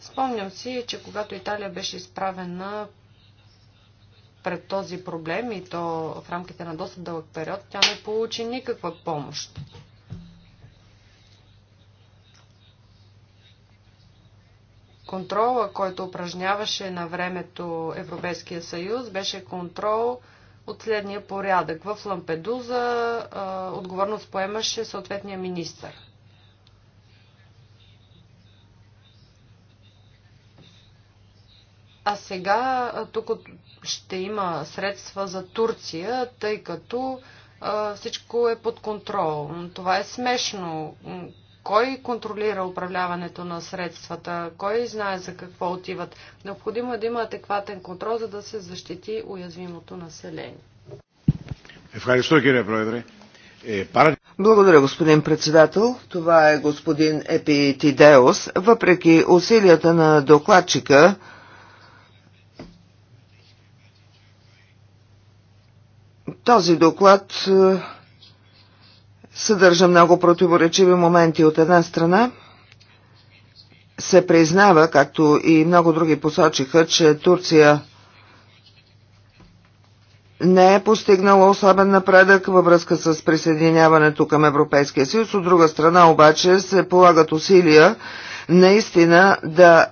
Спомням си, че когато Италия беше изправена пред този проблем и то в рамките на доста дълъг период, тя не получи никаква помощ. контрола, който упражняваше на времето Европейския съюз, беше контрол от следния порядък. В Лампедуза а, отговорност поемаше съответния министр. А сега тук ще има средства за Турция, тъй като а, всичко е под контрол. Това е смешно. Кой контролира управляването на средствата? Кой знае за какво отиват? Необходимо е да има адекватен контрол, за да се защити уязвимото население. Е, Благодаря, господин председател. Това е господин Епитидеос. Въпреки усилията на докладчика, този доклад е, съдържа много противоречиви моменти. От една страна се признава, както и много други посочиха, че Турция не е постигнала особен напредък във връзка с присъединяването към Европейския съюз. От друга страна обаче се полагат усилия наистина да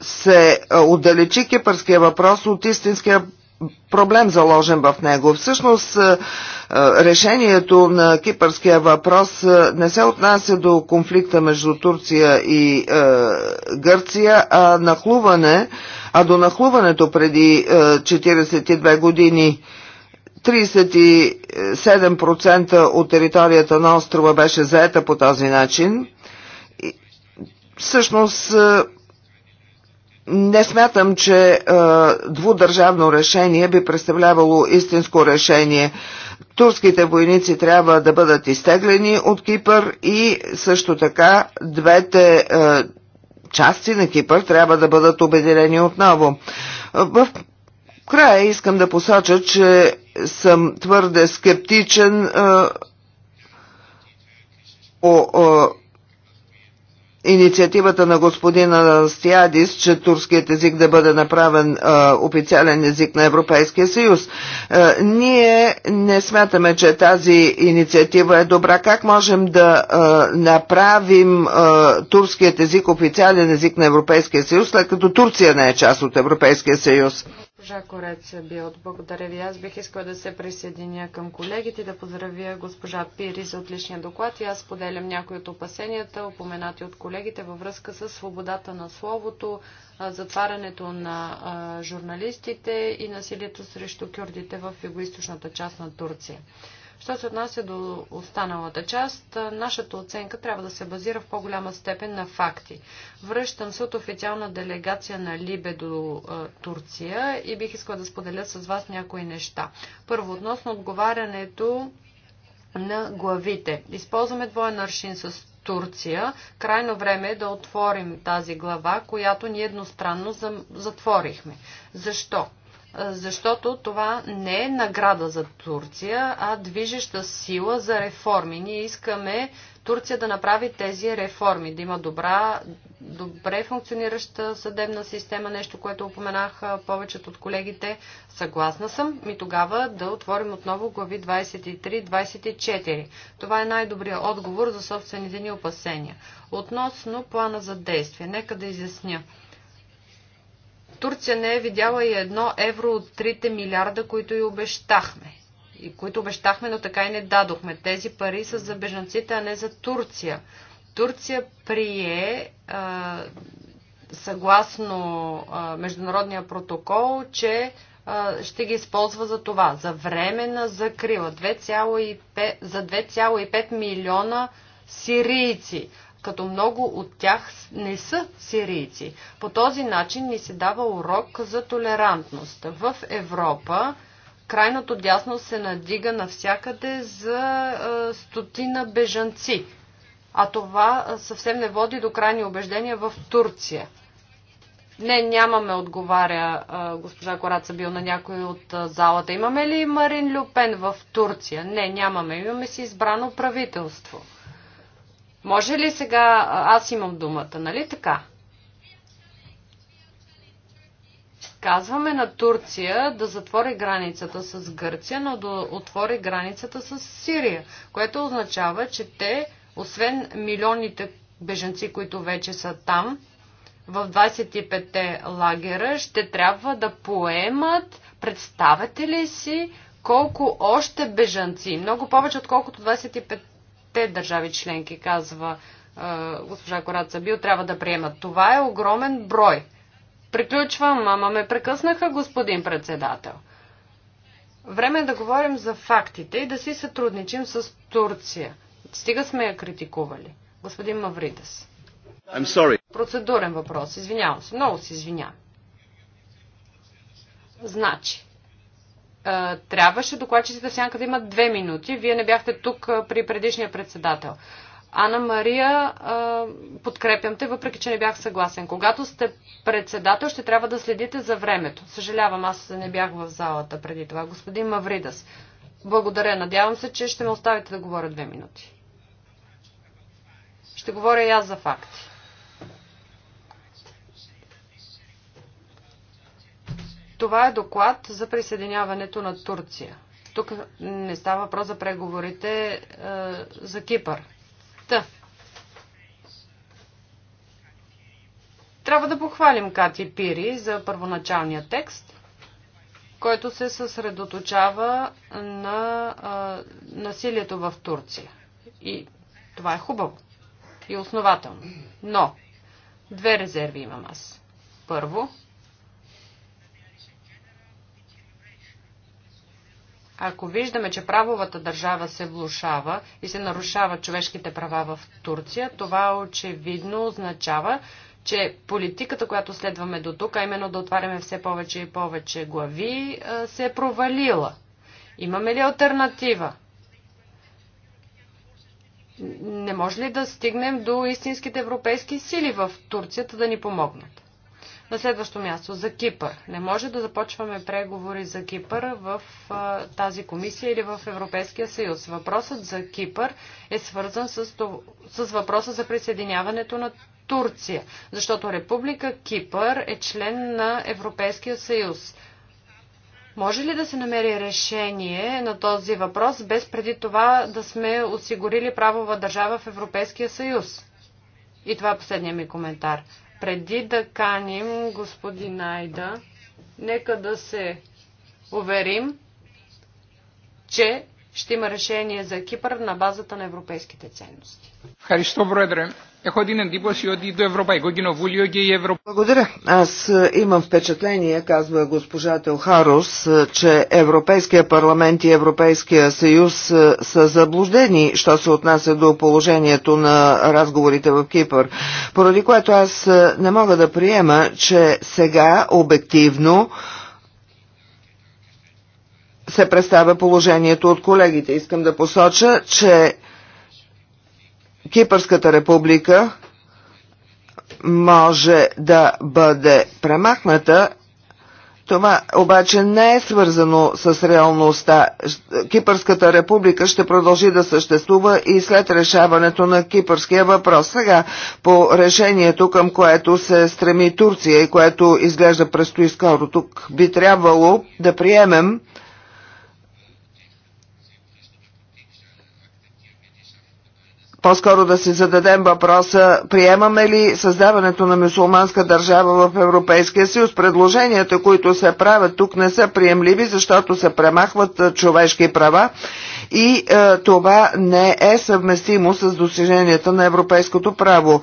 се отдалечи кипърския въпрос от истинския проблем заложен в него. Всъщност е, е, решението на кипърския въпрос е, не се отнася до конфликта между Турция и Гърция, а нахлуване, а до нахлуването преди 42 години 37% от територията на острова беше заета по този начин. Всъщност не смятам, че е, двудържавно решение би представлявало истинско решение. Турските войници трябва да бъдат изтеглени от Кипър и също така двете е, части на Кипър трябва да бъдат обединени отново. В края искам да посоча, че съм твърде скептичен е, по инициативата на господина Стиадис, че турският език да бъде направен а, официален език на Европейския съюз. А, ние не смятаме, че тази инициатива е добра. Как можем да а, направим а, турският език официален език на Европейския съюз, след като Турция не е част от Европейския съюз? Госпожа Кореца Билт, благодаря ви. Аз бих искала да се присъединя към колегите, да поздравя госпожа Пири за отличния доклад и аз поделям някои от опасенията, упоменати от колегите във връзка с свободата на словото, затварянето на журналистите и насилието срещу кюрдите в югоизточната част на Турция. Що се отнася до останалата част, нашата оценка трябва да се базира в по-голяма степен на факти. Връщам се от официална делегация на Либе до Турция и бих искала да споделя с вас някои неща. Първо, относно отговарянето на главите. Използваме двоен аршин с Турция. Крайно време е да отворим тази глава, която ние едностранно затворихме. Защо? защото това не е награда за Турция, а движеща сила за реформи. Ние искаме Турция да направи тези реформи, да има добра, добре функционираща съдебна система, нещо, което упоменах повечето от колегите. Съгласна съм и тогава да отворим отново глави 23-24. Това е най-добрият отговор за собствените ни опасения. Относно плана за действие, нека да изясня. Турция не е видяла и едно евро от трите милиарда, които и обещахме. И които обещахме, но така и не дадохме. Тези пари са за бежанците, а не за Турция. Турция прие а, съгласно а, международния протокол, че а, ще ги използва за това, за времена закрила, 2,5, за 2,5 милиона сирийци като много от тях не са сирийци. По този начин ни се дава урок за толерантност. В Европа крайното дясно се надига навсякъде за е, стотина бежанци. А това съвсем не води до крайни убеждения в Турция. Не, нямаме, отговаря госпожа Кораца бил на някой от залата. Имаме ли Марин Люпен в Турция? Не, нямаме. Имаме си избрано правителство. Може ли сега аз имам думата, нали така? Казваме на Турция да затвори границата с Гърция, но да отвори границата с Сирия, което означава, че те, освен милионите беженци, които вече са там, в 25-те лагера, ще трябва да поемат, представете ли си, колко още бежанци, много повече отколкото 25 те държави членки, казва е, госпожа Кораца Бил, трябва да приемат. Това е огромен брой. Приключвам, ама ме прекъснаха, господин председател. Време е да говорим за фактите и да си сътрудничим с Турция. Стига сме я критикували. Господин Мавридес. I'm sorry. Процедурен въпрос. Извинявам се. Много се извинявам. Значи, е, трябваше докладчиците в сянка да имат две минути. Вие не бяхте тук е, при предишния председател. Ана Мария, е, подкрепям те, въпреки че не бях съгласен. Когато сте председател, ще трябва да следите за времето. Съжалявам, аз не бях в залата преди това. Господин Мавридас, благодаря. Надявам се, че ще ме оставите да говоря две минути. Ще говоря и аз за факти. Това е доклад за присъединяването на Турция. Тук не става въпрос за преговорите е, за Кипър. Та. Трябва да похвалим Кати Пири за първоначалния текст, който се съсредоточава на е, насилието в Турция. И това е хубаво и основателно. Но две резерви имам аз. Първо, Ако виждаме, че правовата държава се влушава и се нарушава човешките права в Турция, това очевидно означава, че политиката, която следваме до тук, а именно да отваряме все повече и повече глави, се е провалила. Имаме ли альтернатива? Не може ли да стигнем до истинските европейски сили в Турцията да ни помогнат? На следващо място, за Кипър. Не може да започваме преговори за Кипър в а, тази комисия или в Европейския съюз. Въпросът за Кипър е свързан с, с въпроса за присъединяването на Турция, защото Република Кипър е член на Европейския съюз. Може ли да се намери решение на този въпрос, без преди това да сме осигурили правова държава в Европейския съюз? И това е последният ми коментар. Преди да каним господин Айда, нека да се уверим, че ще има решение за Кипър на базата на европейските ценности. Благодаря. Аз е, имам впечатление, казва госпожа Телхарус, е, че Европейския парламент и Европейския съюз е, са заблуждени, що се отнася до положението на разговорите в Кипър. Поради което аз не мога да приема, че сега обективно се представя положението от колегите. Искам да посоча, че Кипърската република може да бъде премахната. Това обаче не е свързано с реалността. Кипърската република ще продължи да съществува и след решаването на кипърския въпрос. Сега по решението, към което се стреми Турция и което изглежда предстои скоро тук, би трябвало да приемем по-скоро да си зададем въпроса, приемаме ли създаването на мусулманска държава в Европейския съюз. Предложенията, които се правят тук не са приемливи, защото се премахват човешки права и е, това не е съвместимо с достиженията на европейското право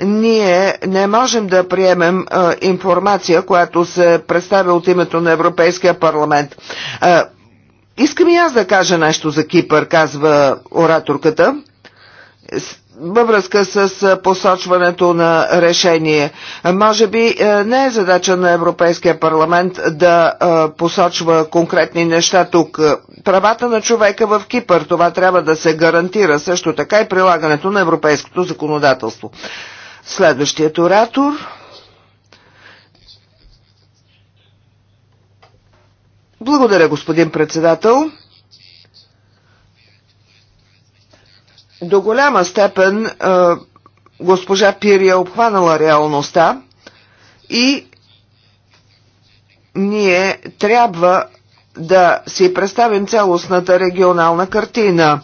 ние не можем да приемем е, информация, която се представя от името на Европейския парламент. Е, искам и аз да кажа нещо за Кипър, казва ораторката във връзка с посочването на решение. Може би не е задача на Европейския парламент да посочва конкретни неща тук. Правата на човека в Кипър, това трябва да се гарантира също така и прилагането на европейското законодателство. Следващият оратор. Благодаря, господин председател. До голяма степен е, госпожа Пири е обхванала реалността и ние трябва да си представим цялостната регионална картина.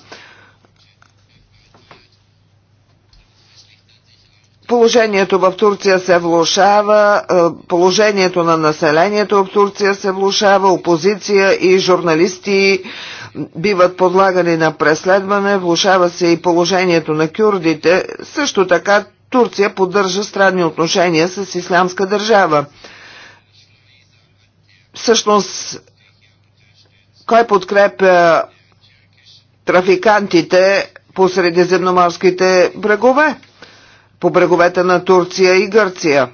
Положението в Турция се влушава, е, положението на населението в Турция се влушава, опозиция и журналисти биват подлагани на преследване, влушава се и положението на кюрдите. Също така Турция поддържа странни отношения с ислямска държава. Всъщност, кой подкрепя трафикантите по средиземноморските брегове, по бреговете на Турция и Гърция?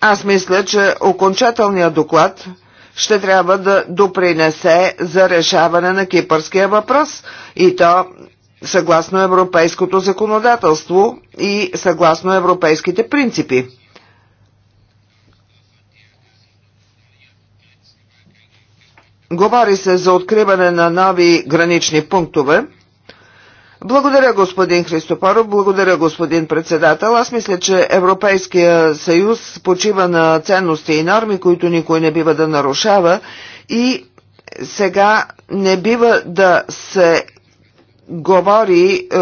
Аз мисля, че окончателният доклад ще трябва да допринесе за решаване на кипърския въпрос и то съгласно европейското законодателство и съгласно европейските принципи. Говори се за откриване на нови гранични пунктове – благодаря, господин Христопоров, благодаря, господин председател. Аз мисля, че Европейския съюз почива на ценности и норми, които никой не бива да нарушава и сега не бива да се говори е,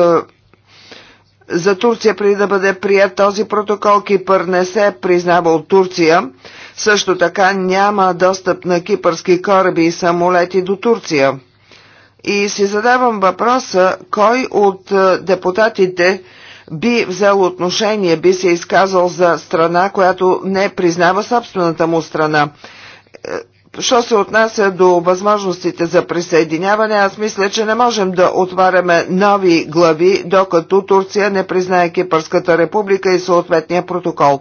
за Турция преди да бъде прият този протокол. Кипър не се признава от Турция. Също така няма достъп на кипърски кораби и самолети до Турция. И си задавам въпроса, кой от е, депутатите би взел отношение, би се изказал за страна, която не признава собствената му страна. Е, що се отнася до възможностите за присъединяване, аз мисля, че не можем да отваряме нови глави, докато Турция не признае Кипърската република и съответния протокол.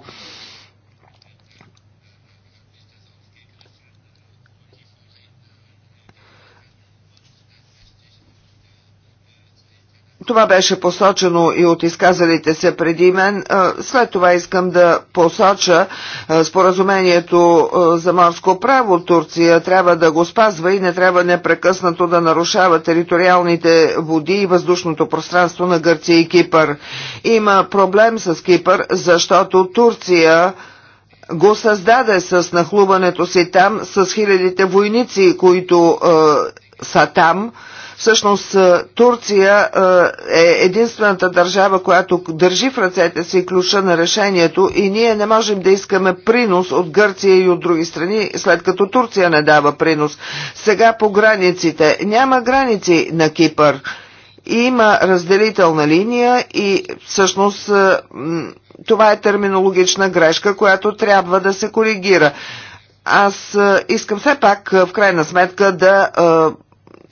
Това беше посочено и от изказалите се преди мен. След това искам да посоча споразумението за морско право. Турция трябва да го спазва и не трябва непрекъснато да нарушава териториалните води и въздушното пространство на Гърция и Кипър. Има проблем с Кипър, защото Турция го създаде с нахлуването си там, с хилядите войници, които е, са там. Всъщност е, Турция е, е единствената държава, която държи в ръцете си ключа на решението и ние не можем да искаме принос от Гърция и от други страни, след като Турция не дава принос. Сега по границите. Няма граници на Кипър. Има разделителна линия и всъщност е, това е терминологична грешка, която трябва да се коригира аз искам все пак в крайна сметка да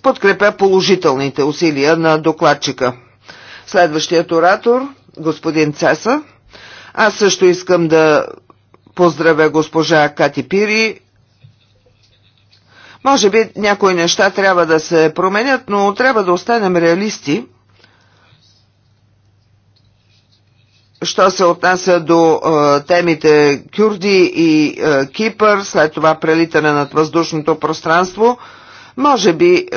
подкрепя положителните усилия на докладчика. Следващият оратор, господин Цеса. Аз също искам да поздравя госпожа Кати Пири. Може би някои неща трябва да се променят, но трябва да останем реалисти. що се отнася до е, темите Кюрди и е, Кипър, след това прелитане над въздушното пространство – може би е,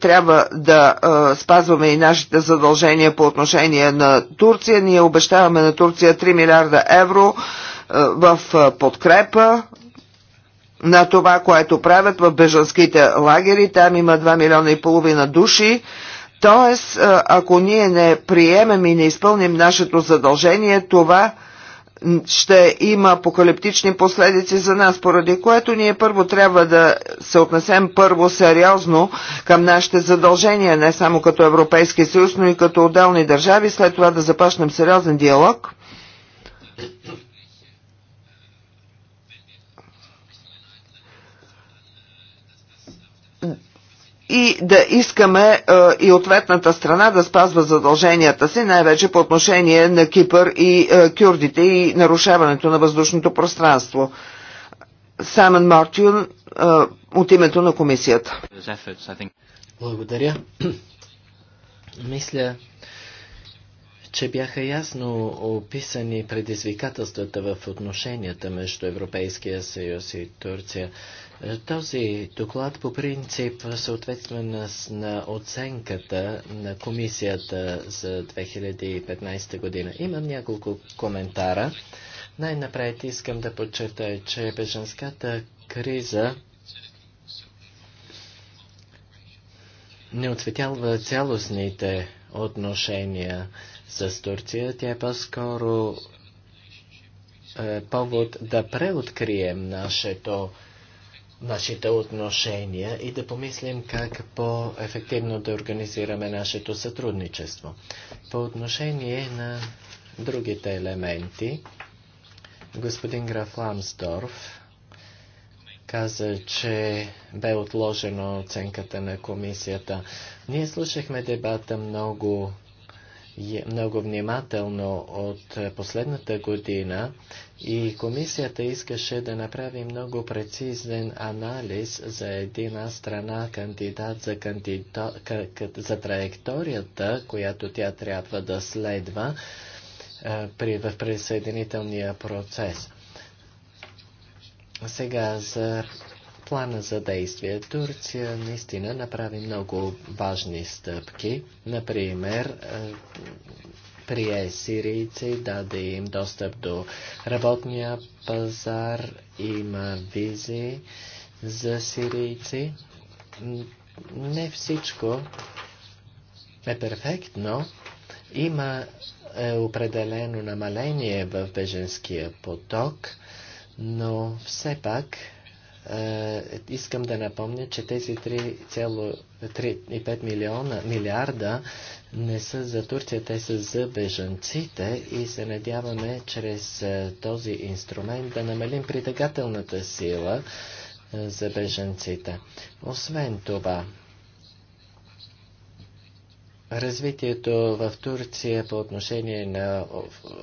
трябва да е, спазваме и нашите задължения по отношение на Турция. Ние обещаваме на Турция 3 милиарда евро е, в е, подкрепа на това, което правят в бежанските лагери. Там има 2 милиона и половина души. Тоест, е, ако ние не приемем и не изпълним нашето задължение, това е ще има апокалиптични последици за нас, поради което ние първо трябва да се отнесем първо сериозно към нашите задължения, не само като Европейски съюз, но и като отделни държави, след това да започнем сериозен диалог и да искаме е, и ответната страна да спазва задълженията си, най-вече по отношение на Кипър и е, кюрдите и нарушаването на въздушното пространство. Самен Мартюн е, от името на комисията. Благодаря. Мисля, че бяха ясно описани предизвикателствата в отношенията между Европейския съюз и Турция. Този доклад по принцип съответства на, на оценката на комисията за 2015 година. Имам няколко коментара. Най-напред искам да подчертая, че беженската криза не отцветява цялостните отношения с Турция. Тя е по-скоро е, повод да преоткрием нашето нашите отношения и да помислим как по-ефективно да организираме нашето сътрудничество. По отношение на другите елементи, господин граф Ламсдорф каза, че бе отложено оценката на комисията. Ние слушахме дебата много много внимателно от последната година и комисията искаше да направи много прецизен анализ за една страна кандидат за, кандидо, за траекторията, която тя трябва да следва е, при, в присъединителния процес. Сега за плана за действие. Турция наистина направи много важни стъпки. Например, е, прие сирийци, даде им достъп до работния пазар, има визи за сирийци. Не всичко е перфектно. Има е, определено намаление в беженския поток, но все пак е, искам да напомня, че тези 3,5 милиона, милиарда не са за Турция, те са за бежанците и се надяваме чрез този инструмент да намалим притегателната сила за бежанците. Освен това, развитието в Турция по отношение на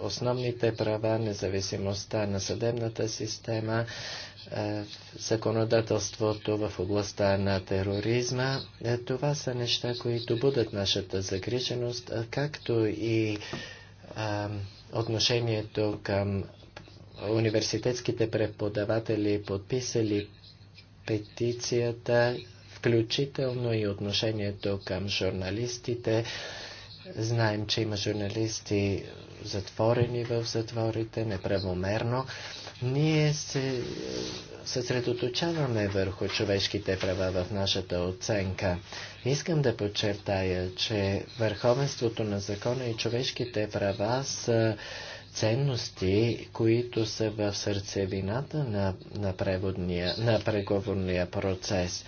основните права, независимостта на съдебната система, е, законодателството в областта на тероризма. Е, това са неща, които будат нашата загриженост, както и а, отношението към университетските преподаватели, подписали петицията, включително и отношението към журналистите. Знаем, че има журналисти затворени в затворите неправомерно. Ние се е, съсредоточаваме върху човешките права в нашата оценка. Искам да подчертая, че върховенството на закона и човешките права са ценности, които са в сърцевината на, на, на преговорния процес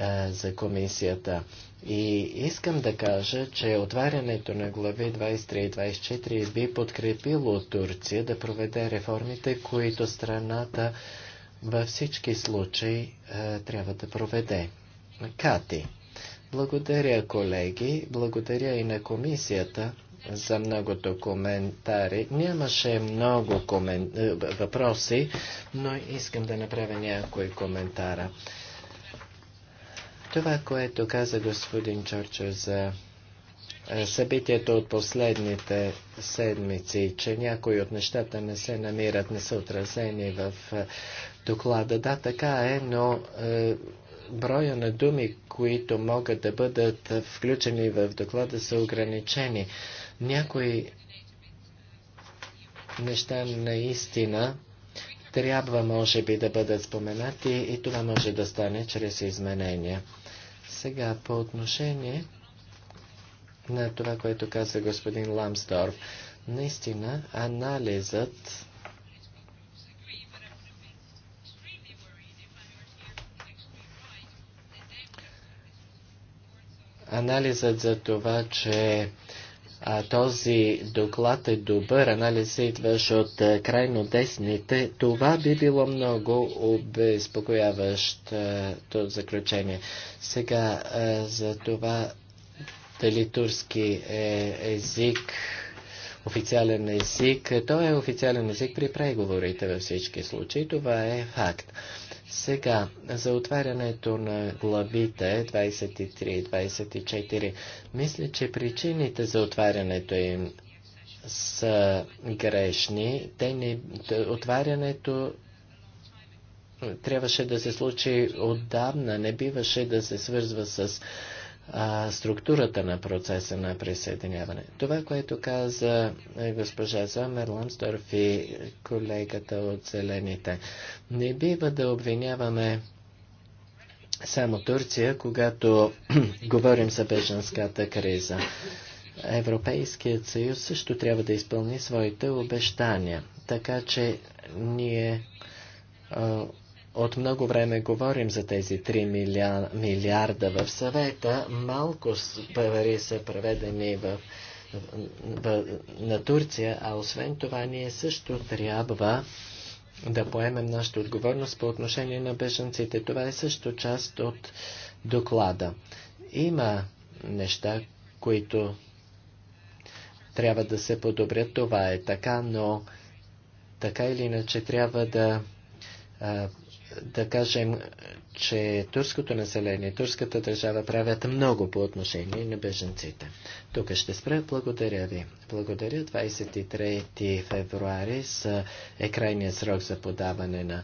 е, за комисията. И искам да кажа, че отварянето на глави 23 и 24 би подкрепило Турция да проведе реформите, които страната във всички случаи е, трябва да проведе. Кати. Благодаря, колеги. Благодаря и на комисията за многото коментари. Нямаше много комен... Е, въпроси, но искам да направя някои коментара. Това, което каза господин Чорчо за е, събитието от последните седмици, че някои от нещата не се намират, не са отразени в е, доклада. Да, така е, но е, броя на думи, които могат да бъдат включени в доклада, са ограничени. Някои неща наистина трябва, може би, да бъдат споменати и това може да стане чрез изменения. Сега по отношение на това, което каза господин Ламсдорф. Наистина, анализът анализът за това, че а, този доклад е добър, анализ идваш от крайно десните. Това би било много обезпокояващо заключение. Сега за това дали турски е език, официален език. Той е официален език при преговорите във всички случаи. Това е факт. Сега, за отварянето на главите 23 24, мисля, че причините за отварянето им са грешни. Те не, отварянето трябваше да се случи отдавна, не биваше да се свързва с а, структурата на процеса на присъединяване. Това, което каза е, госпожа Зомер Ламсдорф и колегата от Зелените, не бива да обвиняваме само Турция, когато говорим за беженската криза. Европейският съюз също трябва да изпълни своите обещания. Така че ние от много време говорим за тези 3 милиар... милиарда в съвета. Малко пари са преведени в, в, на Турция, а освен това ние също трябва да поемем нашата отговорност по отношение на бежанците. Това е също част от доклада. Има неща, които трябва да се подобрят. Това е така, но така или иначе трябва да а, да кажем, че турското население, турската държава правят много по отношение на беженците. Тук ще спра. Благодаря ви. Благодаря. 23 февруари е крайният срок за подаване на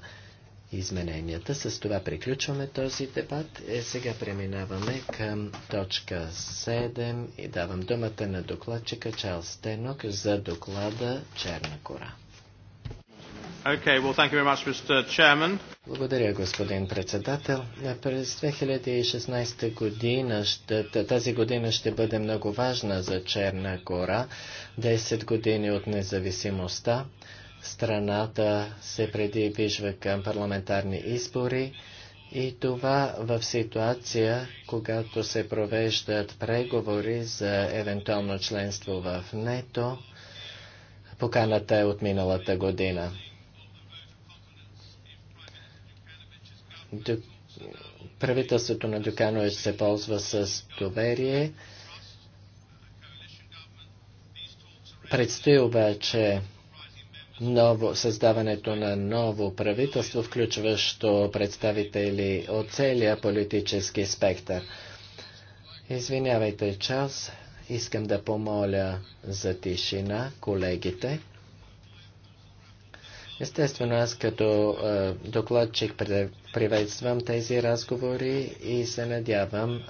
измененията. С това приключваме този дебат. Е, сега преминаваме към точка 7 и давам думата на докладчика Чарлз Тенок за доклада Черна кора. Okay, well, thank you very much, Mr. Chairman. Благодаря, господин председател. През 2016 година, ще, тази година ще бъде много важна за Черна гора. 10 години от независимостта. Страната се предивижва към парламентарни избори. И това в ситуация, когато се провеждат преговори за евентуално членство в НЕТО, поканата е от миналата година. Правителството на Дюкано е- се ползва с доверие. Предстои обаче ново, създаването на ново правителство, включващо представители от целия политически спектър. Извинявайте, Чарлз, искам да помоля за тишина колегите. Естествено, аз като е, докладчик приветствам тези разговори и се надявам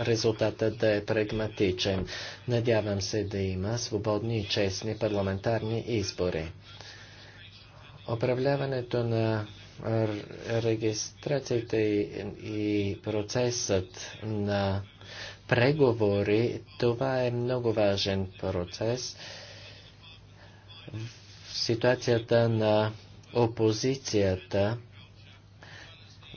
резултатът да е прагматичен. Надявам се да има свободни и честни парламентарни избори. Управляването на регистрацията и, и процесът на преговори, това е много важен процес ситуацията на опозицията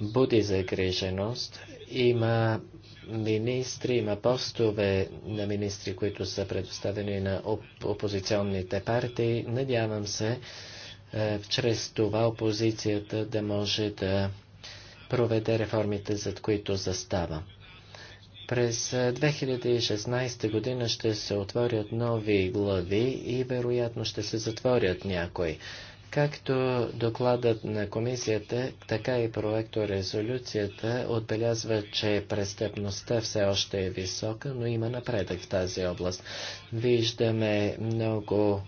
буди загриженост. Има министри, има постове на министри, които са предоставени на опозиционните партии. Надявам се, е, чрез това опозицията да може да проведе реформите, зад които застава. През 2016 година ще се отворят нови глави и вероятно ще се затворят някои. Както докладът на комисията, така и проекторезолюцията отбелязва, че престъпността все още е висока, но има напредък в тази област. Виждаме много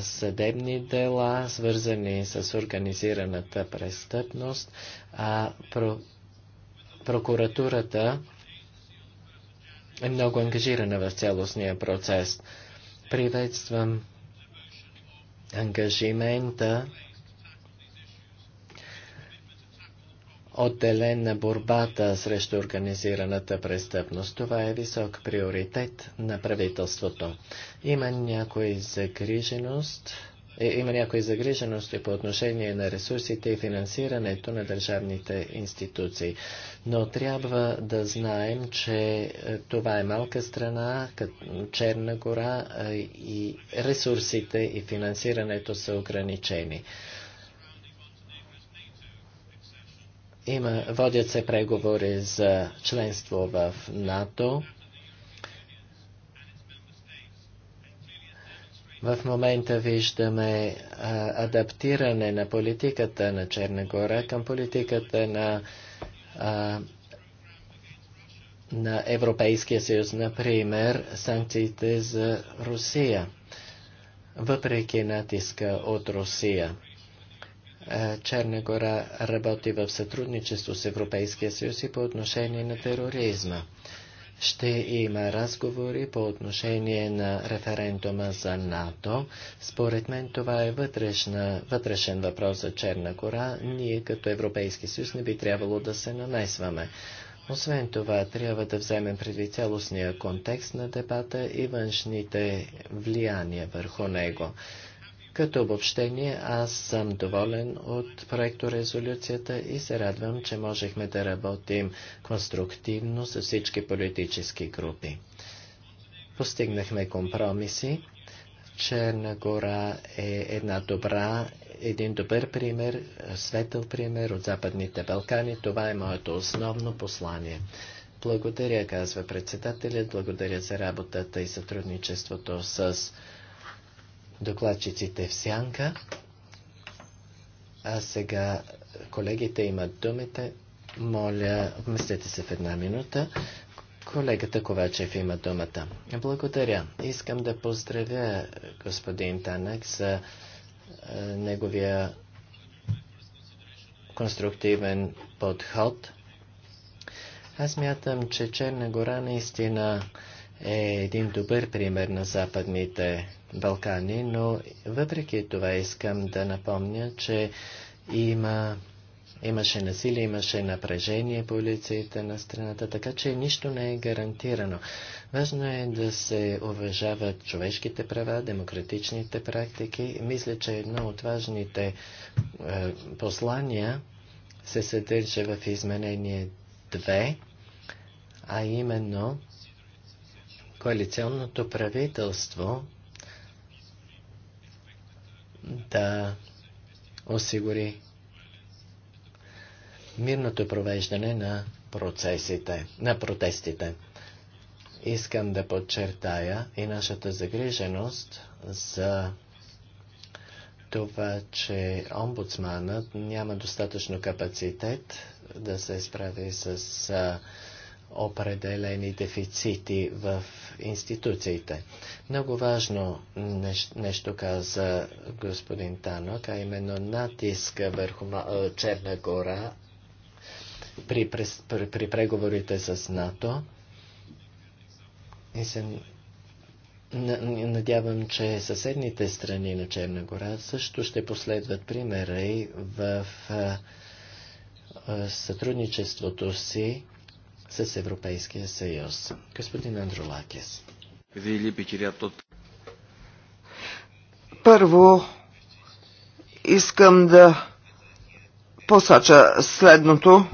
съдебни дела, свързани с организираната престъпност, а прокуратурата е много ангажирана в цялостния процес. Приветствам ангажимента отделен на борбата срещу организираната престъпност. Това е висок приоритет на правителството. Има някой загриженост е, има някои загрижености по отношение на ресурсите и финансирането на държавните институции. Но трябва да знаем, че е, това е малка страна, като Черна гора е, и ресурсите и финансирането са ограничени. Има, водят се преговори за членство в НАТО. В момента виждаме а, адаптиране на политиката на Черна гора към политиката на, а, на Европейския съюз, например санкциите за Русия, въпреки натиска от Русия. Черна гора работи в сътрудничество с Европейския съюз и по отношение на тероризма ще има разговори по отношение на референдума за НАТО. Според мен това е вътрешна, вътрешен въпрос за Черна гора. Ние като Европейски съюз не би трябвало да се намесваме. Освен това, трябва да вземем предвид цялостния контекст на дебата и външните влияния върху него. Като обобщение, аз съм доволен от резолюцията и се радвам, че можехме да работим конструктивно с всички политически групи. Постигнахме компромиси. Черна гора е една добра, един добър пример, светъл пример от Западните Балкани. Това е моето основно послание. Благодаря, казва председателят, благодаря за работата и сътрудничеството с докладчиците в сянка. А сега колегите имат думите. Моля, вместете се в една минута. Колегата Ковачев има думата. Благодаря. Искам да поздравя господин Танък за е, неговия конструктивен подход. Аз мятам, че Черна гора наистина е един добър пример на западните Балкани, но въпреки това искам да напомня, че има, имаше насилие, имаше напрежение по улиците на страната, така че нищо не е гарантирано. Важно е да се уважават човешките права, демократичните практики. Мисля, че едно от важните е, послания се съдържа в изменение 2, а именно коалиционното правителство да осигури мирното провеждане на процесите, на протестите. Искам да подчертая и нашата загриженост за това, че омбудсманът няма достатъчно капацитет да се справи с определени дефицити в институциите. Много важно нещо, нещо каза господин Танок, а именно натиска върху е, Черна гора при, при, при преговорите с НАТО. И се надявам, че съседните страни на Черна гора също ще последват примера и в е, е, сътрудничеството си с Европейския съюз. Господин Андролакис. Първо искам да посоча следното.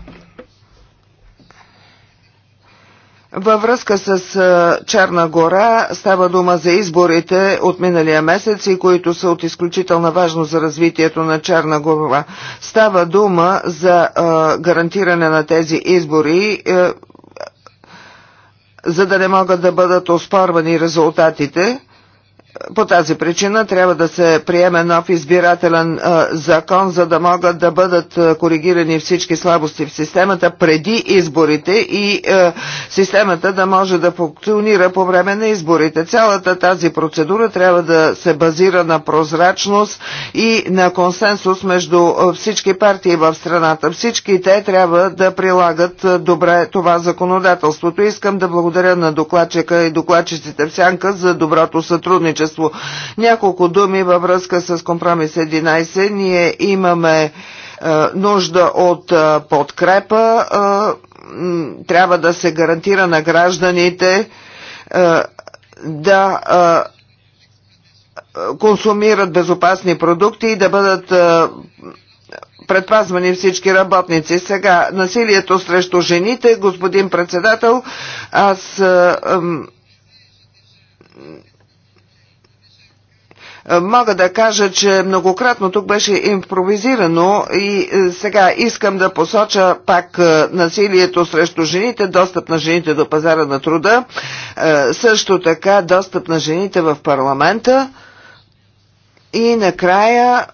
Във връзка с Черна гора става дума за изборите от миналия месец и които са от изключителна важно за развитието на Черна гора. Става дума за гарантиране на тези избори за да не могат да бъдат оспорвани резултатите, по тази причина трябва да се приеме нов избирателен закон, за да могат да бъдат коригирани всички слабости в системата преди изборите и системата да може да функционира по време на изборите. Цялата тази процедура трябва да се базира на прозрачност и на консенсус между всички партии в страната. Всички те трябва да прилагат добре това законодателството. Искам да благодаря на докладчика и докладчиците в Сянка за доброто сътрудничество сътрудничество. Няколко думи във връзка с компромис 11. Ние имаме е, нужда от е, подкрепа. Е, трябва да се гарантира на гражданите е, да е, консумират безопасни продукти и да бъдат е, предпазвани всички работници. Сега насилието срещу жените, господин председател, аз е, мога да кажа, че многократно тук беше импровизирано и е, сега искам да посоча пак е, насилието срещу жените, достъп на жените до пазара на труда, също така достъп на жените в парламента и накрая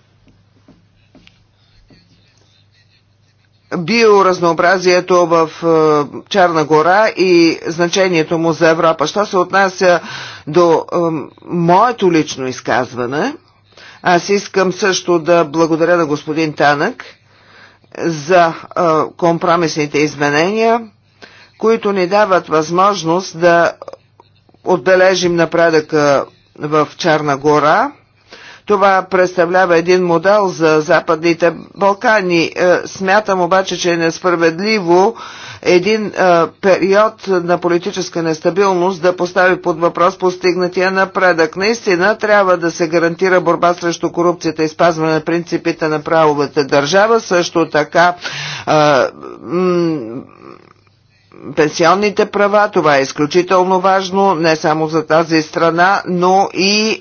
биоразнообразието в е, Черна гора и значението му за Европа. Що се отнася до е, моето лично изказване, аз искам също да благодаря на господин Танък за е, компромисните изменения, които ни дават възможност да отбележим напредъка в Черна гора – това представлява един модел за Западните Балкани. Е, смятам обаче, че е несправедливо един е, период на политическа нестабилност да постави под въпрос постигнатия напредък. Наистина трябва да се гарантира борба срещу корупцията и спазване на принципите на правовата държава. Също така е, пенсионните права. Това е изключително важно не само за тази страна, но и е,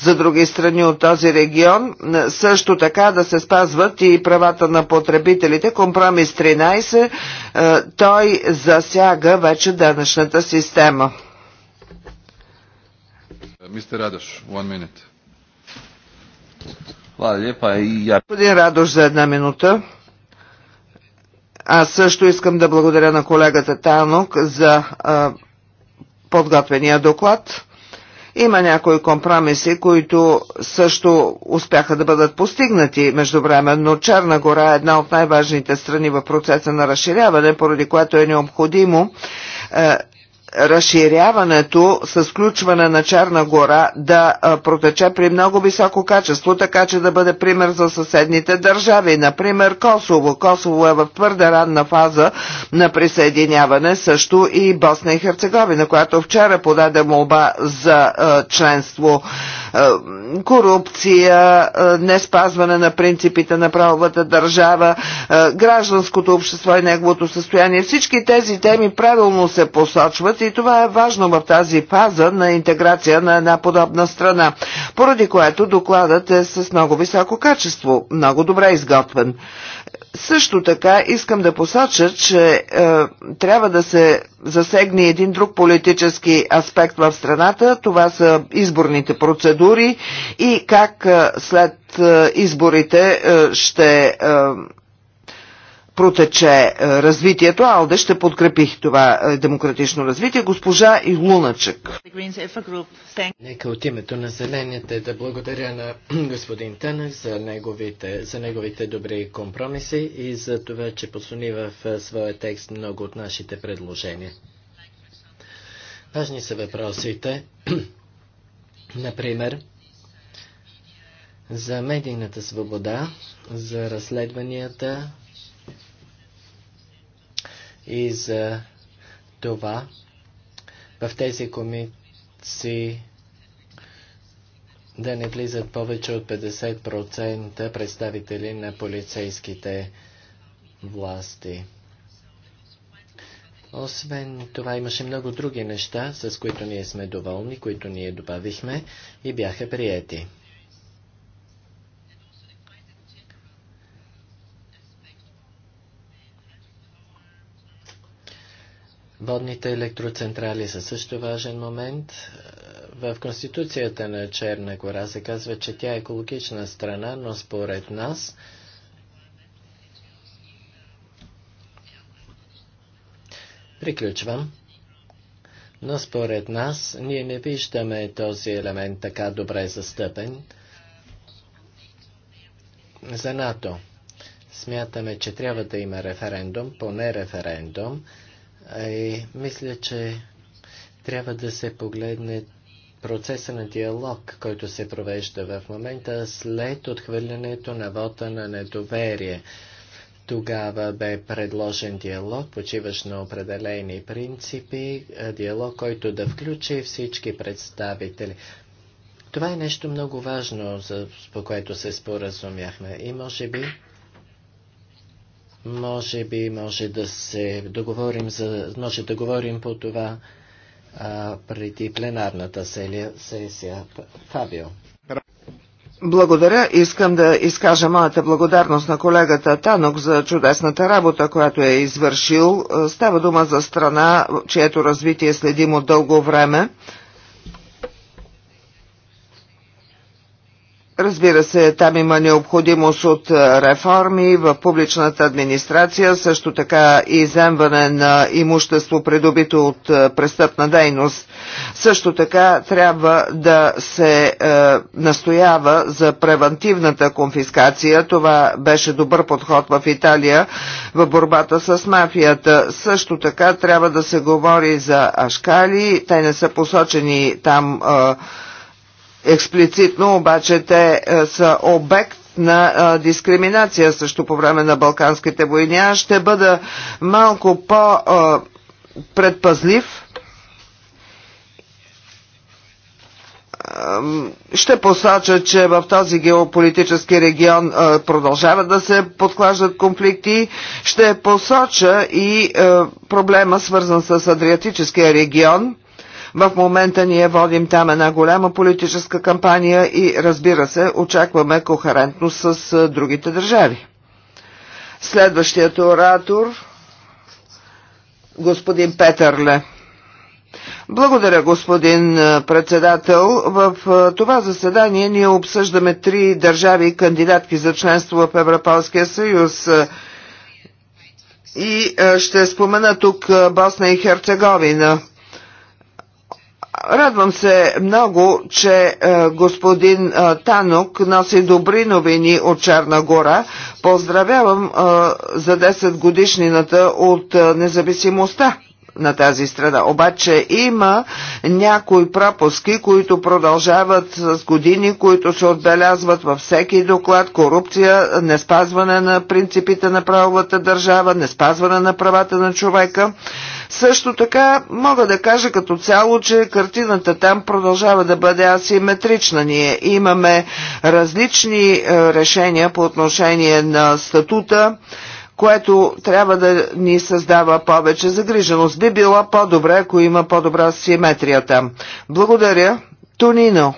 за други страни от този регион. Също така да се спазват и правата на потребителите. Компромис 13, е, той засяга вече данъчната система. Мистер Радош, one minute. Hvala lijepa i ja... Gospodin Radoš za jedna minuta. Аз също искам да благодаря на колегата Танок за а, подготвения доклад. Има някои компромиси, които също успяха да бъдат постигнати междувременно. Черна гора е една от най-важните страни в процеса на разширяване, поради което е необходимо е, разширяването с включване на Черна гора да протече при много високо качество, така че да бъде пример за съседните държави, например Косово. Косово е в твърде ранна фаза на присъединяване, също и Босна и Херцеговина, която вчера подаде молба за членство. Корупция, не спазване на принципите на правовата държава, гражданското общество и неговото състояние. Всички тези теми правилно се посочват използват и това е важно в тази фаза на интеграция на една подобна страна, поради което докладът е с много високо качество, много добре изготвен. Също така искам да посоча, че е, трябва да се засегне един друг политически аспект в страната. Това са изборните процедури и как е, след е, изборите е, ще. Е, протече е, развитието. Алде ще подкрепи това е, демократично развитие. Госпожа Илуначък. Нека от името на зелените да благодаря на господин Тенък за неговите, за неговите добри компромиси и за това, че посуни в е, своя текст много от нашите предложения. Важни са въпросите, например, за медийната свобода, за разследванията, и за това в тези комисии да не влизат повече от 50% представители на полицейските власти. Освен това имаше много други неща, с които ние сме доволни, които ние добавихме и бяха приети. Водните електроцентрали са също важен момент. Е, в Конституцията на Черна гора се казва, че тя е екологична страна, но според нас Приключвам. Но според нас ние не виждаме този елемент така добре застъпен за НАТО. Смятаме, че трябва да има референдум, поне референдум, и мисля, че трябва да се погледне процеса на диалог, който се провежда в момента след отхвърлянето на вота на недоверие. Тогава бе предложен диалог, почиваш на определени принципи, диалог, който да включи всички представители. Това е нещо много важно, за, по което се споразумяхме и може би може би може да се договорим за, може да говорим по това а, преди пленарната сесия. Фабио. Благодаря. Искам да изкажа моята благодарност на колегата Танок за чудесната работа, която е извършил. Става дума за страна, чието развитие следим от дълго време. Разбира се, там има необходимост от реформи в публичната администрация, също така и иземване на имущество, придобито от престъпна дейност. Също така трябва да се е, настоява за превентивната конфискация. Това беше добър подход в Италия в борбата с мафията. Също така трябва да се говори за ашкали. Те не са посочени там. Е, Експлицитно обаче те е, са обект на е, дискриминация също по време на Балканските войни. Аз ще бъда малко по-предпазлив. Ще посоча, че в този геополитически регион е, продължава продължават да се подклаждат конфликти. Ще посоча и проблема свързан с Адриатическия регион в момента ние водим там една голяма политическа кампания и разбира се, очакваме кохерентност с другите държави. Следващият оратор господин Петърле. Благодаря, господин председател. В това заседание ние обсъждаме три държави кандидатки за членство в Европейския съюз. И ще спомена тук Босна и Херцеговина. Радвам се много, че е, господин е, Танок носи добри новини от Черна гора. Поздравявам е, за 10 годишнината от независимостта на тази страна. Обаче има някои пропуски, които продължават с години, които се отбелязват във всеки доклад. Корупция, не спазване на принципите на правовата държава, не спазване на правата на човека. Също така мога да кажа като цяло, че картината там продължава да бъде асиметрична. Ние имаме различни е, решения по отношение на статута, което трябва да ни създава повече загриженост. Би било по-добре, ако има по-добра симетрия там. Благодаря. Тонино.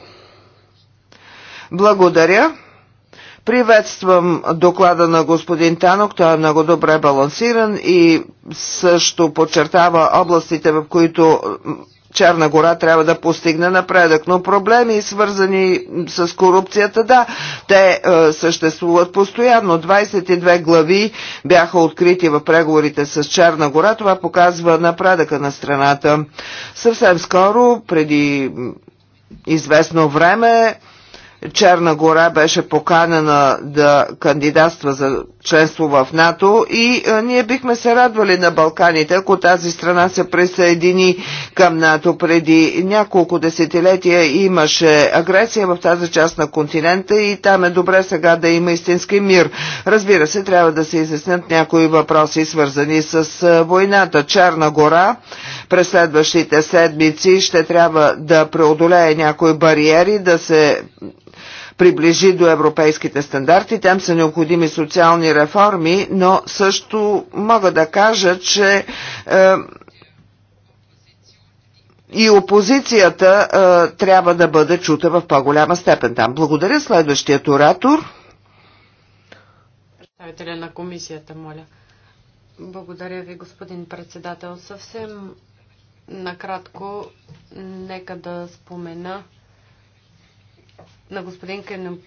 Благодаря. Приветствам доклада на господин Танок, той е много добре балансиран и също подчертава областите, в които Черна гора трябва да постигне напредък, но проблеми свързани с корупцията, да, те е, съществуват постоянно. 22 глави бяха открити в преговорите с Черна гора, това показва напредъка на страната. Съвсем скоро, преди известно време, Черна гора беше поканена да кандидатства за членство в НАТО и а, ние бихме се радвали на Балканите, ако тази страна се присъедини към НАТО. Преди няколко десетилетия имаше агресия в тази част на континента и там е добре сега да има истински мир. Разбира се, трябва да се изяснят някои въпроси, свързани с а, войната. Черна гора през следващите седмици ще трябва да преодолее някои бариери, да се приближи до европейските стандарти. Там са необходими социални реформи, но също мога да кажа, че е, и опозицията е, трябва да бъде чута в по-голяма степен там. Благодаря следващият оратор. Представителя на комисията, моля. Благодаря ви, господин председател. Съвсем накратко, нека да спомена на господин Кенен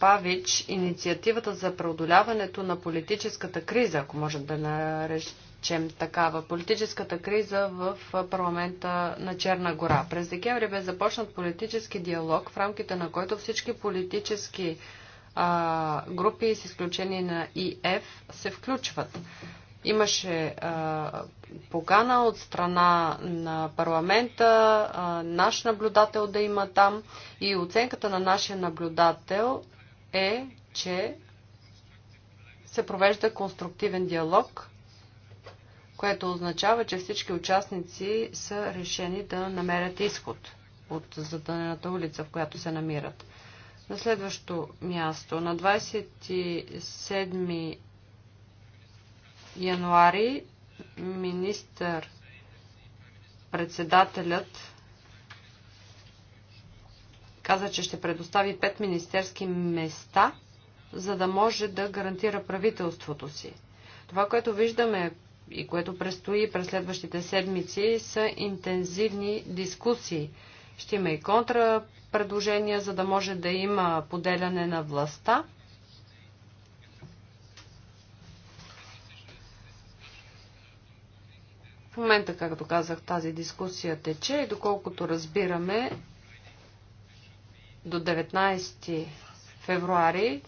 Павич инициативата за преодоляването на политическата криза, ако можем да наречем такава, политическата криза в парламента на Черна гора. През декември бе започнат политически диалог, в рамките на който всички политически а, групи, с изключение на ИФ, се включват. Имаше а, покана от страна на парламента, а, наш наблюдател да има там и оценката на нашия наблюдател е, че се провежда конструктивен диалог, което означава, че всички участници са решени да намерят изход от задънената улица, в която се намират. На следващо място, на 27 януари министър председателят каза, че ще предостави пет министерски места, за да може да гарантира правителството си. Това, което виждаме и което предстои през следващите седмици, са интензивни дискусии. Ще има и контрапредложения, за да може да има поделяне на властта В момента, както казах, тази дискусия тече и доколкото разбираме, до 19 февруари,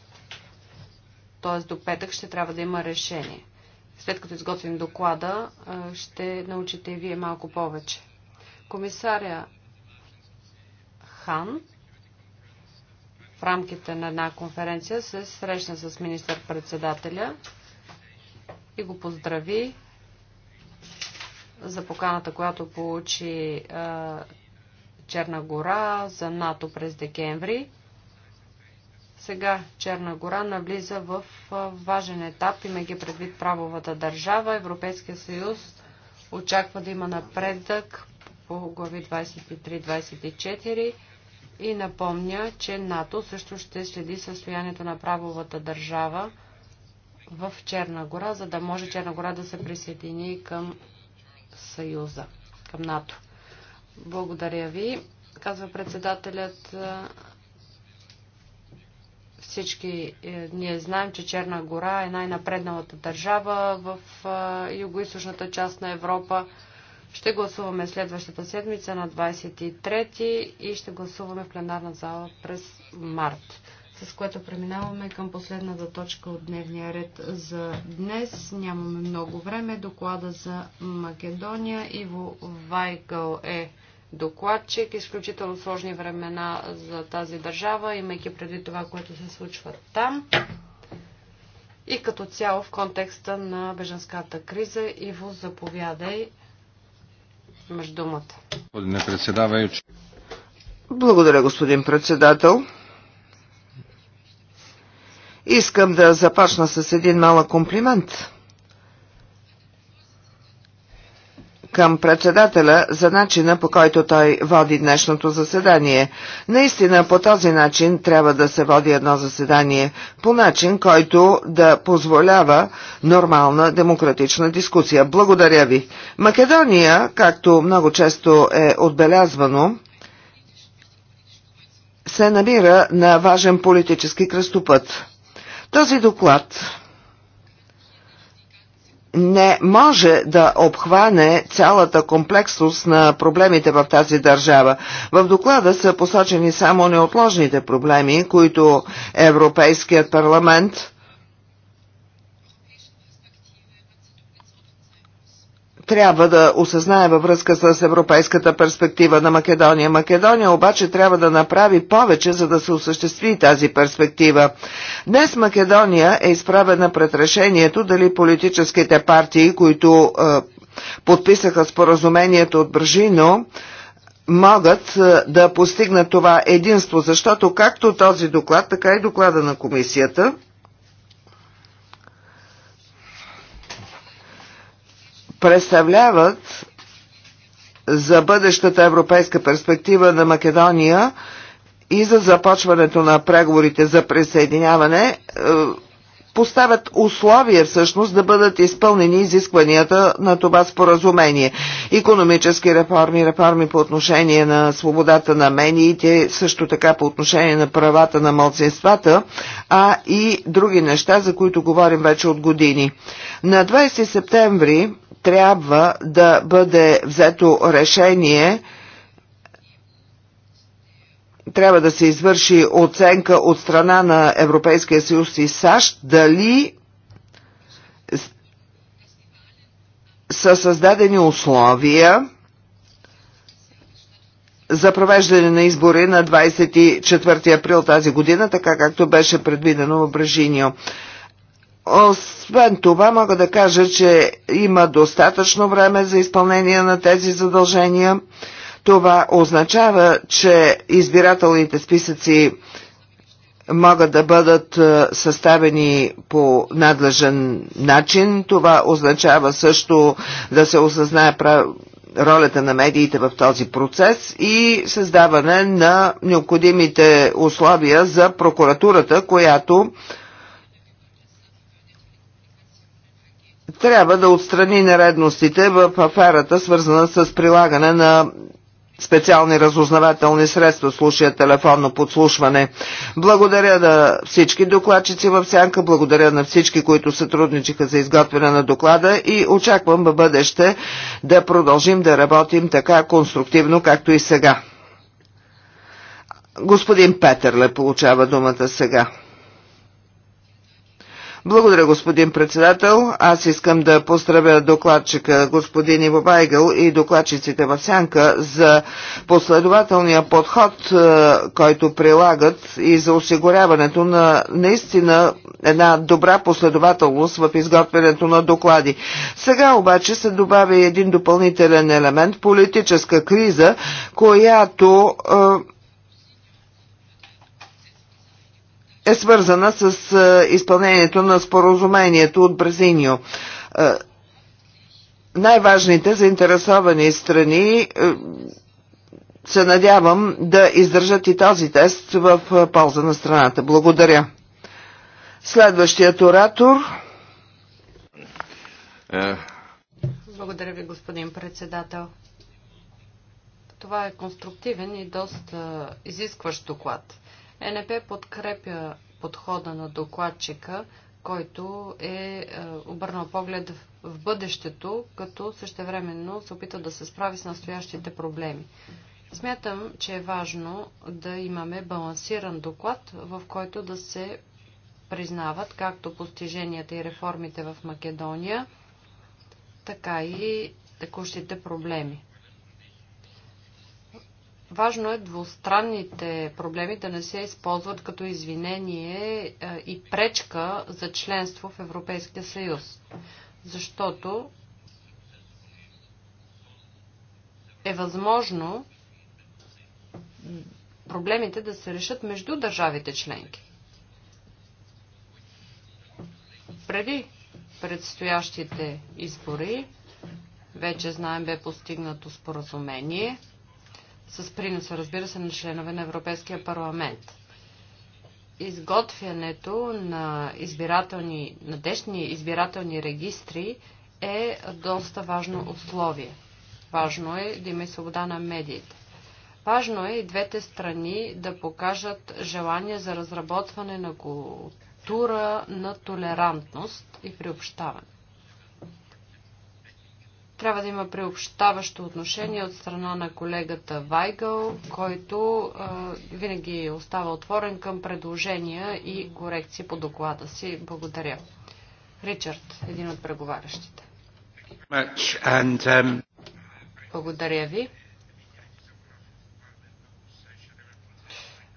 т.е. до петък, ще трябва да има решение. След като изготвим доклада, ще научите и вие малко повече. Комисаря Хан в рамките на една конференция се срещна с министър-председателя и го поздрави за поканата, която получи а, Черна гора за НАТО през декември. Сега Черна гора навлиза в важен етап, имайки предвид правовата държава. Европейския съюз очаква да има напредък по глави 23-24 и напомня, че НАТО също ще следи състоянието на правовата държава в Черна гора, за да може Черна гора да се присъедини към Съюза, към НАТО. Благодаря ви. Казва председателят. Всички е, ние знаем, че Черна гора е най-напредналата държава в е, югоизточната част на Европа. Ще гласуваме следващата седмица на 23 и ще гласуваме в пленарна зала през март с което преминаваме към последната точка от дневния ред за днес. Нямаме много време. Доклада за Македония. Иво Вайгъл е докладчик. Изключително сложни времена за тази държава, имайки преди това, което се случва там. И като цяло в контекста на беженската криза, Иво, заповядай, имаш думата. Благодаря, господин председател. Искам да започна с един малък комплимент към председателя за начина по който той води днешното заседание. Наистина по този начин трябва да се води едно заседание, по начин, който да позволява нормална демократична дискусия. Благодаря ви. Македония, както много често е отбелязвано, се намира на важен политически кръстопът. Този доклад не може да обхване цялата комплексност на проблемите в тази държава. В доклада са посочени само неотложните проблеми, които Европейският парламент трябва да осъзнае във връзка с европейската перспектива на Македония. Македония обаче трябва да направи повече, за да се осъществи тази перспектива. Днес Македония е изправена пред решението дали политическите партии, които е, подписаха споразумението от Бржино, могат е, да постигнат това единство, защото както този доклад, така и доклада на комисията – представляват за бъдещата европейска перспектива на Македония и за започването на преговорите за присъединяване е, поставят условия всъщност да бъдат изпълнени изискванията на това споразумение. Економически реформи, реформи по отношение на свободата на медиите, също така по отношение на правата на младсинствата, а и други неща, за които говорим вече от години. На 20 септември трябва да бъде взето решение, трябва да се извърши оценка от страна на Европейския съюз и САЩ дали са създадени условия за провеждане на избори на 24 април тази година, така както беше предвидено в Брежинио. Освен това, мога да кажа, че има достатъчно време за изпълнение на тези задължения. Това означава, че избирателните списъци могат да бъдат е, съставени по надлежен начин. Това означава също да се осъзнае прав... ролята на медиите в този процес и създаване на необходимите условия за прокуратурата, която трябва да отстрани нередностите в аферата, свързана с прилагане на специални разузнавателни средства, слушая телефонно подслушване. Благодаря на всички докладчици в Сянка, благодаря на всички, които сътрудничиха за изготвяне на доклада и очаквам в бъдеще да продължим да работим така конструктивно, както и сега. Господин Петърле получава думата сега. Благодаря, господин председател. Аз искам да поздравя докладчика господин Иво Байгъл и докладчиците в Сянка за последователния подход, е, който прилагат и за осигуряването на наистина една добра последователност в изготвянето на доклади. Сега обаче се добавя един допълнителен елемент – политическа криза, която е, е свързана с е, изпълнението на споразумението от Бразинио. Е, най-важните заинтересовани страни е, се надявам да издържат и този тест в полза на страната. Благодаря. Следващият оратор. Благодаря ви, господин председател. Това е конструктивен и доста изискващ доклад. ЕНП подкрепя подхода на докладчика, който е, е обърнал поглед в бъдещето, като същевременно се опита да се справи с настоящите проблеми. Смятам, че е важно да имаме балансиран доклад, в който да се признават както постиженията и реформите в Македония, така и текущите проблеми. Важно е двустранните проблеми да не се използват като извинение е, и пречка за членство в Европейския съюз, защото е възможно проблемите да се решат между държавите членки. Преди предстоящите избори, вече знаем, бе постигнато споразумение – с приноса, разбира се, на членове на Европейския парламент. Изготвянето на, избирателни, надежни избирателни регистри е доста важно условие. Важно е да има и свобода на медиите. Важно е и двете страни да покажат желание за разработване на култура на толерантност и приобщаване. Трябва да има приобщаващо отношение от страна на колегата Вайгъл, който а, винаги остава отворен към предложения и корекции по доклада си. Благодаря. Ричард, един от преговарящите. Um, Благодаря ви.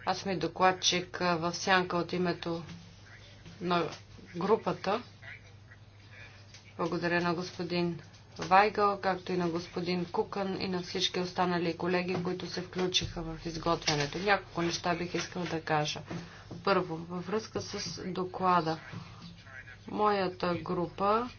Аз съм и докладчик в сянка от името на групата. Благодаря на господин Вайгъл, както и на господин Кукън и на всички останали колеги, които се включиха в изготвянето. Няколко неща бих искал да кажа. Първо, във връзка с доклада. Моята група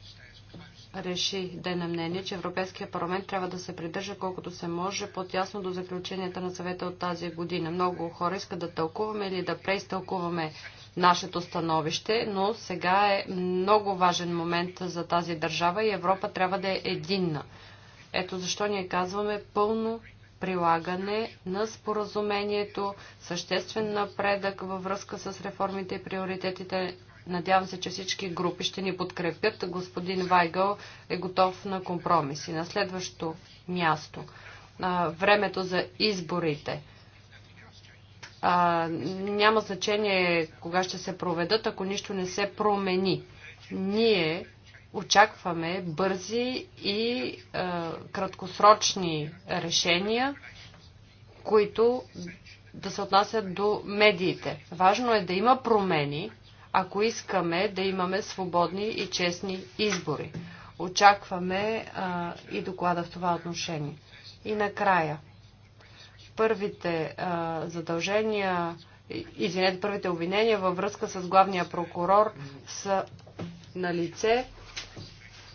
реши да е на мнение, че Европейския парламент трябва да се придържа колкото се може по-тясно до заключенията на съвета от тази година. Много хора искат да тълкуваме или да преизтълкуваме нашето становище, но сега е много важен момент за тази държава и Европа трябва да е единна. Ето защо ние казваме пълно прилагане на споразумението, съществен напредък във връзка с реформите и приоритетите. Надявам се, че всички групи ще ни подкрепят. Господин Вайгъл е готов на компромиси. На следващо място. Времето за изборите. А, няма значение кога ще се проведат, ако нищо не се промени. Ние очакваме бързи и а, краткосрочни решения, които да се отнасят до медиите. Важно е да има промени, ако искаме да имаме свободни и честни избори. Очакваме а, и доклада в това отношение. И накрая – първите а, задължения, извинете, първите обвинения във връзка с главния прокурор са на лице.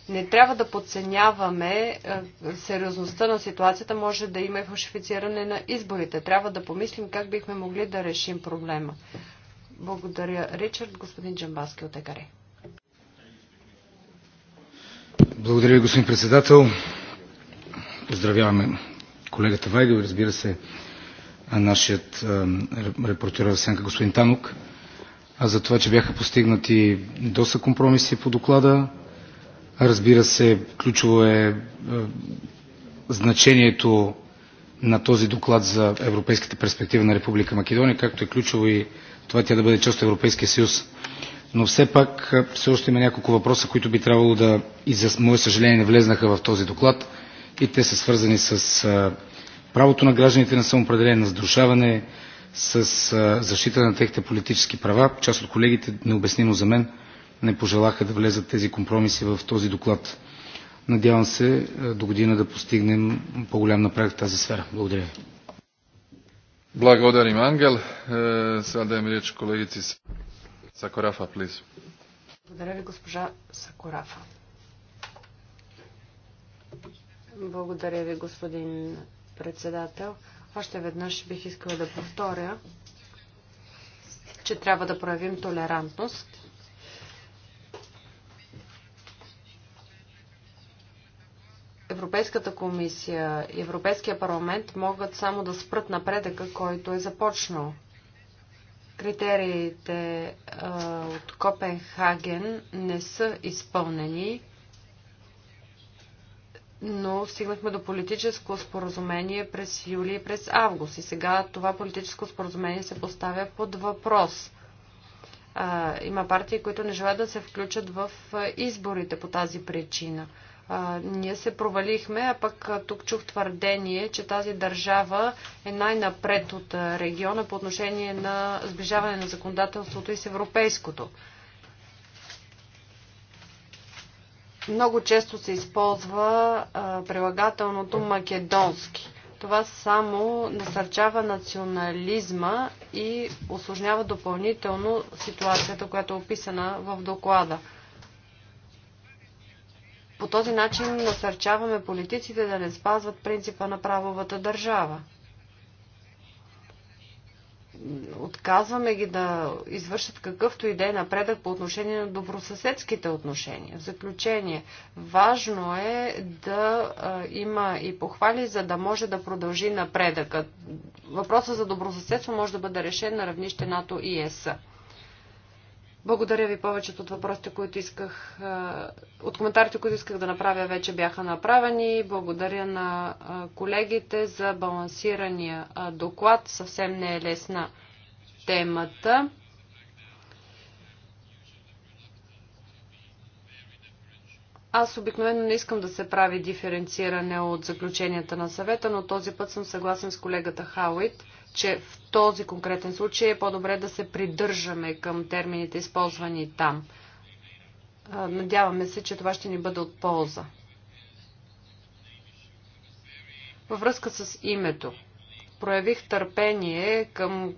Не трябва да подценяваме а, сериозността на ситуацията, може да има и фалшифициране на изборите. Трябва да помислим как бихме могли да решим проблема. Благодаря, Ричард. Господин Джамбаски от Екаре. Благодаря ви, господин председател. Поздравяваме колегата Вайдо, и разбира се нашият репортер в господин Танук за това, че бяха постигнати доста компромиси по доклада. Разбира се, ключово е значението на този доклад за европейската перспектива на Република Македония, както е ключово и това тя да бъде част от Европейския съюз. Но все пак все още има няколко въпроса, които би трябвало да, и за мое съжаление, не влезнаха в този доклад и те са свързани с правото на гражданите на самоопределение, на сдрушаване, с защита на техните политически права. Част от колегите, необяснимо за мен, не пожелаха да влезат тези компромиси в този доклад. Надявам се до година да постигнем по-голям напредък в тази сфера. Благодаря ви. Благодарим, Ангел. Е, сега даем реч колегици Сакорафа, плиз. Благодаря ви, госпожа Сакорафа. Благодаря ви, господин председател. Още веднъж бих искала да повторя, че трябва да проявим толерантност. Европейската комисия и Европейския парламент могат само да спрат напредъка, който е започнал. Критериите от Копенхаген не са изпълнени но стигнахме до политическо споразумение през юли и през август. И сега това политическо споразумение се поставя под въпрос. А, има партии, които не желаят да се включат в изборите по тази причина. А, ние се провалихме, а пък тук чух твърдение, че тази държава е най-напред от региона по отношение на сближаване на законодателството и с европейското. много често се използва а, прилагателното македонски. Това само насърчава национализма и осложнява допълнително ситуацията, която е описана в доклада. По този начин насърчаваме политиците да не спазват принципа на правовата държава отказваме ги да извършат какъвто и да е напредък по отношение на добросъседските отношения. В заключение, важно е да има и похвали, за да може да продължи напредъкът. Въпросът за добросъседство може да бъде решен на равнище НАТО и ЕСА. Благодаря ви повечето от въпросите, които исках, от коментарите, които исках да направя, вече бяха направени. Благодаря на колегите за балансирания доклад. Съвсем не е лесна темата. Аз обикновено не искам да се прави диференциране от заключенията на съвета, но този път съм съгласен с колегата Хауит – че в този конкретен случай е по-добре да се придържаме към термините, използвани там. Надяваме се, че това ще ни бъде от полза. Във връзка с името, проявих търпение към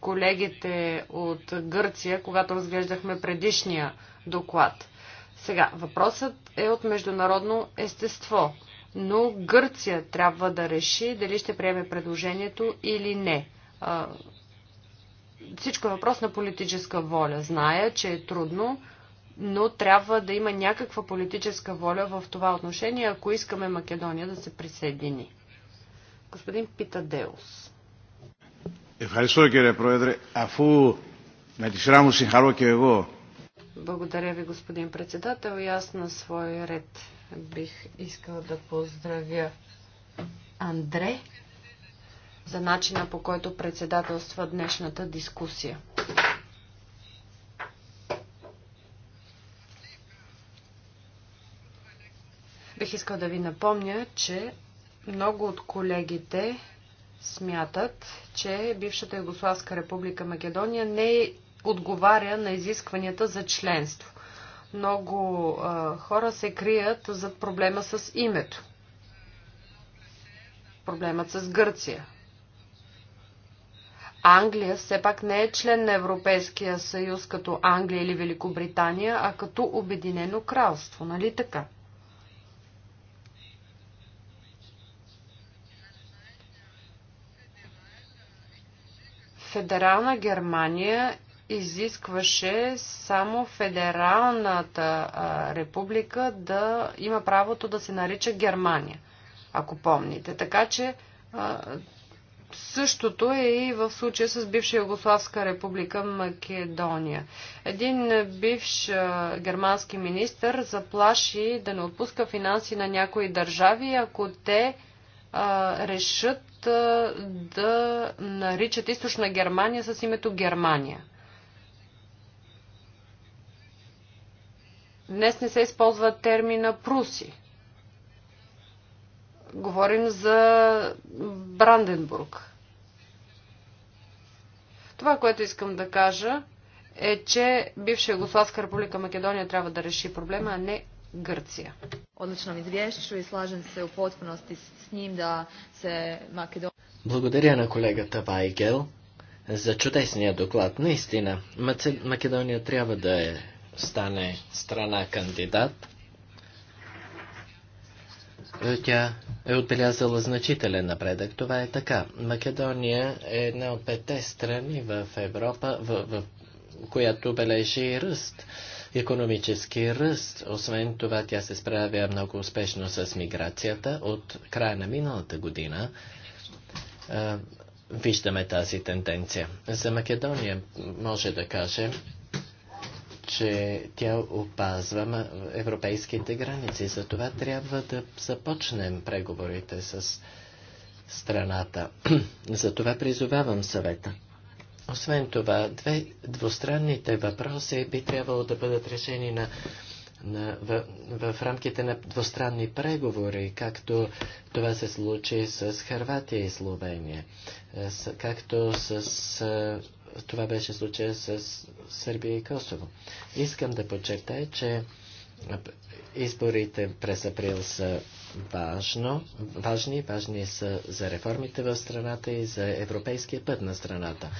колегите от Гърция, когато разглеждахме предишния доклад. Сега, въпросът е от международно естество но Гърция трябва да реши дали ще приеме предложението или не. Всичко е въпрос на политическа воля. Зная, че е трудно, но трябва да има някаква политическа воля в това отношение, ако искаме Македония да се присъедини. Господин Питадеус. Ευχαριστώ κύριε Πρόεδρε. Αφού με τη σειρά μου συγχαρώ και εγώ благодаря ви, господин председател. И аз на свой ред бих искала да поздравя Андре за начина по който председателства днешната дискусия. Бих искал да ви напомня, че много от колегите смятат, че бившата Югославска република Македония не е отговаря на изискванията за членство. Много а, хора се крият зад проблема с името. Проблемът с Гърция. Англия все пак не е член на Европейския съюз като Англия или Великобритания, а като Обединено кралство, нали така? Федерална Германия изискваше само Федералната а, република да има правото да се нарича Германия, ако помните. Така че а, Същото е и в случая с бивша Югославска република Македония. Един бивш германски министр заплаши да не отпуска финанси на някои държави, ако те а, решат а, да наричат източна Германия с името Германия. Днес не се използва термина пруси. Говорим за Бранденбург. Това, което искам да кажа, е, че бивша Югославска република Македония трябва да реши проблема, а не Гърция. Отлично, извješću и слажен се у potpunosti с ним да се Македония... Благодаря на колегата Вайгел за чудесния доклад. Наистина, Македония трябва да е стане страна кандидат, е, тя е отбелязала значителен напредък. Това е така. Македония е една от петте страни в Европа, в, в която бележи ръст, економически ръст. Освен това, тя се справя много успешно с миграцията. От края на миналата година виждаме тази тенденция. За Македония може да кажем, че тя опазва европейските граници. За това трябва да започнем преговорите с страната. За това призовавам съвета. Освен това, две двустранните въпроси би трябвало да бъдат решени на, на, в, в рамките на двустранни преговори, както това се случи с Харватия и Словения, с, както с това беше случая с Сърбия и Косово. Искам да подчертая, че изборите през април са важно, важни, важни са за реформите в страната и за европейския път на страната.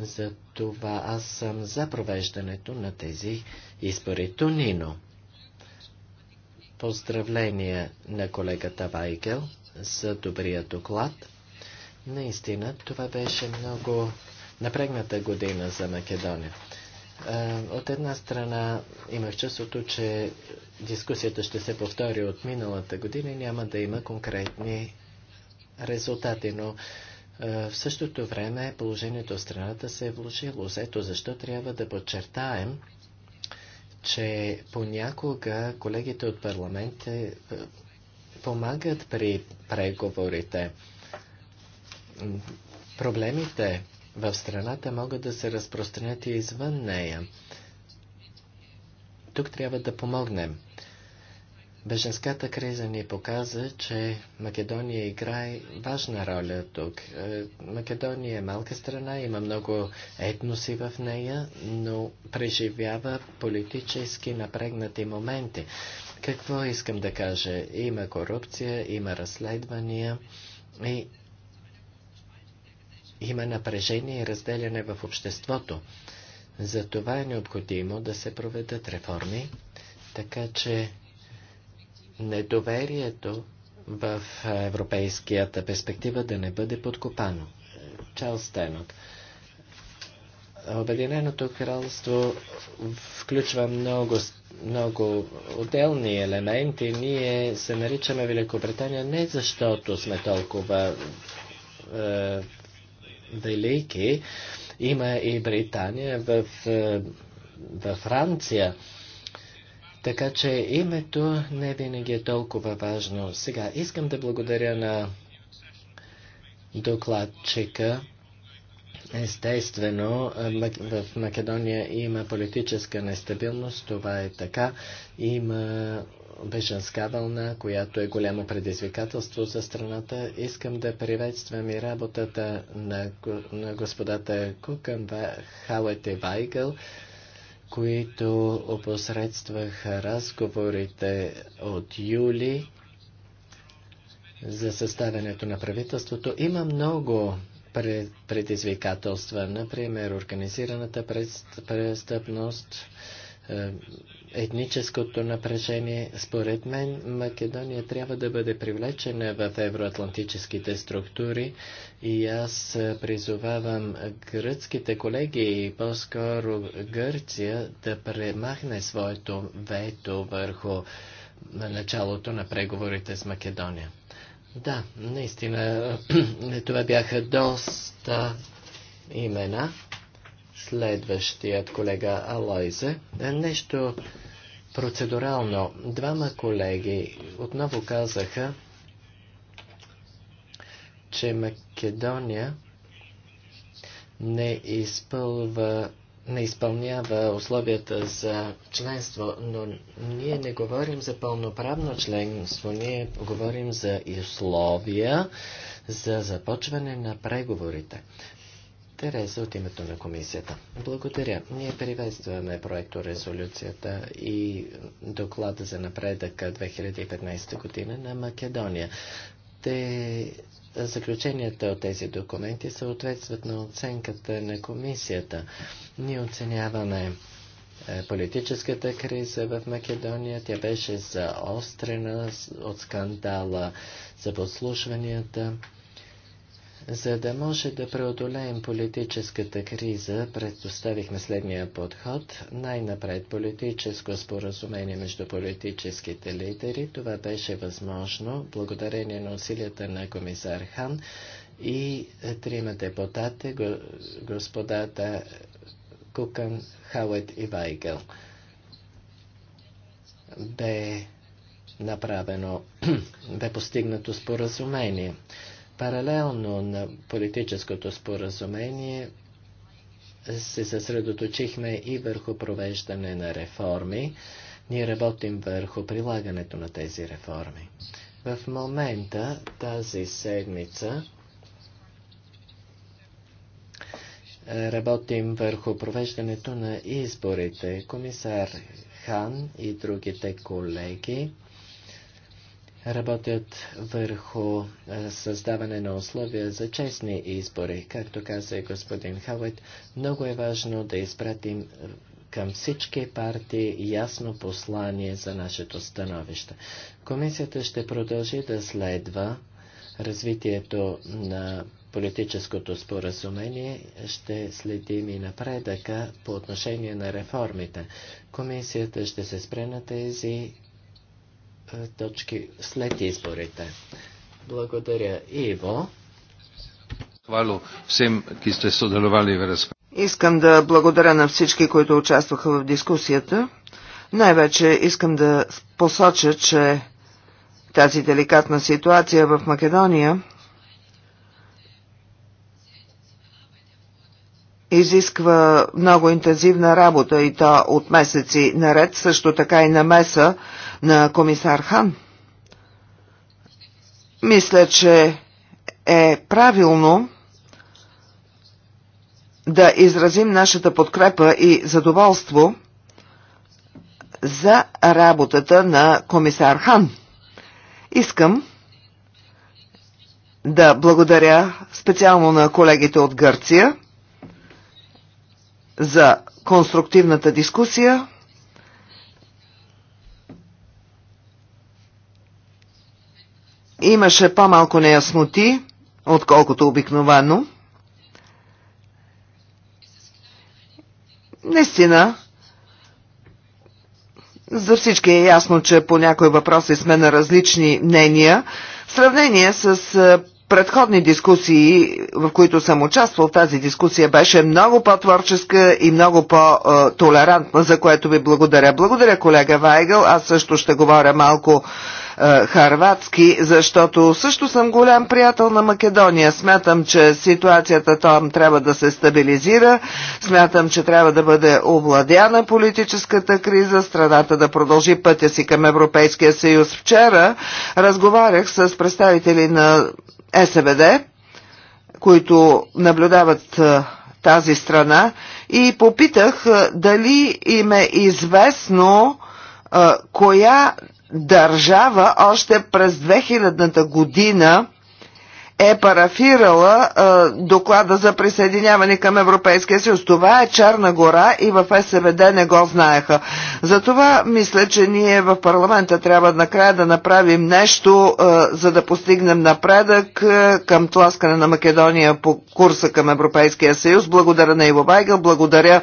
Затова аз съм за провеждането на тези избори. Тунино. Поздравление на колегата Вайгел за добрия доклад. Наистина, това беше много напрегната година за Македония. Е, от една страна имах чувството, че дискусията ще се повтори от миналата година и няма да има конкретни резултати, но е, в същото време положението в страната се е вложило. Ето защо трябва да подчертаем, че понякога колегите от парламента е, помагат при преговорите. Проблемите в страната могат да се разпространят и извън нея. Тук трябва да помогнем. Беженската криза ни показа, че Македония играе важна роля тук. Е, Македония е малка страна, има много етноси в нея, но преживява политически напрегнати моменти. Какво искам да кажа? Има корупция, има разследвания и има напрежение и разделяне в обществото. За това е необходимо да се проведат реформи, така че недоверието в европейската перспектива да не бъде подкопано. Чарлз Стенок. Обединеното кралство включва много, много отделни елементи. Ние се наричаме Великобритания не защото сме толкова е, велики. Има и Британия в, е, във Франция. Така че името не винаги е толкова важно. Сега искам да благодаря на докладчика. Естествено, е, в Македония има политическа нестабилност, това е така. Има беженска вълна, която е голямо предизвикателство за страната. Искам да приветствам и работата на, на господата Кукъм, Хаует Вайгъл, които опосредстваха разговорите от юли за съставянето на правителството. Има много предизвикателства, например организираната престъпност, е, етническото напрежение. Според мен Македония трябва да бъде привлечена в евроатлантическите структури и аз е, призовавам гръцките колеги и по-скоро Гърция да премахне своето вето върху началото на преговорите с Македония. Да, наистина, това бяха доста имена следващият колега Алойзе. Нещо процедурално. Двама колеги отново казаха, че Македония не изпълва не изпълнява условията за членство, но ние не говорим за пълноправно членство, ние говорим за условия за започване на преговорите. Тереза от името на комисията. Благодаря. Ние приветстваме проекто резолюцията и доклада за напредъка 2015 година на Македония. Те заключенията от тези документи съответстват на оценката на комисията. Ние оценяваме е, политическата криза в Македония. Тя беше заострена от скандала за подслушванията. За да може да преодолеем политическата криза, предоставихме следния подход. Най-напред политическо споразумение между политическите лидери. Това беше възможно благодарение на усилията на комисар Хан и трима депутати, господата Кукан, Хаует и Вайгъл. Бе направено, бе постигнато споразумение. Паралелно на политическото споразумение се съсредоточихме и върху провеждане на реформи. Ние работим върху прилагането на тези реформи. В момента, тази седмица, работим върху провеждането на изборите. Комисар Хан и другите колеги работят върху създаване на условия за честни избори. Както каза и господин Хаует, много е важно да изпратим към всички партии ясно послание за нашето становище. Комисията ще продължи да следва развитието на политическото споразумение, ще следим и напредъка по отношение на реформите. Комисията ще се спре на тези е, точки след изборите. Благодаря, Иво. Искам да благодаря на всички, които участваха в дискусията. Най-вече искам да посоча, че тази деликатна ситуация в Македония изисква много интензивна работа и то от месеци наред, също така и намеса на комисар Хан. Мисля, че е правилно да изразим нашата подкрепа и задоволство за работата на комисар Хан. Искам да благодаря специално на колегите от Гърция – за конструктивната дискусия. Имаше по-малко неясноти, отколкото обикновено. Наистина, за всички е ясно, че по някои въпроси сме на различни мнения. В сравнение с предходни дискусии, в които съм участвал, тази дискусия беше много по-творческа и много по-толерантна, за което ви благодаря. Благодаря, колега Вайгъл. Аз също ще говоря малко е, харватски, защото също съм голям приятел на Македония. Смятам, че ситуацията там трябва да се стабилизира. Смятам, че трябва да бъде овладяна политическата криза, страната да продължи пътя си към Европейския съюз. Вчера разговарях с представители на СВД, които наблюдават тази страна и попитах дали им е известно коя държава още през 2000-та година е парафирала е, доклада за присъединяване към Европейския съюз. Това е Черна гора и в СВД не го знаеха. Затова мисля, че ние в парламента трябва накрая да направим нещо, е, за да постигнем напредък е, към тласкане на Македония по курса към Европейския съюз. Благодаря на Иво Байгъл, благодаря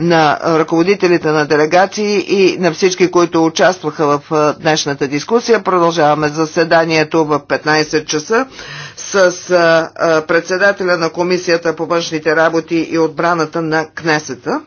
на ръководителите на делегации и на всички, които участваха в днешната дискусия. Продължаваме заседанието в 15 часа с председателя на Комисията по външните работи и отбраната на Кнесета.